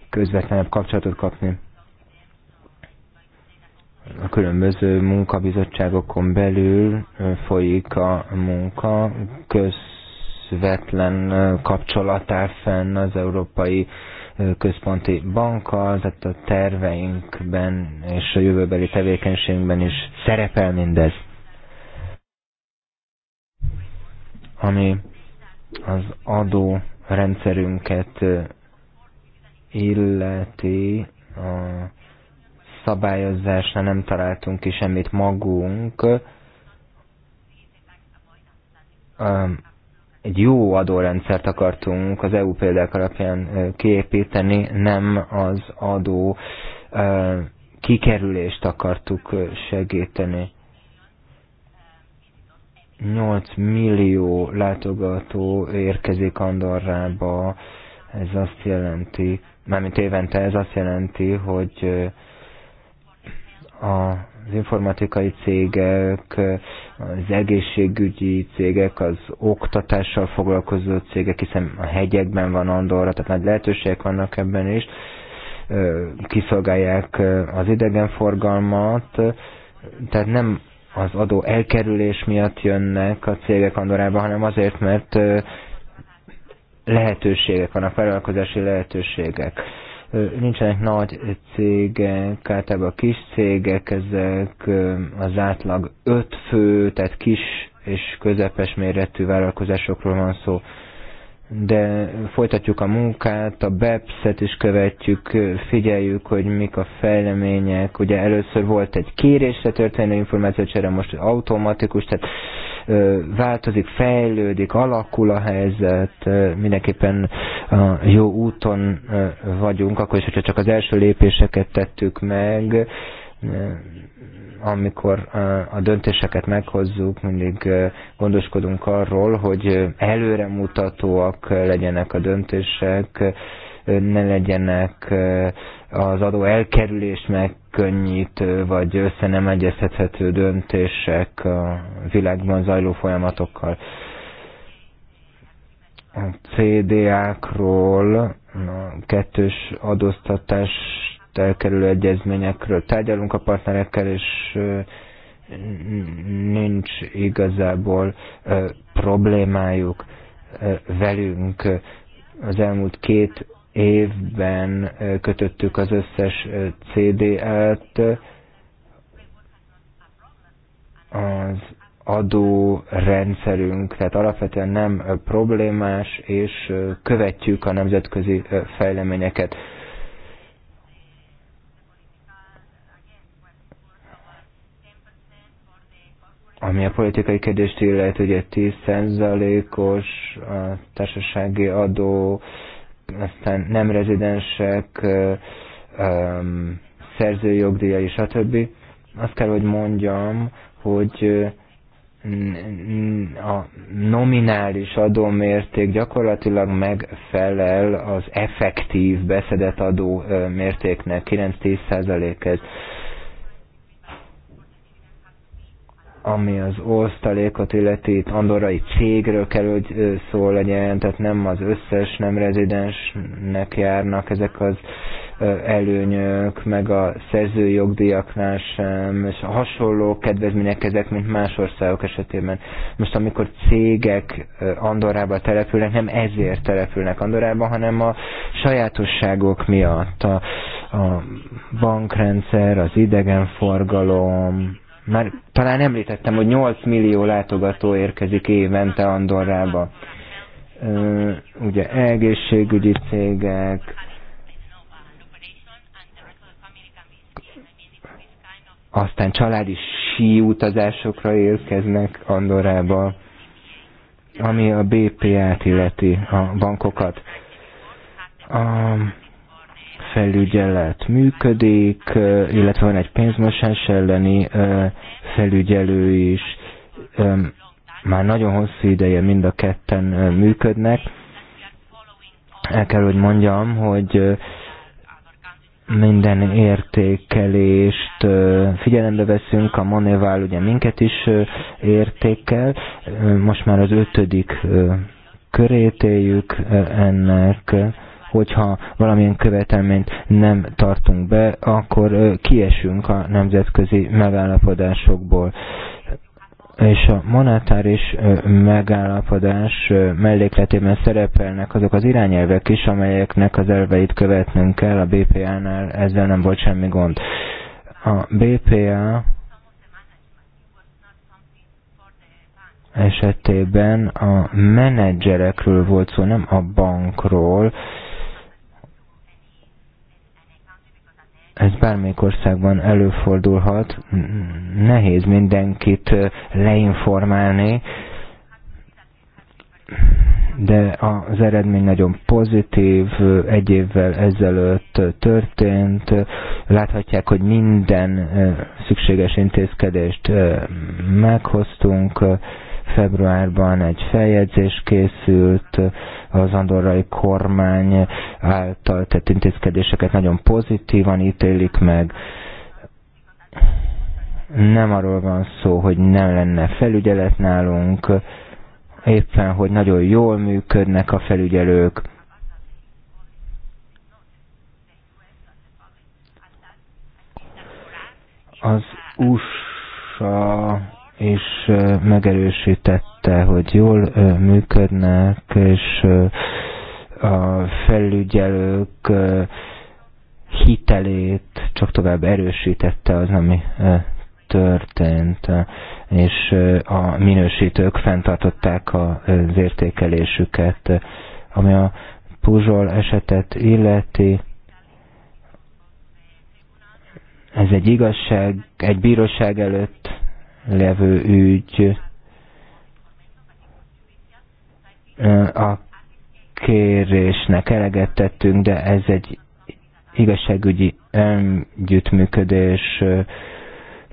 közvetlenebb kapcsolatot kapni a különböző munkabizottságokon belül folyik a munka, közvetlen kapcsolat fenn az Európai Központi Bankkal, tehát a terveinkben és a jövőbeli tevékenységünkben is szerepel mindez. ami az adó rendszerünket illeti, a szabályozásra nem találtunk ki semmit magunk. Egy jó adórendszert akartunk az EU példák alapján kiépíteni, nem az adó kikerülést akartuk segíteni. 8 millió látogató érkezik Andorrába, ez azt jelenti, mármint évente ez azt jelenti, hogy az informatikai cégek, az egészségügyi cégek, az oktatással foglalkozó cégek, hiszen a hegyekben van Andorra, tehát nagy lehetőségek vannak ebben is, kiszolgálják az idegenforgalmat, tehát nem az adó elkerülés miatt jönnek a cégek Andorába, hanem azért, mert lehetőségek vannak, vállalkozási lehetőségek. Nincsenek nagy cégek, általában kis cégek, ezek az átlag öt fő, tehát kis és közepes méretű vállalkozásokról van szó de folytatjuk a munkát, a BEPS-et is követjük, figyeljük, hogy mik a fejlemények. Ugye először volt egy kérésre történő információcsere, most automatikus, tehát változik, fejlődik, alakul a helyzet, mindenképpen a jó úton vagyunk, akkor is, hogyha csak az első lépéseket tettük meg, amikor a döntéseket meghozzuk, mindig gondoskodunk arról, hogy előremutatóak legyenek a döntések, ne legyenek az adó elkerülés megkönnyítő, vagy össze nem egyeztethető döntések a világban zajló folyamatokkal. A CDA-król, a kettős adóztatás elkerülő egyezményekről tárgyalunk a partnerekkel, és nincs igazából problémájuk velünk. Az elmúlt két évben kötöttük az összes CD-t, az adó rendszerünk tehát alapvetően nem problémás, és követjük a nemzetközi fejleményeket. ami a politikai kérdést illet, ugye 10%-os társasági adó, aztán nem rezidensek, a többi, Azt kell, hogy mondjam, hogy a nominális adómérték gyakorlatilag megfelel az effektív beszedett adó mértéknek, 9-10 százalékhez. ami az osztalékot illeti itt andorai cégről kell, hogy szó legyen, tehát nem az összes nem rezidensnek járnak ezek az előnyök, meg a szerzői jogdíjaknál sem, és a hasonló kedvezmények ezek, mint más országok esetében. Most amikor cégek Andorrába települnek, nem ezért települnek Andorrába, hanem a sajátosságok miatt, a, a bankrendszer, az idegenforgalom, már talán említettem, hogy 8 millió látogató érkezik évente Andorrába. Ugye egészségügyi cégek, aztán családi síutazásokra érkeznek Andorrába, ami a BPA-t illeti, a bankokat. Um, felügyelet működik, illetve van egy pénzmosás elleni felügyelő is. Már nagyon hosszú ideje mind a ketten működnek. El kell, hogy mondjam, hogy minden értékelést figyelembe veszünk, a Monéval ugye minket is értékel, most már az ötödik körét éljük ennek, hogyha valamilyen követelményt nem tartunk be, akkor kiesünk a nemzetközi megállapodásokból és a monetáris megállapodás mellékletében szerepelnek azok az irányelvek is, amelyeknek az elveit követnünk kell a BPA-nál, ezzel nem volt semmi gond. A BPA esetében a menedzserekről volt szó, nem a bankról, ez bármelyik országban előfordulhat, nehéz mindenkit leinformálni, de az eredmény nagyon pozitív, egy évvel ezelőtt történt, láthatják, hogy minden szükséges intézkedést meghoztunk, februárban egy feljegyzés készült, az andorrai kormány által tett intézkedéseket nagyon pozitívan ítélik meg. Nem arról van szó, hogy nem lenne felügyelet nálunk, éppen, hogy nagyon jól működnek a felügyelők, az USA és megerősítette, hogy jól működnek, és a felügyelők hitelét csak tovább erősítette az, ami történt, és a minősítők fenntartották az értékelésüket, ami a Puzsol esetet illeti. Ez egy igazság, egy bíróság előtt levő ügy a kérésnek eleget tettünk, de ez egy igazságügyi együttműködés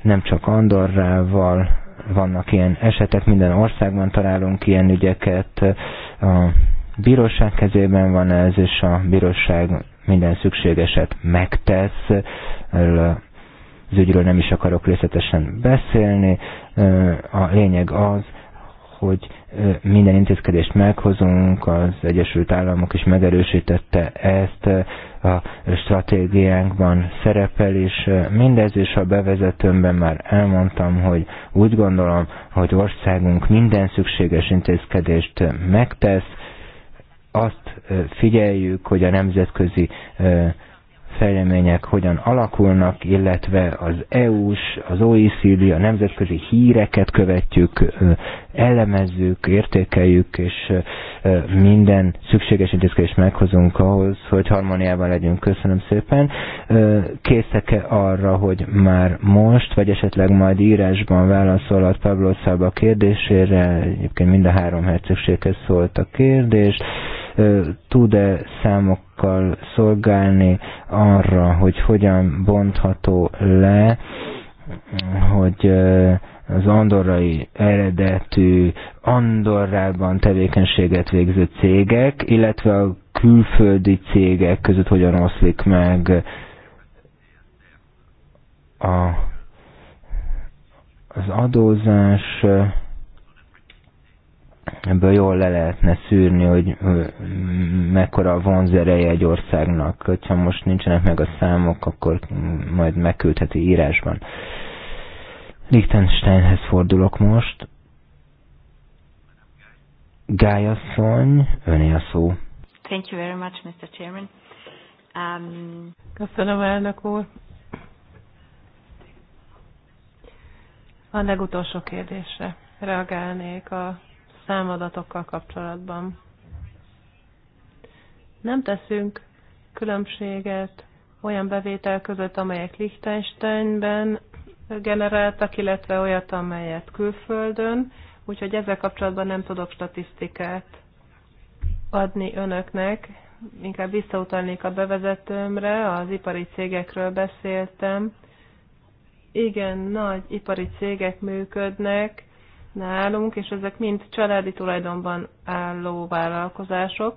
nem csak Andorrával, vannak ilyen esetek, minden országban találunk ilyen ügyeket, a bíróság kezében van ez, és a bíróság minden szükségeset megtesz, erről a az ügyről nem is akarok részletesen beszélni. A lényeg az, hogy minden intézkedést meghozunk, az Egyesült Államok is megerősítette ezt, a stratégiánkban szerepel, és mindez és a bevezetőmben már elmondtam, hogy úgy gondolom, hogy országunk minden szükséges intézkedést megtesz, azt figyeljük, hogy a nemzetközi fejlemények hogyan alakulnak, illetve az EU-s, az OECD, a nemzetközi híreket követjük, elemezzük, értékeljük, és minden szükséges intézkedést meghozunk ahhoz, hogy harmóniában legyünk. Köszönöm szépen. Készek-e arra, hogy már most, vagy esetleg majd írásban válaszolhat Pablo Szába kérdésére? Egyébként mind a három hercegséghez szólt a kérdés. Tud-e számok akar szolgálni arra, hogy hogyan bontható le, hogy az andorrai eredetű, Andorrában tevékenységet végző cégek, illetve a külföldi cégek között hogyan oszlik meg a, az adózás, ebből jól le lehetne szűrni, hogy mekkora vonzereje egy országnak. Hogyha most nincsenek meg a számok, akkor majd megküldheti írásban. Liechtensteinhez fordulok most. Gályasszony, öné a szó. Thank you very much, Mr. Chairman. Um... Köszönöm, elnök úr. A legutolsó kérdésre reagálnék a számadatokkal kapcsolatban. Nem teszünk különbséget olyan bevétel között, amelyek Liechtensteinben generáltak, illetve olyat, amelyet külföldön, úgyhogy ezzel kapcsolatban nem tudok statisztikát adni önöknek. Inkább visszautalnék a bevezetőmre, az ipari cégekről beszéltem. Igen, nagy ipari cégek működnek, nálunk, és ezek mind családi tulajdonban álló vállalkozások.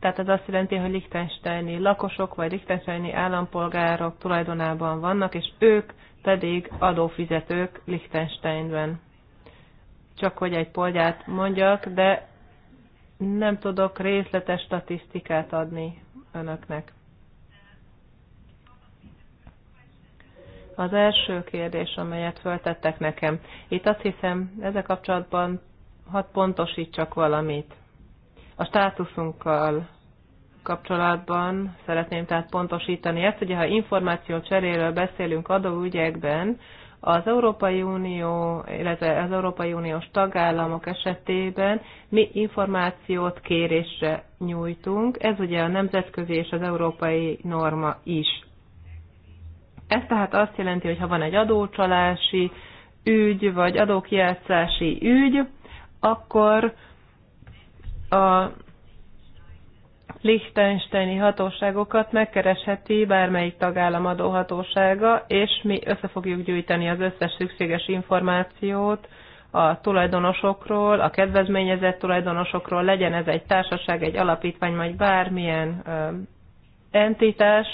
Tehát ez azt jelenti, hogy Liechtensteini lakosok vagy Liechtensteini állampolgárok tulajdonában vannak, és ők pedig adófizetők Liechtensteinben. Csak hogy egy polgát mondjak, de nem tudok részletes statisztikát adni önöknek. Az első kérdés, amelyet föltettek nekem. Itt azt hiszem, ezzel kapcsolatban hadd pontosítsak valamit. A státuszunkkal kapcsolatban szeretném tehát pontosítani ezt, hogy ha információ cseréről beszélünk adóügyekben, az Európai Unió, illetve az Európai Uniós tagállamok esetében mi információt kérésre nyújtunk. Ez ugye a nemzetközi és az európai norma is. Ez tehát azt jelenti, hogy ha van egy adócsalási ügy, vagy adókijátszási ügy, akkor a Liechtensteini hatóságokat megkeresheti bármelyik tagállam adóhatósága, és mi össze fogjuk gyűjteni az összes szükséges információt a tulajdonosokról, a kedvezményezett tulajdonosokról, legyen ez egy társaság, egy alapítvány, vagy bármilyen entitás,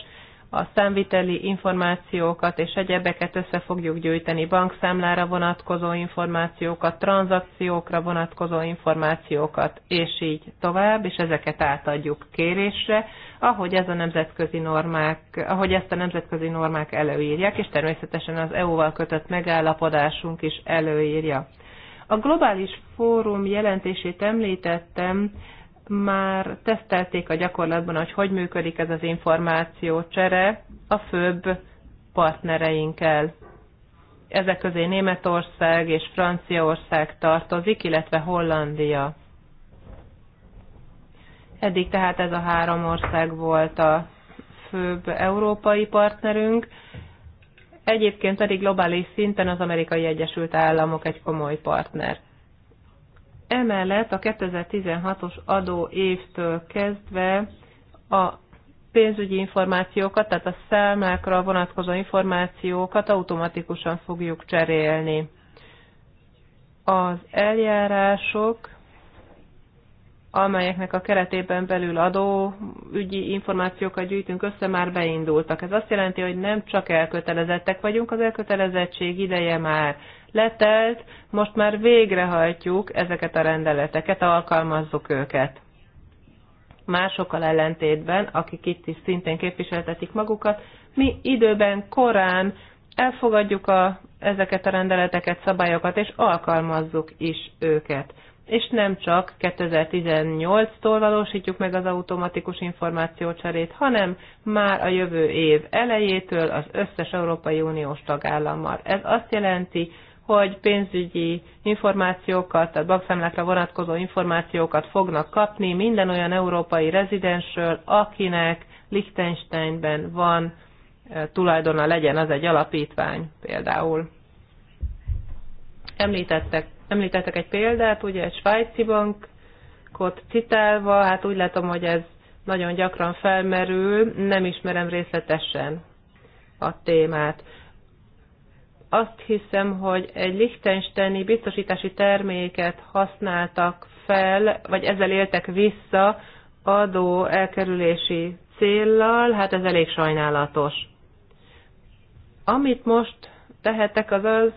a számviteli információkat és egyebeket össze fogjuk gyűjteni, bankszámlára vonatkozó információkat, tranzakciókra vonatkozó információkat, és így tovább, és ezeket átadjuk kérésre, ahogy, ez a nemzetközi normák, ahogy ezt a nemzetközi normák előírják, és természetesen az EU-val kötött megállapodásunk is előírja. A globális fórum jelentését említettem, már tesztelték a gyakorlatban, hogy hogy működik ez az információ csere a főbb partnereinkkel. Ezek közé Németország és Franciaország tartozik, illetve Hollandia. Eddig tehát ez a három ország volt a főbb európai partnerünk, egyébként pedig globális szinten az Amerikai Egyesült Államok egy komoly partner. Emellett a 2016-os adó évtől kezdve a pénzügyi információkat, tehát a számlákra vonatkozó információkat automatikusan fogjuk cserélni. Az eljárások, amelyeknek a keretében belül adóügyi információkat gyűjtünk össze, már beindultak. Ez azt jelenti, hogy nem csak elkötelezettek vagyunk, az elkötelezettség ideje már letelt, most már végrehajtjuk ezeket a rendeleteket, alkalmazzuk őket. Másokkal ellentétben, akik itt is szintén képviseltetik magukat, mi időben, korán elfogadjuk a, ezeket a rendeleteket, szabályokat, és alkalmazzuk is őket. És nem csak 2018-tól valósítjuk meg az automatikus információcserét, hanem már a jövő év elejétől az összes Európai Uniós tagállammal. Ez azt jelenti, hogy pénzügyi információkat, tehát bankszámlákra vonatkozó információkat fognak kapni minden olyan európai rezidensről, akinek Liechtensteinben van e, tulajdona legyen, az egy alapítvány például. Említettek, említettek egy példát, ugye egy svájci bankot citálva, hát úgy látom, hogy ez nagyon gyakran felmerül, nem ismerem részletesen a témát. Azt hiszem, hogy egy lichtensteini biztosítási terméket használtak fel, vagy ezzel éltek vissza adó elkerülési céllal, hát ez elég sajnálatos. Amit most tehetek az az,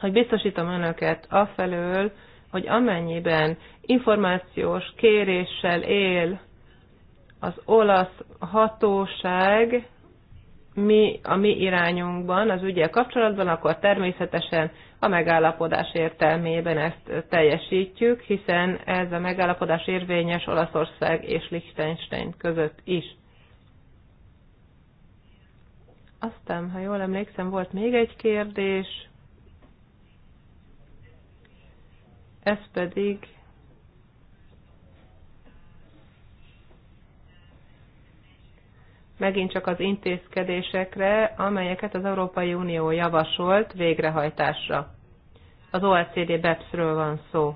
hogy biztosítom önöket afelől, hogy amennyiben információs kéréssel él az olasz hatóság, mi a mi irányunkban az ügyel kapcsolatban, akkor természetesen a megállapodás értelmében ezt teljesítjük, hiszen ez a megállapodás érvényes Olaszország és Liechtenstein között is. Aztán, ha jól emlékszem, volt még egy kérdés, ez pedig megint csak az intézkedésekre, amelyeket az Európai Unió javasolt végrehajtásra. Az OECD BEPS-ről van szó.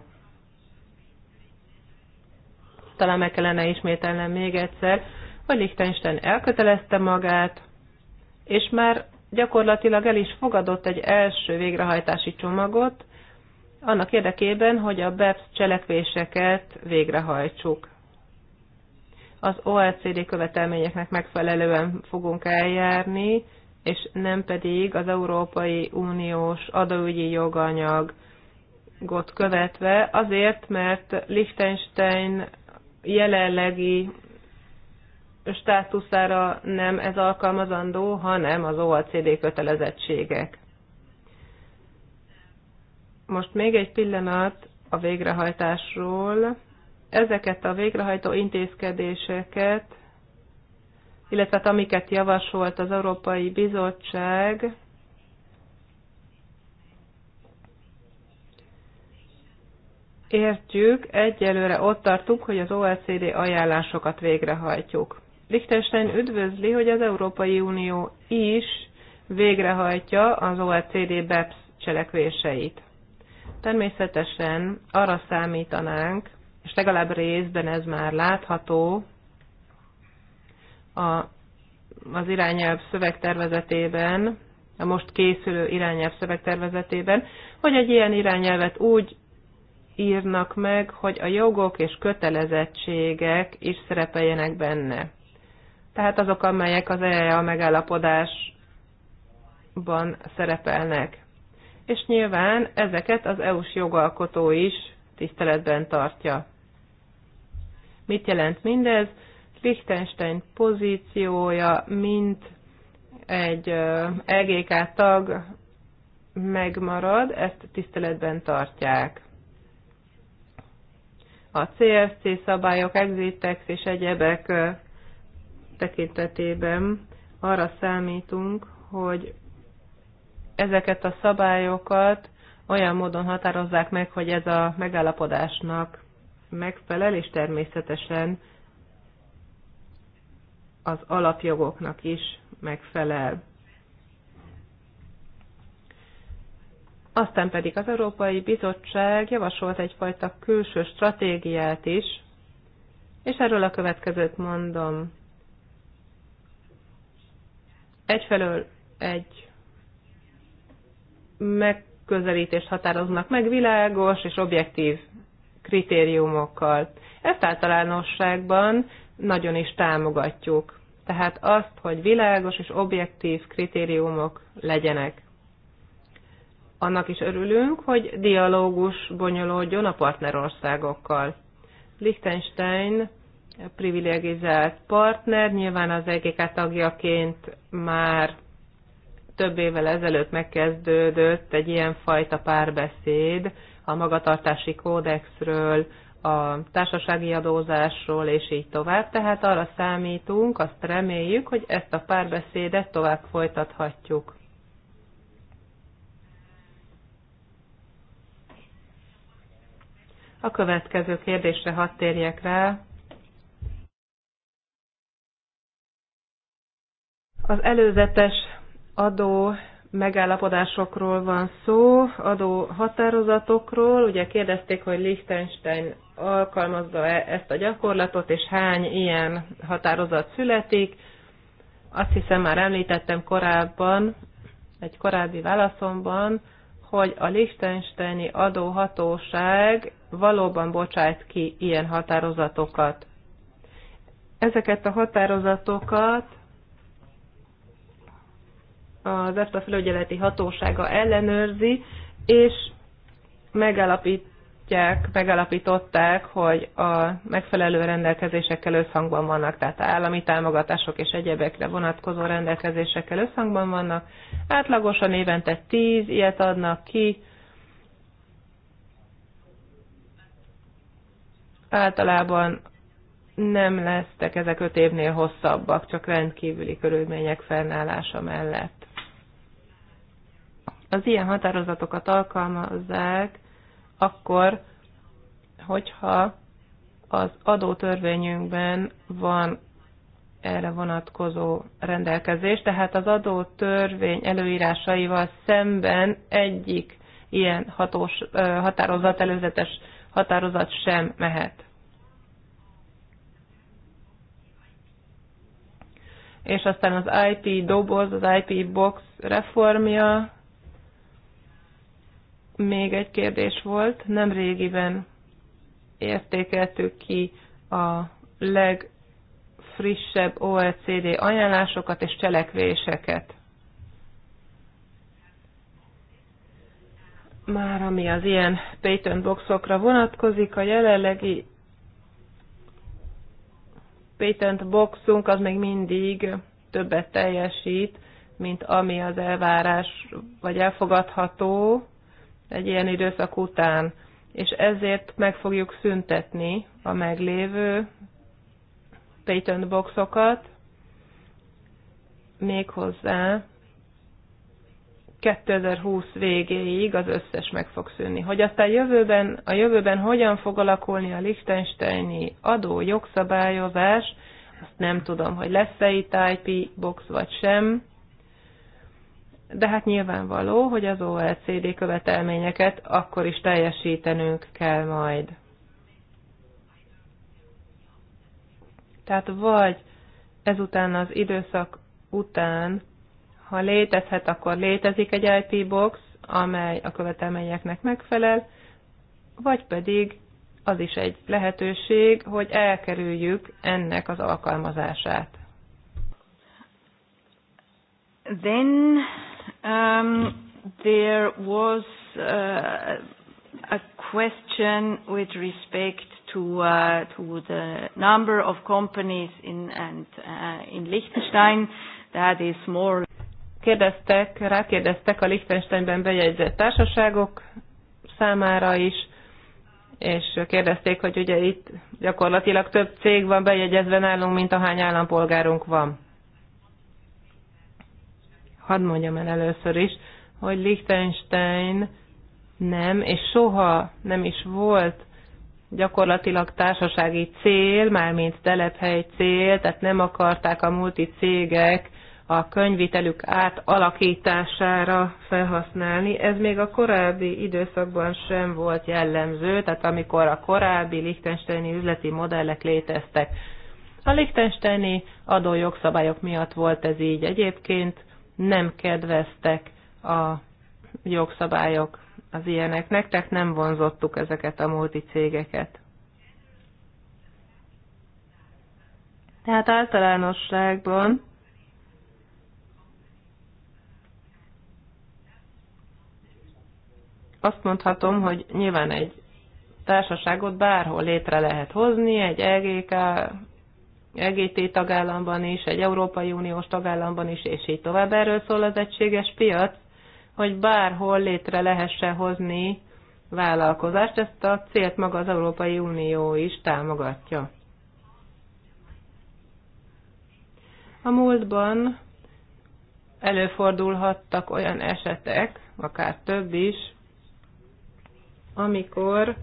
Talán meg kellene ismételnem még egyszer, hogy Liechtenstein elkötelezte magát, és már gyakorlatilag el is fogadott egy első végrehajtási csomagot, annak érdekében, hogy a BEPS cselekvéseket végrehajtsuk az OECD követelményeknek megfelelően fogunk eljárni, és nem pedig az Európai Uniós adóügyi joganyagot követve, azért, mert Liechtenstein jelenlegi státuszára nem ez alkalmazandó, hanem az OECD kötelezettségek. Most még egy pillanat a végrehajtásról ezeket a végrehajtó intézkedéseket, illetve hát amiket javasolt az Európai Bizottság, értjük, egyelőre ott tartunk, hogy az OECD ajánlásokat végrehajtjuk. Liechtenstein üdvözli, hogy az Európai Unió is végrehajtja az OECD BEPS cselekvéseit. Természetesen arra számítanánk, és legalább részben ez már látható a, az irányelv szövegtervezetében, a most készülő irányelv szövegtervezetében, hogy egy ilyen irányelvet úgy írnak meg, hogy a jogok és kötelezettségek is szerepeljenek benne. Tehát azok, amelyek az EEA megállapodásban szerepelnek. És nyilván ezeket az EU-s jogalkotó is tiszteletben tartja. Mit jelent mindez? Liechtenstein pozíciója, mint egy LGK tag megmarad, ezt tiszteletben tartják. A CFC szabályok, exitex és egyebek tekintetében arra számítunk, hogy ezeket a szabályokat olyan módon határozzák meg, hogy ez a megállapodásnak megfelel, és természetesen az alapjogoknak is megfelel. Aztán pedig az Európai Bizottság javasolt egyfajta külső stratégiát is, és erről a következőt mondom. Egyfelől egy megközelítést határoznak meg, világos és objektív kritériumokkal. Ezt általánosságban nagyon is támogatjuk. Tehát azt, hogy világos és objektív kritériumok legyenek. Annak is örülünk, hogy dialógus bonyolódjon a partnerországokkal. Liechtenstein privilegizált partner, nyilván az EGK tagjaként már több évvel ezelőtt megkezdődött egy ilyenfajta párbeszéd a magatartási kódexről, a társasági adózásról, és így tovább. Tehát arra számítunk, azt reméljük, hogy ezt a párbeszédet tovább folytathatjuk. A következő kérdésre hadd térjek rá. Az előzetes adó megállapodásokról van szó, adó határozatokról. Ugye kérdezték, hogy Liechtenstein alkalmazza-e ezt a gyakorlatot, és hány ilyen határozat születik. Azt hiszem már említettem korábban, egy korábbi válaszomban, hogy a Liechtensteini adóhatóság valóban bocsájt ki ilyen határozatokat. Ezeket a határozatokat az EFTA felügyeleti hatósága ellenőrzi, és megállapítják, megállapították, hogy a megfelelő rendelkezésekkel összhangban vannak, tehát állami támogatások és egyebekre vonatkozó rendelkezésekkel összhangban vannak. Átlagosan évente tíz ilyet adnak ki, általában nem lesztek ezek öt évnél hosszabbak, csak rendkívüli körülmények fennállása mellett az ilyen határozatokat alkalmazzák, akkor, hogyha az adótörvényünkben van erre vonatkozó rendelkezés, tehát az adótörvény előírásaival szemben egyik ilyen hatós, határozat, előzetes határozat sem mehet. És aztán az IP doboz, az IP box reformja még egy kérdés volt. Nem régiben értékeltük ki a legfrissebb OECD ajánlásokat és cselekvéseket. Már ami az ilyen patent boxokra vonatkozik, a jelenlegi patent boxunk az még mindig többet teljesít, mint ami az elvárás vagy elfogadható, egy ilyen időszak után, és ezért meg fogjuk szüntetni a meglévő patent boxokat, méghozzá 2020 végéig az összes meg fog szűnni. Hogy aztán jövőben, a jövőben hogyan fog alakulni a Liechtensteini adó jogszabályozás, azt nem tudom, hogy lesz-e itt IP box vagy sem, de hát nyilvánvaló, hogy az OECD követelményeket akkor is teljesítenünk kell majd. Tehát vagy ezután az időszak után, ha létezhet, akkor létezik egy IP box, amely a követelményeknek megfelel, vagy pedig az is egy lehetőség, hogy elkerüljük ennek az alkalmazását. Then Um, there was uh, a question with respect to uh, to the number of companies in and uh, in Liechtenstein that is more kérdeztek, rákérdeztek a Liechtensteinben bejegyzett társaságok számára is, és kérdezték, hogy ugye itt gyakorlatilag több cég van bejegyezve nálunk, mint ahány állampolgárunk van hadd mondjam el először is, hogy Liechtenstein nem, és soha nem is volt gyakorlatilag társasági cél, mármint telephely cél, tehát nem akarták a multi cégek a könyvitelük átalakítására felhasználni. Ez még a korábbi időszakban sem volt jellemző, tehát amikor a korábbi lichtensteini üzleti modellek léteztek. A lichtensteini adójogszabályok miatt volt ez így egyébként, nem kedveztek a jogszabályok az ilyeneknek, tehát nem vonzottuk ezeket a cégeket. Tehát általánosságban azt mondhatom, hogy nyilván egy társaságot bárhol létre lehet hozni, egy LGK e EGT tagállamban is, egy Európai Uniós tagállamban is, és így tovább. Erről szól az egységes piac, hogy bárhol létre lehessen hozni vállalkozást, ezt a célt maga az Európai Unió is támogatja. A múltban előfordulhattak olyan esetek, akár több is, amikor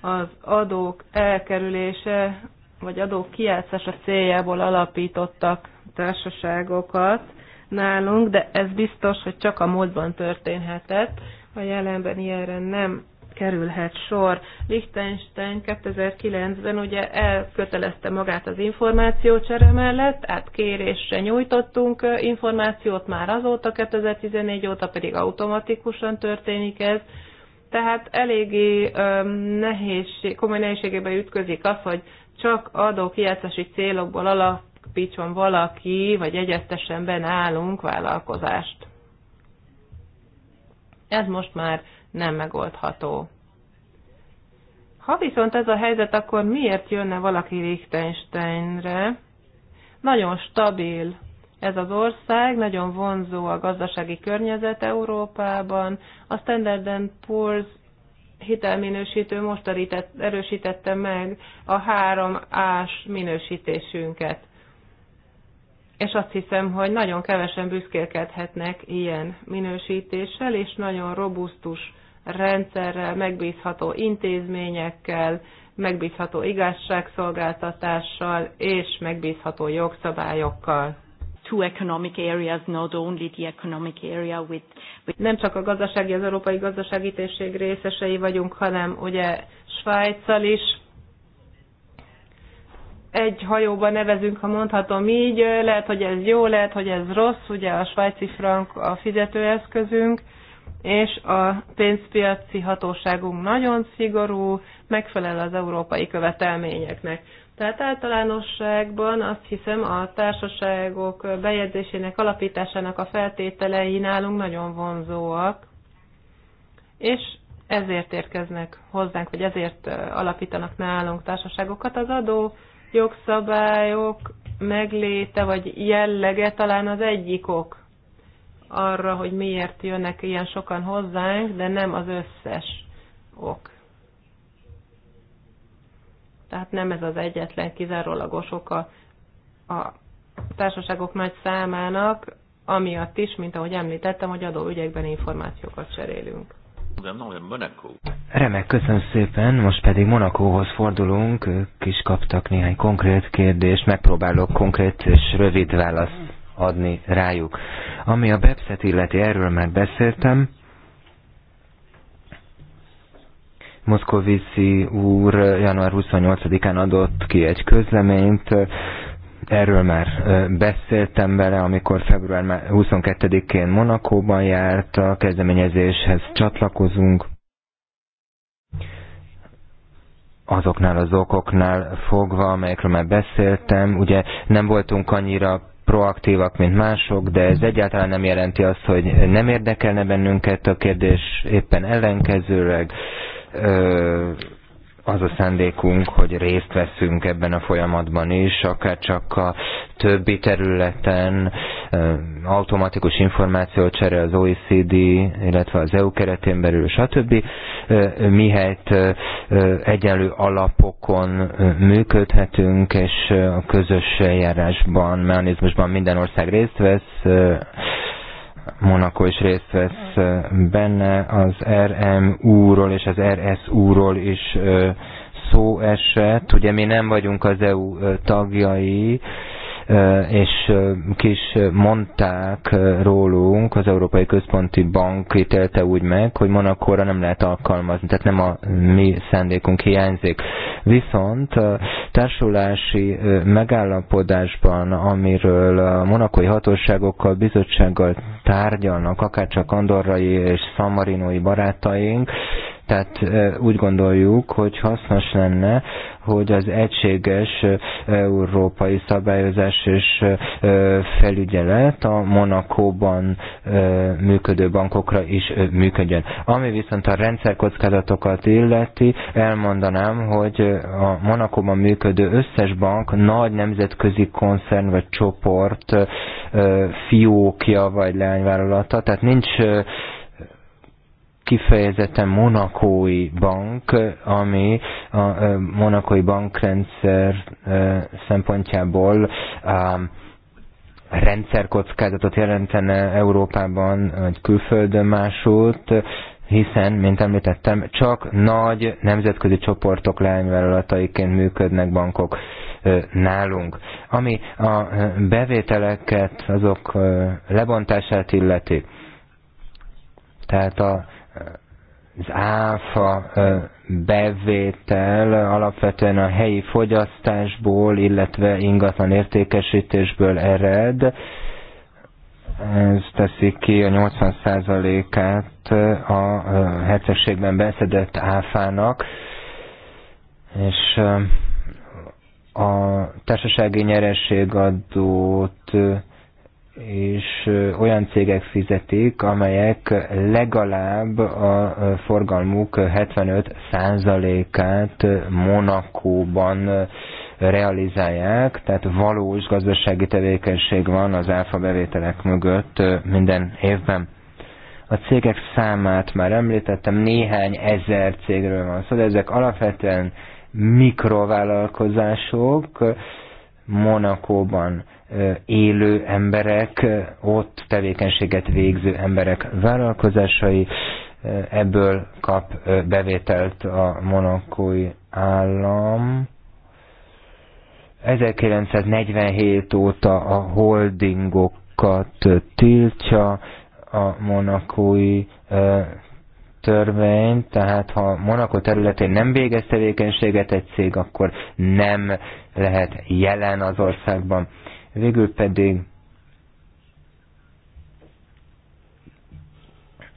az adók elkerülése vagy adók kijátszása céljából alapítottak társaságokat nálunk, de ez biztos, hogy csak a múltban történhetett, a jelenben ilyenre nem kerülhet sor. Liechtenstein 2009-ben ugye elkötelezte magát az információcsere mellett, hát kérésre nyújtottunk információt már azóta, 2014 óta pedig automatikusan történik ez, tehát eléggé um, nehézség, komoly nehézségébe ütközik az, hogy csak adókijátszási célokból alapítson valaki, vagy egyeztessen be állunk vállalkozást. Ez most már nem megoldható. Ha viszont ez a helyzet, akkor miért jönne valaki Liechtensteinre? Nagyon stabil ez az ország, nagyon vonzó a gazdasági környezet Európában. A Standard Poor's hitelminősítő most erősítette meg a három ás minősítésünket. És azt hiszem, hogy nagyon kevesen büszkélkedhetnek ilyen minősítéssel, és nagyon robusztus rendszerrel, megbízható intézményekkel, megbízható igazságszolgáltatással és megbízható jogszabályokkal two economic areas, not only the economic area with, with Nem csak a gazdasági, az európai gazdasági térség részesei vagyunk, hanem ugye Svájccal is egy hajóba nevezünk, ha mondhatom így, lehet, hogy ez jó, lehet, hogy ez rossz, ugye a svájci frank a fizetőeszközünk, és a pénzpiaci hatóságunk nagyon szigorú, megfelel az európai követelményeknek. Tehát általánosságban azt hiszem a társaságok bejegyzésének alapításának a feltételei nálunk nagyon vonzóak, és ezért érkeznek hozzánk, vagy ezért alapítanak nálunk társaságokat. Az adó jogszabályok megléte vagy jellege talán az egyik ok arra, hogy miért jönnek ilyen sokan hozzánk, de nem az összes ok tehát nem ez az egyetlen kizárólagos oka a társaságok nagy számának, amiatt is, mint ahogy említettem, hogy adóügyekben információkat cserélünk. Remek, köszönöm szépen, most pedig Monakóhoz fordulunk, ők is kaptak néhány konkrét kérdést, megpróbálok konkrét és rövid választ adni rájuk. Ami a BEPS-et illeti, erről már beszéltem, Moszkovici úr január 28-án adott ki egy közleményt, erről már beszéltem vele, amikor február 22-én Monakóban járt, a kezdeményezéshez csatlakozunk. Azoknál az okoknál fogva, amelyekről már beszéltem, ugye nem voltunk annyira proaktívak, mint mások, de ez egyáltalán nem jelenti azt, hogy nem érdekelne bennünket a kérdés, éppen ellenkezőleg az a szándékunk, hogy részt veszünk ebben a folyamatban is, akár csak a többi területen, automatikus információcsere az OECD, illetve az EU keretén belül, stb. Mihelyt egyenlő alapokon működhetünk, és a közös eljárásban, mechanizmusban minden ország részt vesz, Monaco is részt vesz benne, az RMU-ról és az RSU-ról is szó esett. Ugye mi nem vagyunk az EU tagjai, és ki is mondták rólunk, az Európai Központi Bank ítélte úgy meg, hogy Monakóra nem lehet alkalmazni, tehát nem a mi szándékunk hiányzik. Viszont a társulási megállapodásban, amiről a monakói hatóságokkal, bizottsággal tárgyalnak, akárcsak andorrai és szamarinói barátaink, tehát úgy gondoljuk, hogy hasznos lenne, hogy az egységes európai szabályozás és felügyelet a Monakóban működő bankokra is működjön. Ami viszont a rendszerkockázatokat illeti, elmondanám, hogy a Monakóban működő összes bank nagy nemzetközi koncern vagy csoport fiókja vagy leányvállalata, tehát nincs kifejezetten monakói bank, ami a monakói bankrendszer szempontjából rendszerkockázatot jelentene Európában vagy külföldön másút, hiszen, mint említettem, csak nagy nemzetközi csoportok leányvállalataiként működnek bankok nálunk. Ami a bevételeket, azok lebontását illeti, tehát a az áfa bevétel alapvetően a helyi fogyasztásból, illetve ingatlan értékesítésből ered. Ez teszi ki a 80%-át a hetességben beszedett áfának, és a társasági nyereségadót és olyan cégek fizetik, amelyek legalább a forgalmuk 75%-át Monakóban realizálják, tehát valós gazdasági tevékenység van az áfa bevételek mögött minden évben. A cégek számát már említettem, néhány ezer cégről van szó, szóval de ezek alapvetően mikrovállalkozások, Monakóban élő emberek, ott tevékenységet végző emberek vállalkozásai, ebből kap bevételt a monakói állam. 1947 óta a holdingokat tiltja a monakói törvény, tehát ha Monaco területén nem végez tevékenységet egy cég, akkor nem lehet jelen az országban. Végül pedig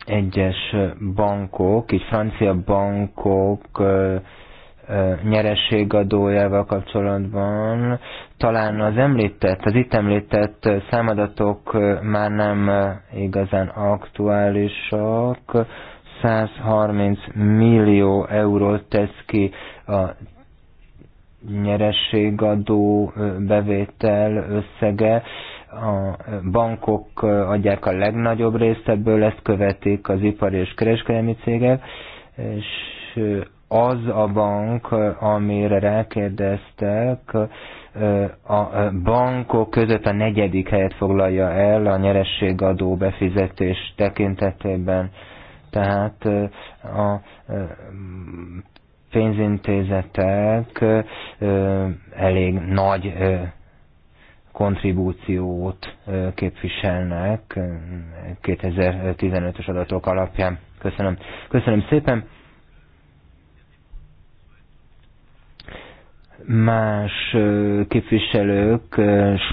egyes bankok, így francia bankok nyerességadójával kapcsolatban talán az említett, az itt említett számadatok már nem igazán aktuálisak. 130 millió eurót tesz ki a nyerességadó bevétel összege. A bankok adják a legnagyobb részt ebből, ezt követik az ipari és kereskedelmi cégek, és az a bank, amire rákérdeztek, a bankok között a negyedik helyet foglalja el a nyerességadó befizetés tekintetében. Tehát a pénzintézetek elég nagy kontribúciót képviselnek 2015-ös adatok alapján. Köszönöm. Köszönöm szépen. Más képviselők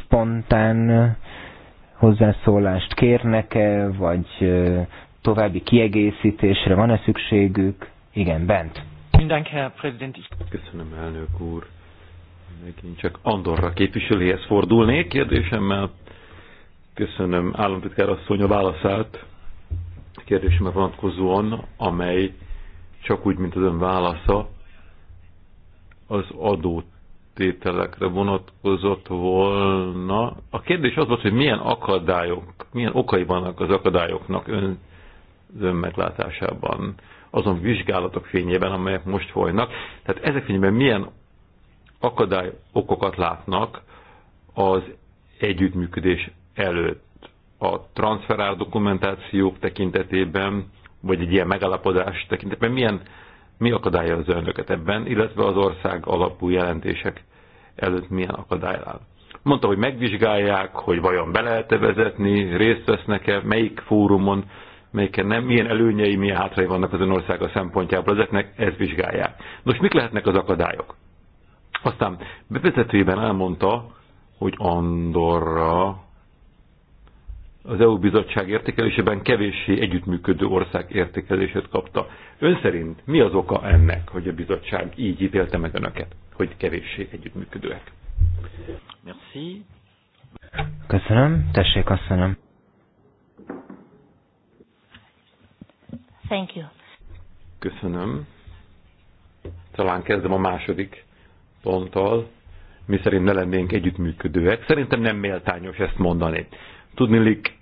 spontán hozzászólást kérnek-e, vagy további kiegészítésre van-e szükségük? Igen, bent. Köszönöm, elnök úr. Megint csak Andorra képviselőhez fordulnék kérdésemmel. Köszönöm államtitkár asszony a válaszát Kérdésem vonatkozóan, amely csak úgy, mint az ön válasza, az adótételekre vonatkozott volna. A kérdés az volt, hogy milyen akadályok, milyen okai vannak az akadályoknak ön, az ön meglátásában azon vizsgálatok fényében, amelyek most folynak. Tehát ezek fényében milyen akadály okokat látnak az együttműködés előtt a transferár dokumentációk tekintetében, vagy egy ilyen megállapodás tekintetében milyen, mi akadálya az önöket ebben, illetve az ország alapú jelentések előtt milyen akadály áll. Mondta, hogy megvizsgálják, hogy vajon be lehet-e vezetni, részt vesznek-e, melyik fórumon, melyiken nem, milyen előnyei, milyen hátrai vannak az országa szempontjából, ezeknek ezt vizsgálják. Nos, mik lehetnek az akadályok? Aztán bevezetőjében elmondta, hogy Andorra az EU bizottság értékelésében kevéssé együttműködő ország értékelését kapta. Ön szerint mi az oka ennek, hogy a bizottság így ítélte meg önöket, hogy kevéssé együttműködőek? Merci. Köszönöm. Tessék, köszönöm. Thank you. Köszönöm. Talán kezdem a második ponttal, mi szerint ne lennénk együttműködőek. Szerintem nem méltányos ezt mondani. Tudnilik,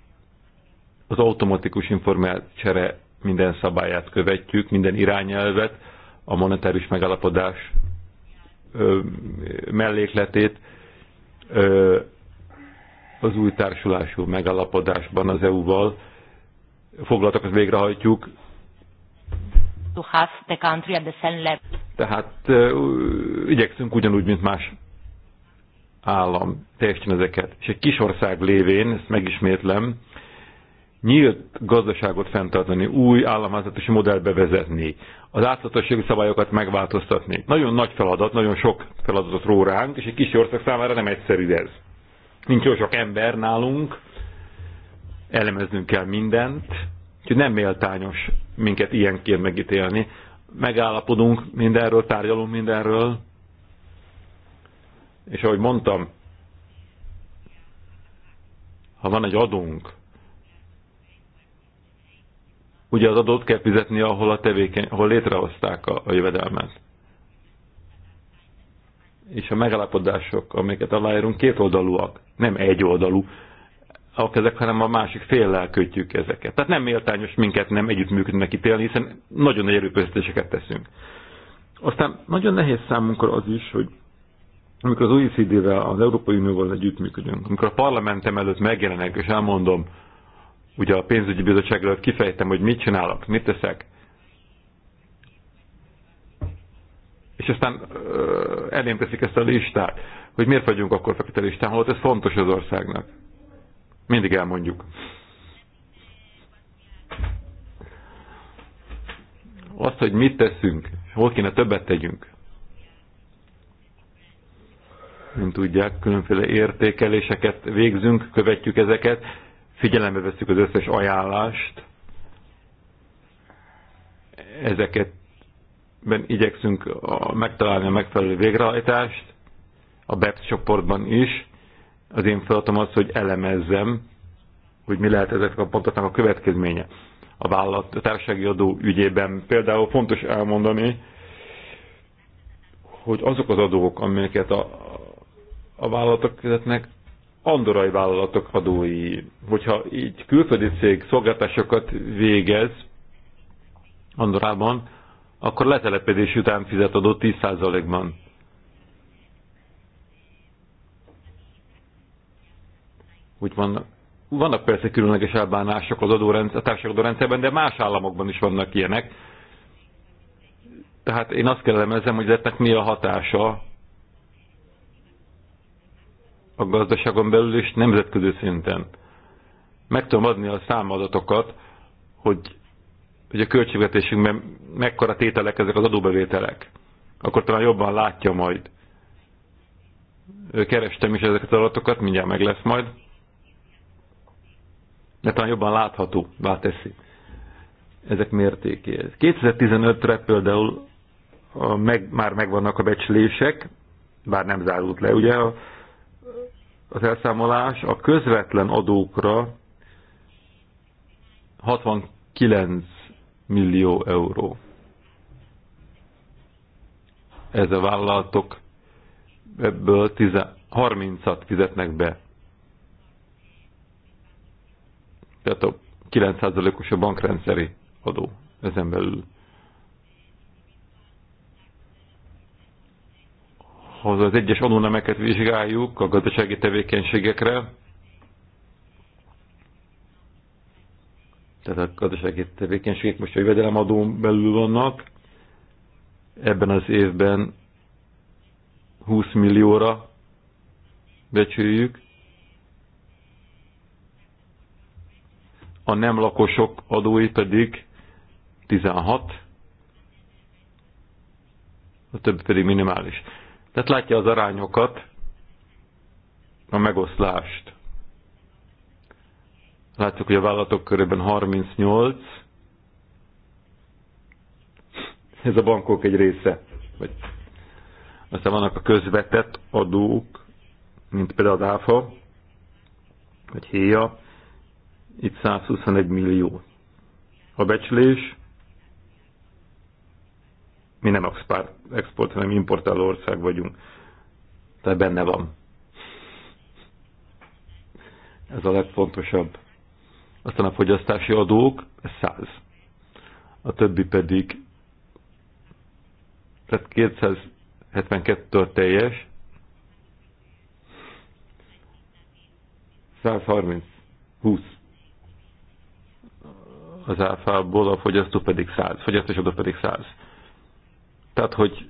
az automatikus informácsere minden szabályát követjük, minden irányelvet, a monetáris megállapodás mellékletét, ö, az új társulású megállapodásban az EU-val foglaltak, az végrehajtjuk, To have the country at the same level. Tehát igyekszünk ugyanúgy, mint más állam teljesen ezeket. És egy kis ország lévén, ezt megismétlem, nyílt gazdaságot fenntartani, új államháztatási modellt bevezetni, az átláthatósági szabályokat megváltoztatni. Nagyon nagy feladat, nagyon sok feladatot ró ránk, és egy kis ország számára nem egyszerű ez. Nincs olyan sok ember nálunk, elemeznünk kell mindent, úgyhogy nem méltányos minket ilyenként megítélni. Megállapodunk mindenről, tárgyalunk mindenről, és ahogy mondtam, ha van egy adónk, ugye az adót kell fizetni, ahol, a tevékeny, ahol létrehozták a, a jövedelmet. És a megállapodások, amiket aláírunk, oldalúak, nem egyoldalú a kezek, hanem a másik féllel kötjük ezeket. Tehát nem méltányos minket nem együttműködnek ítélni, hiszen nagyon nagy erőfeszítéseket teszünk. Aztán nagyon nehéz számunkra az is, hogy amikor az OECD-vel, az Európai Unióval együttműködünk, amikor a parlamentem előtt megjelenek, és elmondom, ugye a pénzügyi bizottság előtt kifejtem, hogy mit csinálok, mit teszek, és aztán elém teszik ezt a listát, hogy miért vagyunk akkor kapitalistán, holott ez fontos az országnak. Mindig elmondjuk. Azt, hogy mit teszünk, hol kéne többet tegyünk. Mint tudják, különféle értékeléseket végzünk, követjük ezeket, figyelembe veszük az összes ajánlást, ezeket ben igyekszünk a, megtalálni a megfelelő végrehajtást, a BEPS csoportban is, az én feladatom az, hogy elemezzem, hogy mi lehet ezeknek a pontoknak a következménye. A vállalat a társasági adó ügyében például fontos elmondani, hogy azok az adók, amelyeket a, a vállalatok fizetnek, andorai vállalatok adói. Hogyha így külföldi cég szolgáltásokat végez Andorában, akkor letelepedés után fizet adó 10%-ban. úgy vannak, vannak persze különleges elbánások az adórendszer, a társadalmi de más államokban is vannak ilyenek. Tehát én azt kellemezem, hogy ennek mi a hatása a gazdaságon belül és nemzetközi szinten. Meg tudom adni a számadatokat, hogy, hogy a költségvetésünkben mekkora tételek ezek az adóbevételek. Akkor talán jobban látja majd. Kerestem is ezeket az adatokat, mindjárt meg lesz majd mert talán jobban láthatóvá teszi ezek mértékéhez. 2015-re például a meg, már megvannak a becslések, bár nem zárult le, ugye a, az elszámolás a közvetlen adókra 69 millió euró. Ez a vállalatok ebből 30-at fizetnek be tehát a 9%-os a bankrendszeri adó ezen belül. Ha az egyes adónemeket vizsgáljuk a gazdasági tevékenységekre, tehát a gazdasági tevékenységek most a jövedelemadón belül vannak, ebben az évben 20 millióra becsüljük, a nem lakosok adói pedig 16, a többi pedig minimális. Tehát látja az arányokat, a megoszlást. Látjuk, hogy a vállalatok körében 38, ez a bankok egy része. Vagy. Aztán vannak a közvetett adók, mint például az ÁFA, vagy HÉA, itt 121 millió. A becslés, mi nem export, hanem importáló ország vagyunk. Tehát benne van. Ez a legfontosabb. Aztán a fogyasztási adók, ez 100. A többi pedig, tehát 272 a teljes, 130, 20 az áfából, a fogyasztó pedig 100, fogyasztás adó pedig 100. Tehát, hogy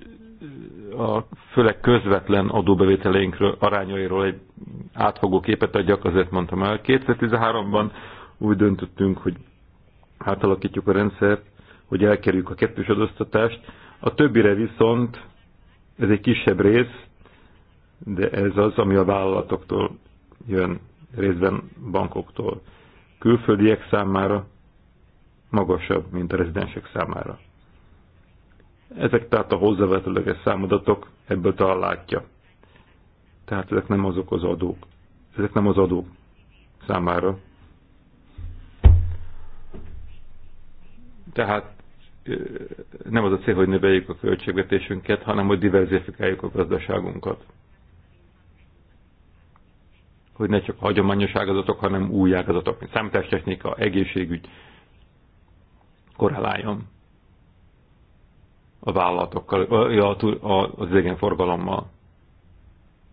a főleg közvetlen adóbevételeinkről, arányairól egy áthogó képet adjak, azért mondtam el. 2013-ban úgy döntöttünk, hogy átalakítjuk a rendszert, hogy elkerüljük a kettős adóztatást. A többire viszont, ez egy kisebb rész, de ez az, ami a vállalatoktól jön, részben bankoktól. Külföldiek számára magasabb, mint a rezidensek számára. Ezek tehát a hozzávetőleges számadatok, ebből talán látja. Tehát ezek nem azok az adók. Ezek nem az adók számára. Tehát nem az a cél, hogy növeljük a költségvetésünket, hanem hogy diverzifikáljuk a gazdaságunkat. Hogy ne csak hagyományos ágazatok, hanem új ágazatok, mint számítástechnika, egészségügy, korreláljon a vállalatokkal, az idegenforgalommal.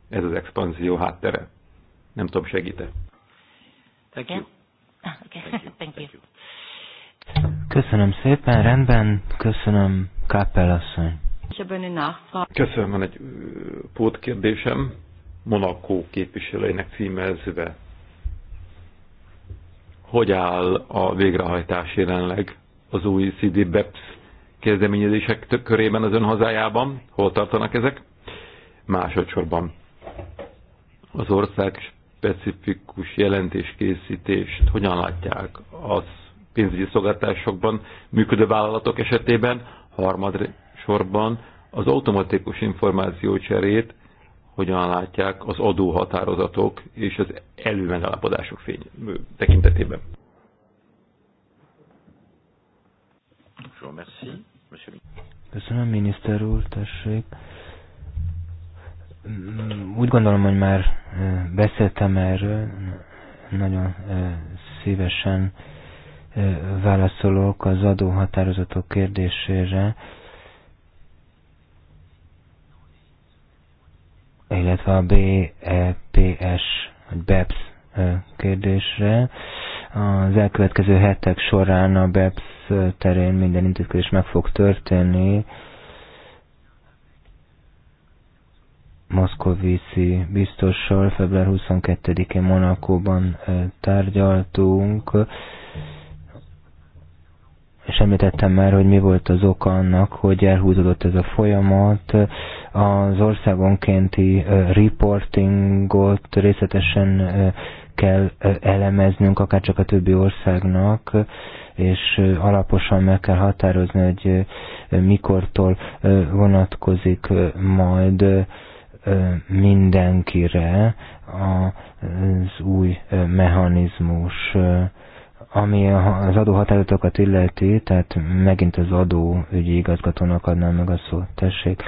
Ez az expanzió háttere. Nem tudom, segít-e. Thank you. Thank you. Köszönöm szépen, rendben, köszönöm Kappel asszony. Köszönöm, van egy pótkérdésem, Monakó képviselőinek címezve. Hogy áll a végrehajtás jelenleg? az OECD BEPS kezdeményezések körében az ön hazájában? Hol tartanak ezek? Másodszorban az ország specifikus jelentéskészítést hogyan látják az pénzügyi szolgáltásokban működő vállalatok esetében, harmadsorban az automatikus információcserét hogyan látják az adóhatározatok és az előmegállapodások fény tekintetében. Je vous remercie, monsieur. le Köszönöm, miniszter úr, tessék. Mm, úgy gondolom, hogy már beszéltem erről, nagyon szívesen válaszolok az adóhatározatok kérdésére, illetve a BEPS, vagy BEPS kérdésre. Az elkövetkező hetek során a BEPS terén minden intézkedés meg fog történni. Moszkovici biztossal február 22-én Monakóban tárgyaltunk, és említettem már, hogy mi volt az oka annak, hogy elhúzódott ez a folyamat. Az országonkénti reportingot részletesen kell elemeznünk, akár csak a többi országnak, és alaposan meg kell határozni, hogy mikortól vonatkozik majd mindenkire az új mechanizmus ami az adóhatározatokat illeti, tehát megint az adóügyi igazgatónak adnám meg a szót. Tessék.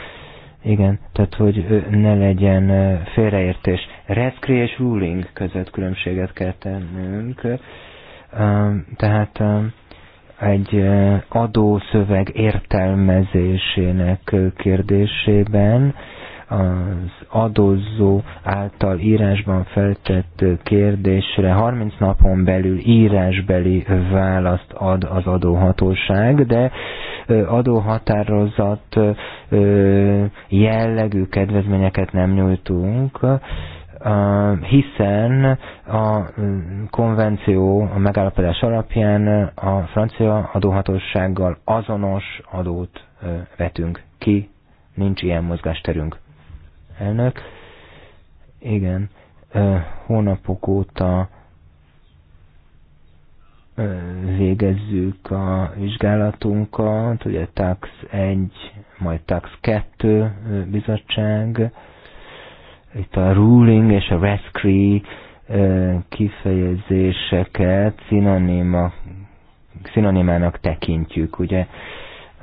Igen, tehát hogy ne legyen félreértés. Rescue és ruling között különbséget kell tennünk. Tehát egy adószöveg értelmezésének kérdésében az adózó által írásban feltett kérdésre 30 napon belül írásbeli választ ad az adóhatóság, de adóhatározat jellegű kedvezményeket nem nyújtunk, hiszen a konvenció a megállapodás alapján a francia adóhatósággal azonos adót vetünk ki, nincs ilyen mozgásterünk elnök. Igen, hónapok óta végezzük a vizsgálatunkat, ugye TAX 1, majd TAX 2 bizottság, itt a ruling és a rescue kifejezéseket szinonima, szinonimának tekintjük, ugye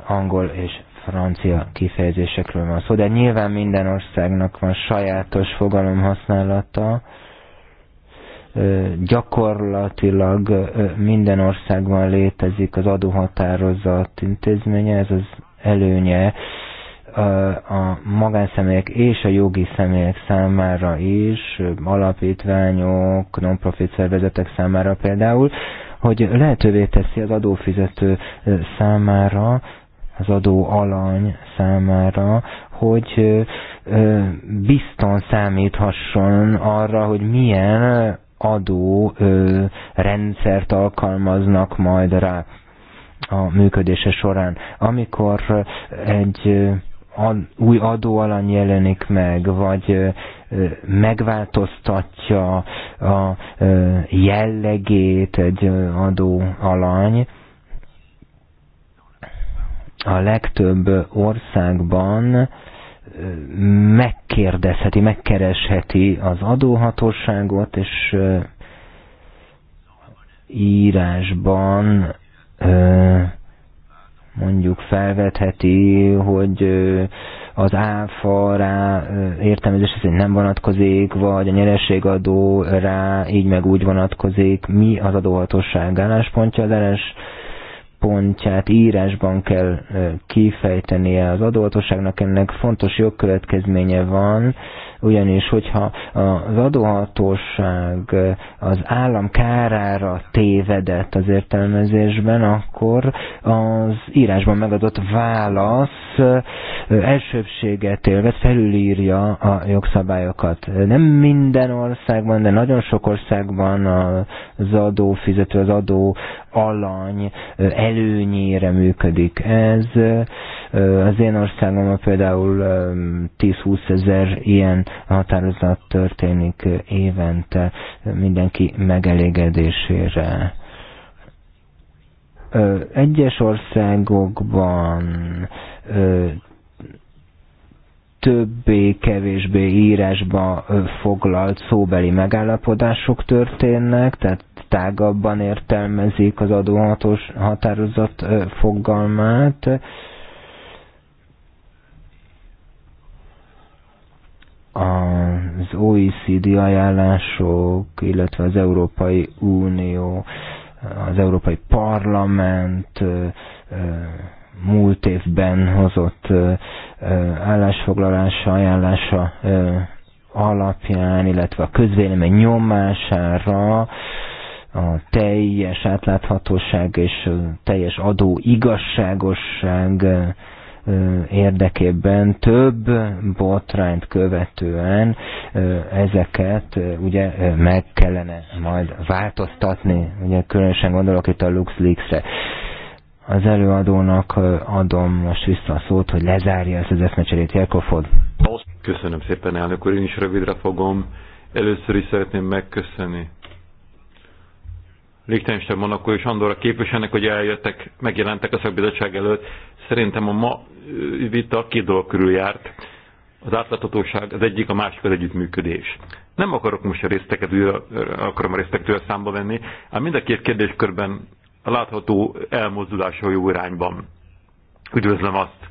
angol és francia kifejezésekről van szó, de nyilván minden országnak van sajátos fogalomhasználata, gyakorlatilag minden országban létezik az adóhatározat intézménye, ez az előnye a magánszemélyek és a jogi személyek számára is, alapítványok, non-profit szervezetek számára például, hogy lehetővé teszi az adófizető számára, az adó alany számára, hogy bizton számíthasson arra, hogy milyen adó rendszert alkalmaznak majd rá a működése során. Amikor egy új adóalany jelenik meg, vagy megváltoztatja a jellegét egy adóalany, a legtöbb országban megkérdezheti, megkeresheti az adóhatóságot, és írásban mondjuk felvetheti, hogy az áfa rá értelmezés szerint nem vonatkozik, vagy a nyereségadó rá így meg úgy vonatkozik, mi az adóhatóság álláspontja, az szempontját írásban kell kifejtenie az adóhatóságnak, ennek fontos jogkövetkezménye van, ugyanis hogyha az adóhatóság az állam kárára tévedett az értelmezésben, akkor az írásban megadott válasz elsőbséget élvez felülírja a jogszabályokat. Nem minden országban, de nagyon sok országban az adófizető, az adó alany előnyére működik. Ez az én országomban például 10-20 ezer ilyen határozat történik évente mindenki megelégedésére egyes országokban többé-kevésbé írásba foglalt szóbeli megállapodások történnek, tehát tágabban értelmezik az adóhatós határozat fogalmát, az OECD ajánlások, illetve az Európai Unió, az Európai Parlament múlt évben hozott állásfoglalása, ajánlása alapján, illetve a közvélemény nyomására a teljes átláthatóság és teljes adó igazságosság érdekében több botrányt követően ezeket ugye meg kellene majd változtatni, ugye különösen gondolok itt a LuxLeaks-re az előadónak adom most vissza a szót, hogy lezárja ezt az eszmecserét. Jelkofod. Köszönöm szépen, elnök úr. Én is rövidre fogom. Először is szeretném megköszönni Liechtenstein, Monaco és Andorra képviselnek, hogy eljöttek, megjelentek a szakbizottság előtt. Szerintem a ma vita két dolog körül járt. Az átláthatóság az egyik, a másik az együttműködés. Nem akarok most a részteket, akarom a részteket a számba venni, ám mind a két kérdéskörben a látható elmozdulás a jó irányban. Üdvözlöm azt,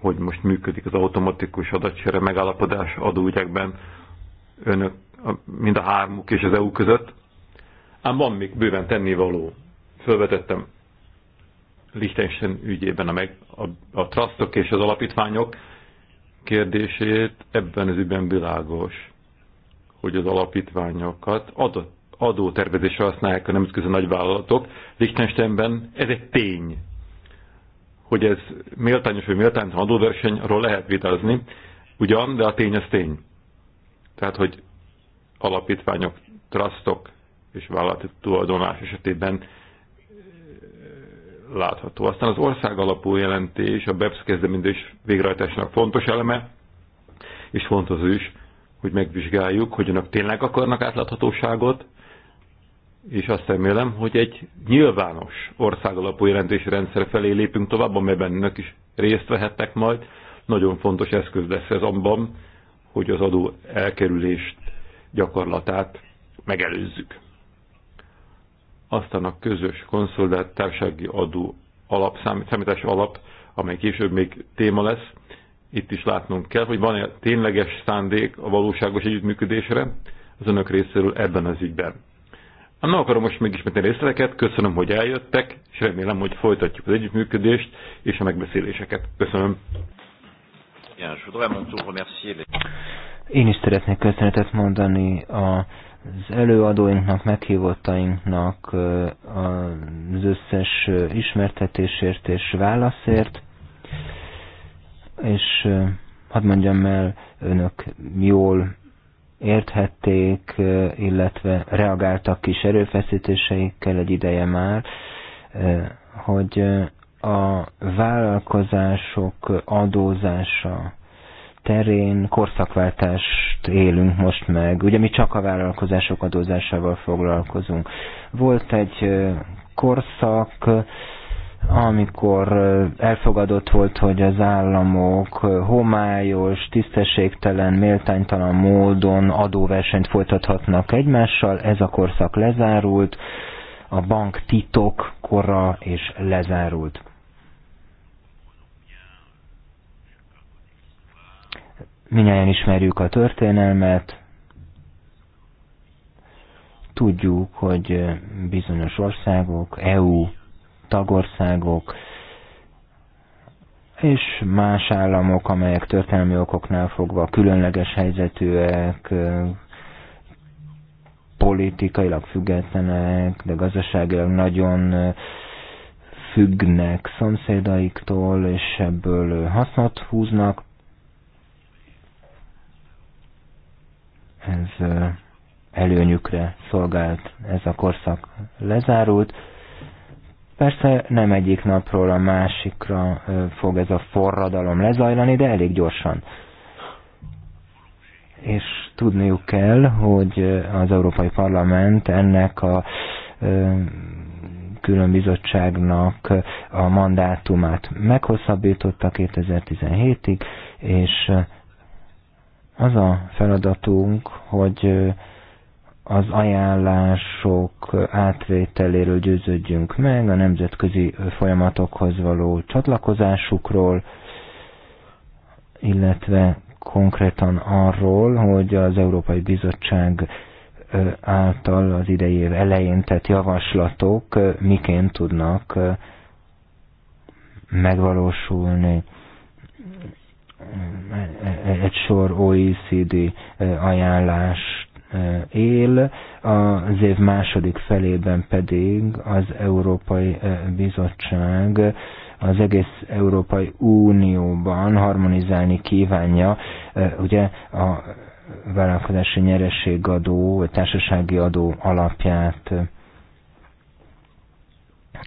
hogy most működik az automatikus adatsere megállapodás adóügyekben önök, mind a hármuk és az EU között Ám van még bőven tennivaló. Fölvetettem Liechtenstein ügyében a, meg, a, a trustok és az alapítványok kérdését, ebben az ügyben világos, hogy az alapítványokat adott adótervezésre használják a nemzetközi nagyvállalatok. Liechtensteinben ez egy tény, hogy ez méltányos vagy méltánytalan adóversenyről lehet vitázni, ugyan, de a tény az tény. Tehát, hogy alapítványok, trustok és vállalati tulajdonlás esetében látható. Aztán az ország alapú jelentés a BEPS kezdeményezés végrehajtásának fontos eleme, és fontos is, hogy megvizsgáljuk, hogy önök tényleg akarnak átláthatóságot, és azt remélem, hogy egy nyilvános országalapú jelentési rendszer felé lépünk tovább, amelyben önök is részt vehettek majd. Nagyon fontos eszköz lesz ez abban, hogy az adó elkerülést gyakorlatát megelőzzük aztán a közös konszolidált társági adó alapszámítási alap, amely később még téma lesz. Itt is látnunk kell, hogy van-e tényleges szándék a valóságos együttműködésre az önök részéről ebben az ügyben. Na, akarom most megismerni részleteket, köszönöm, hogy eljöttek, és remélem, hogy folytatjuk az együttműködést és a megbeszéléseket. Köszönöm. Én is szeretnék köszönetet mondani a az előadóinknak, meghívottainknak az összes ismertetésért és válaszért, és hadd mondjam el, önök jól érthették, illetve reagáltak kis erőfeszítéseikkel egy ideje már, hogy a vállalkozások adózása terén korszakváltást élünk most meg. Ugye mi csak a vállalkozások adózásával foglalkozunk. Volt egy korszak, amikor elfogadott volt, hogy az államok homályos, tisztességtelen, méltánytalan módon adóversenyt folytathatnak egymással, ez a korszak lezárult, a bank titok kora és lezárult. Minnyáján ismerjük a történelmet, tudjuk, hogy bizonyos országok, EU tagországok, és más államok, amelyek történelmi okoknál fogva különleges helyzetűek, politikailag függetlenek, de gazdaságilag nagyon függnek szomszédaiktól, és ebből hasznot húznak. ez előnyükre szolgált ez a korszak lezárult. Persze nem egyik napról a másikra fog ez a forradalom lezajlani, de elég gyorsan. És tudniuk kell, hogy az Európai Parlament ennek a különbizottságnak a mandátumát meghosszabbította 2017-ig, és az a feladatunk, hogy az ajánlások átvételéről győződjünk meg, a nemzetközi folyamatokhoz való csatlakozásukról, illetve konkrétan arról, hogy az Európai Bizottság által az idei év elején tett javaslatok miként tudnak megvalósulni egy sor OECD eh, ajánlás eh, él, az év második felében pedig az Európai eh, Bizottság az egész Európai Unióban harmonizálni kívánja, ugye a vállalkozási nyerességadó, vagy társasági adó alapját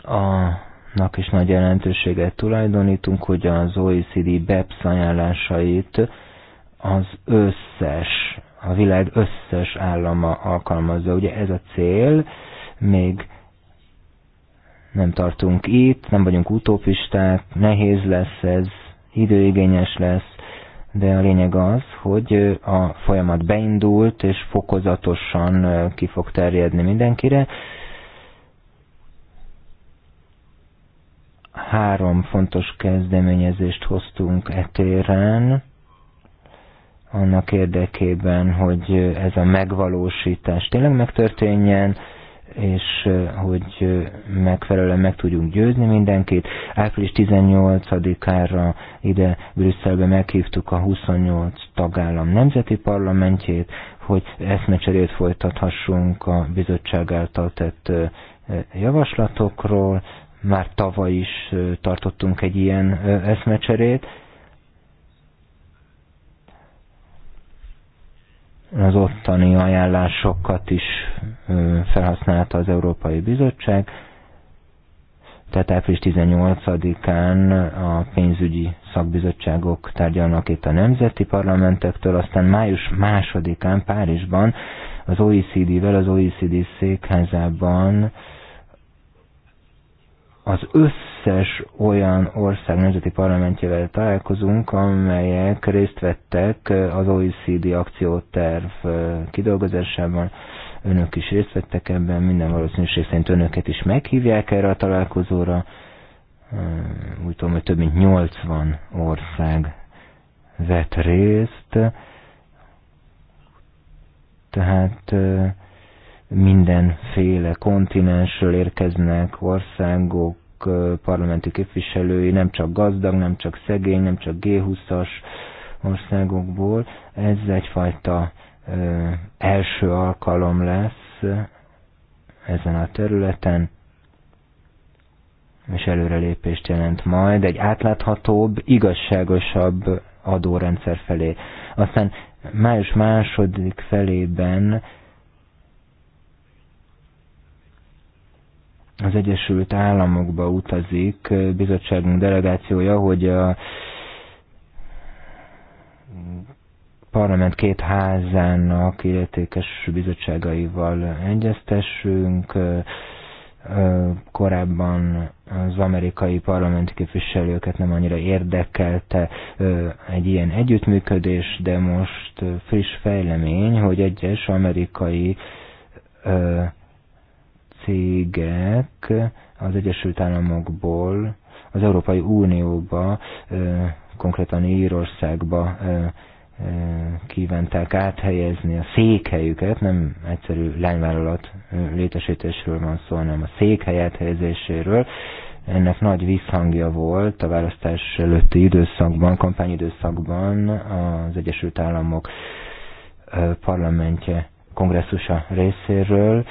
a nak is nagy jelentőséget tulajdonítunk, hogy az OECD BEPS ajánlásait az összes, a világ összes állama alkalmazza. Ugye ez a cél, még nem tartunk itt, nem vagyunk utópisták, nehéz lesz ez, időigényes lesz, de a lényeg az, hogy a folyamat beindult, és fokozatosan ki fog terjedni mindenkire, Három fontos kezdeményezést hoztunk etéren, annak érdekében, hogy ez a megvalósítás tényleg megtörténjen, és hogy megfelelően meg tudjunk győzni mindenkit. Április 18-ára ide Brüsszelbe meghívtuk a 28 tagállam nemzeti parlamentjét, hogy eszmecserét folytathassunk a bizottság által tett javaslatokról, már tavaly is tartottunk egy ilyen eszmecserét. Az ottani ajánlásokat is felhasználta az Európai Bizottság, tehát április 18-án a pénzügyi szakbizottságok tárgyalnak itt a nemzeti parlamentektől, aztán május 2-án Párizsban az OECD-vel, az OECD székházában az összes olyan ország nemzeti parlamentjével találkozunk, amelyek részt vettek az OECD akcióterv kidolgozásában. Önök is részt vettek ebben, minden valószínűség szerint önöket is meghívják erre a találkozóra. Úgy tudom, hogy több mint 80 ország vett részt. Tehát mindenféle kontinensről érkeznek országok, parlamenti képviselői, nem csak gazdag, nem csak szegény, nem csak G20-as országokból. Ez egyfajta első alkalom lesz ezen a területen, és előrelépést jelent majd egy átláthatóbb, igazságosabb adórendszer felé. Aztán május második felében az Egyesült Államokba utazik bizottságunk delegációja, hogy a parlament két házának illetékes bizottságaival egyeztessünk. Korábban az amerikai parlamenti képviselőket nem annyira érdekelte egy ilyen együttműködés, de most friss fejlemény, hogy egyes amerikai cégek az Egyesült Államokból az Európai Unióba, konkrétan Írországba kívánták áthelyezni a székhelyüket, nem egyszerű lányvállalat létesítésről van szó, hanem a székhely áthelyezéséről. Ennek nagy visszhangja volt a választás előtti időszakban, kampányidőszakban az Egyesült Államok parlamentje kongresszusa részéről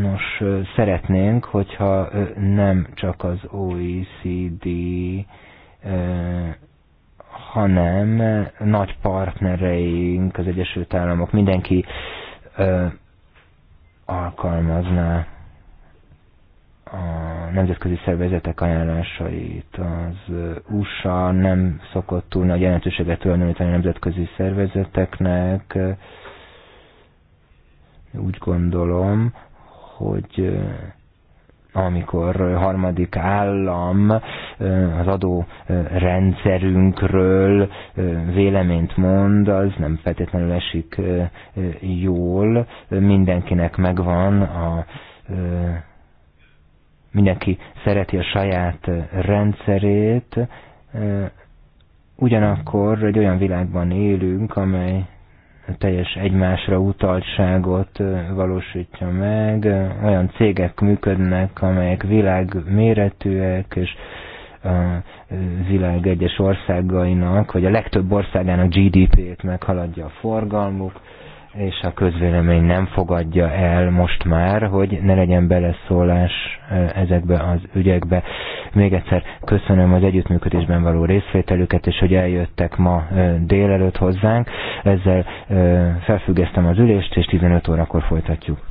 Nos, szeretnénk, hogyha nem csak az OECD, hanem nagy partnereink, az Egyesült Államok, mindenki alkalmazná a nemzetközi szervezetek ajánlásait. Az USA nem szokott túl nagy jelentőséget tulajdonítani a nemzetközi szervezeteknek. Úgy gondolom, hogy amikor harmadik állam az adó rendszerünkről véleményt mond, az nem feltétlenül esik jól. Mindenkinek megvan a mindenki szereti a saját rendszerét, ugyanakkor egy olyan világban élünk, amely teljes egymásra utaltságot valósítja meg. Olyan cégek működnek, amelyek világméretűek, és a világ egyes országainak, vagy a legtöbb országának GDP-ét meghaladja a forgalmuk és a közvélemény nem fogadja el most már, hogy ne legyen beleszólás ezekbe az ügyekbe. Még egyszer köszönöm az együttműködésben való részvételüket, és hogy eljöttek ma délelőtt hozzánk. Ezzel felfüggesztem az ülést, és 15 órakor folytatjuk.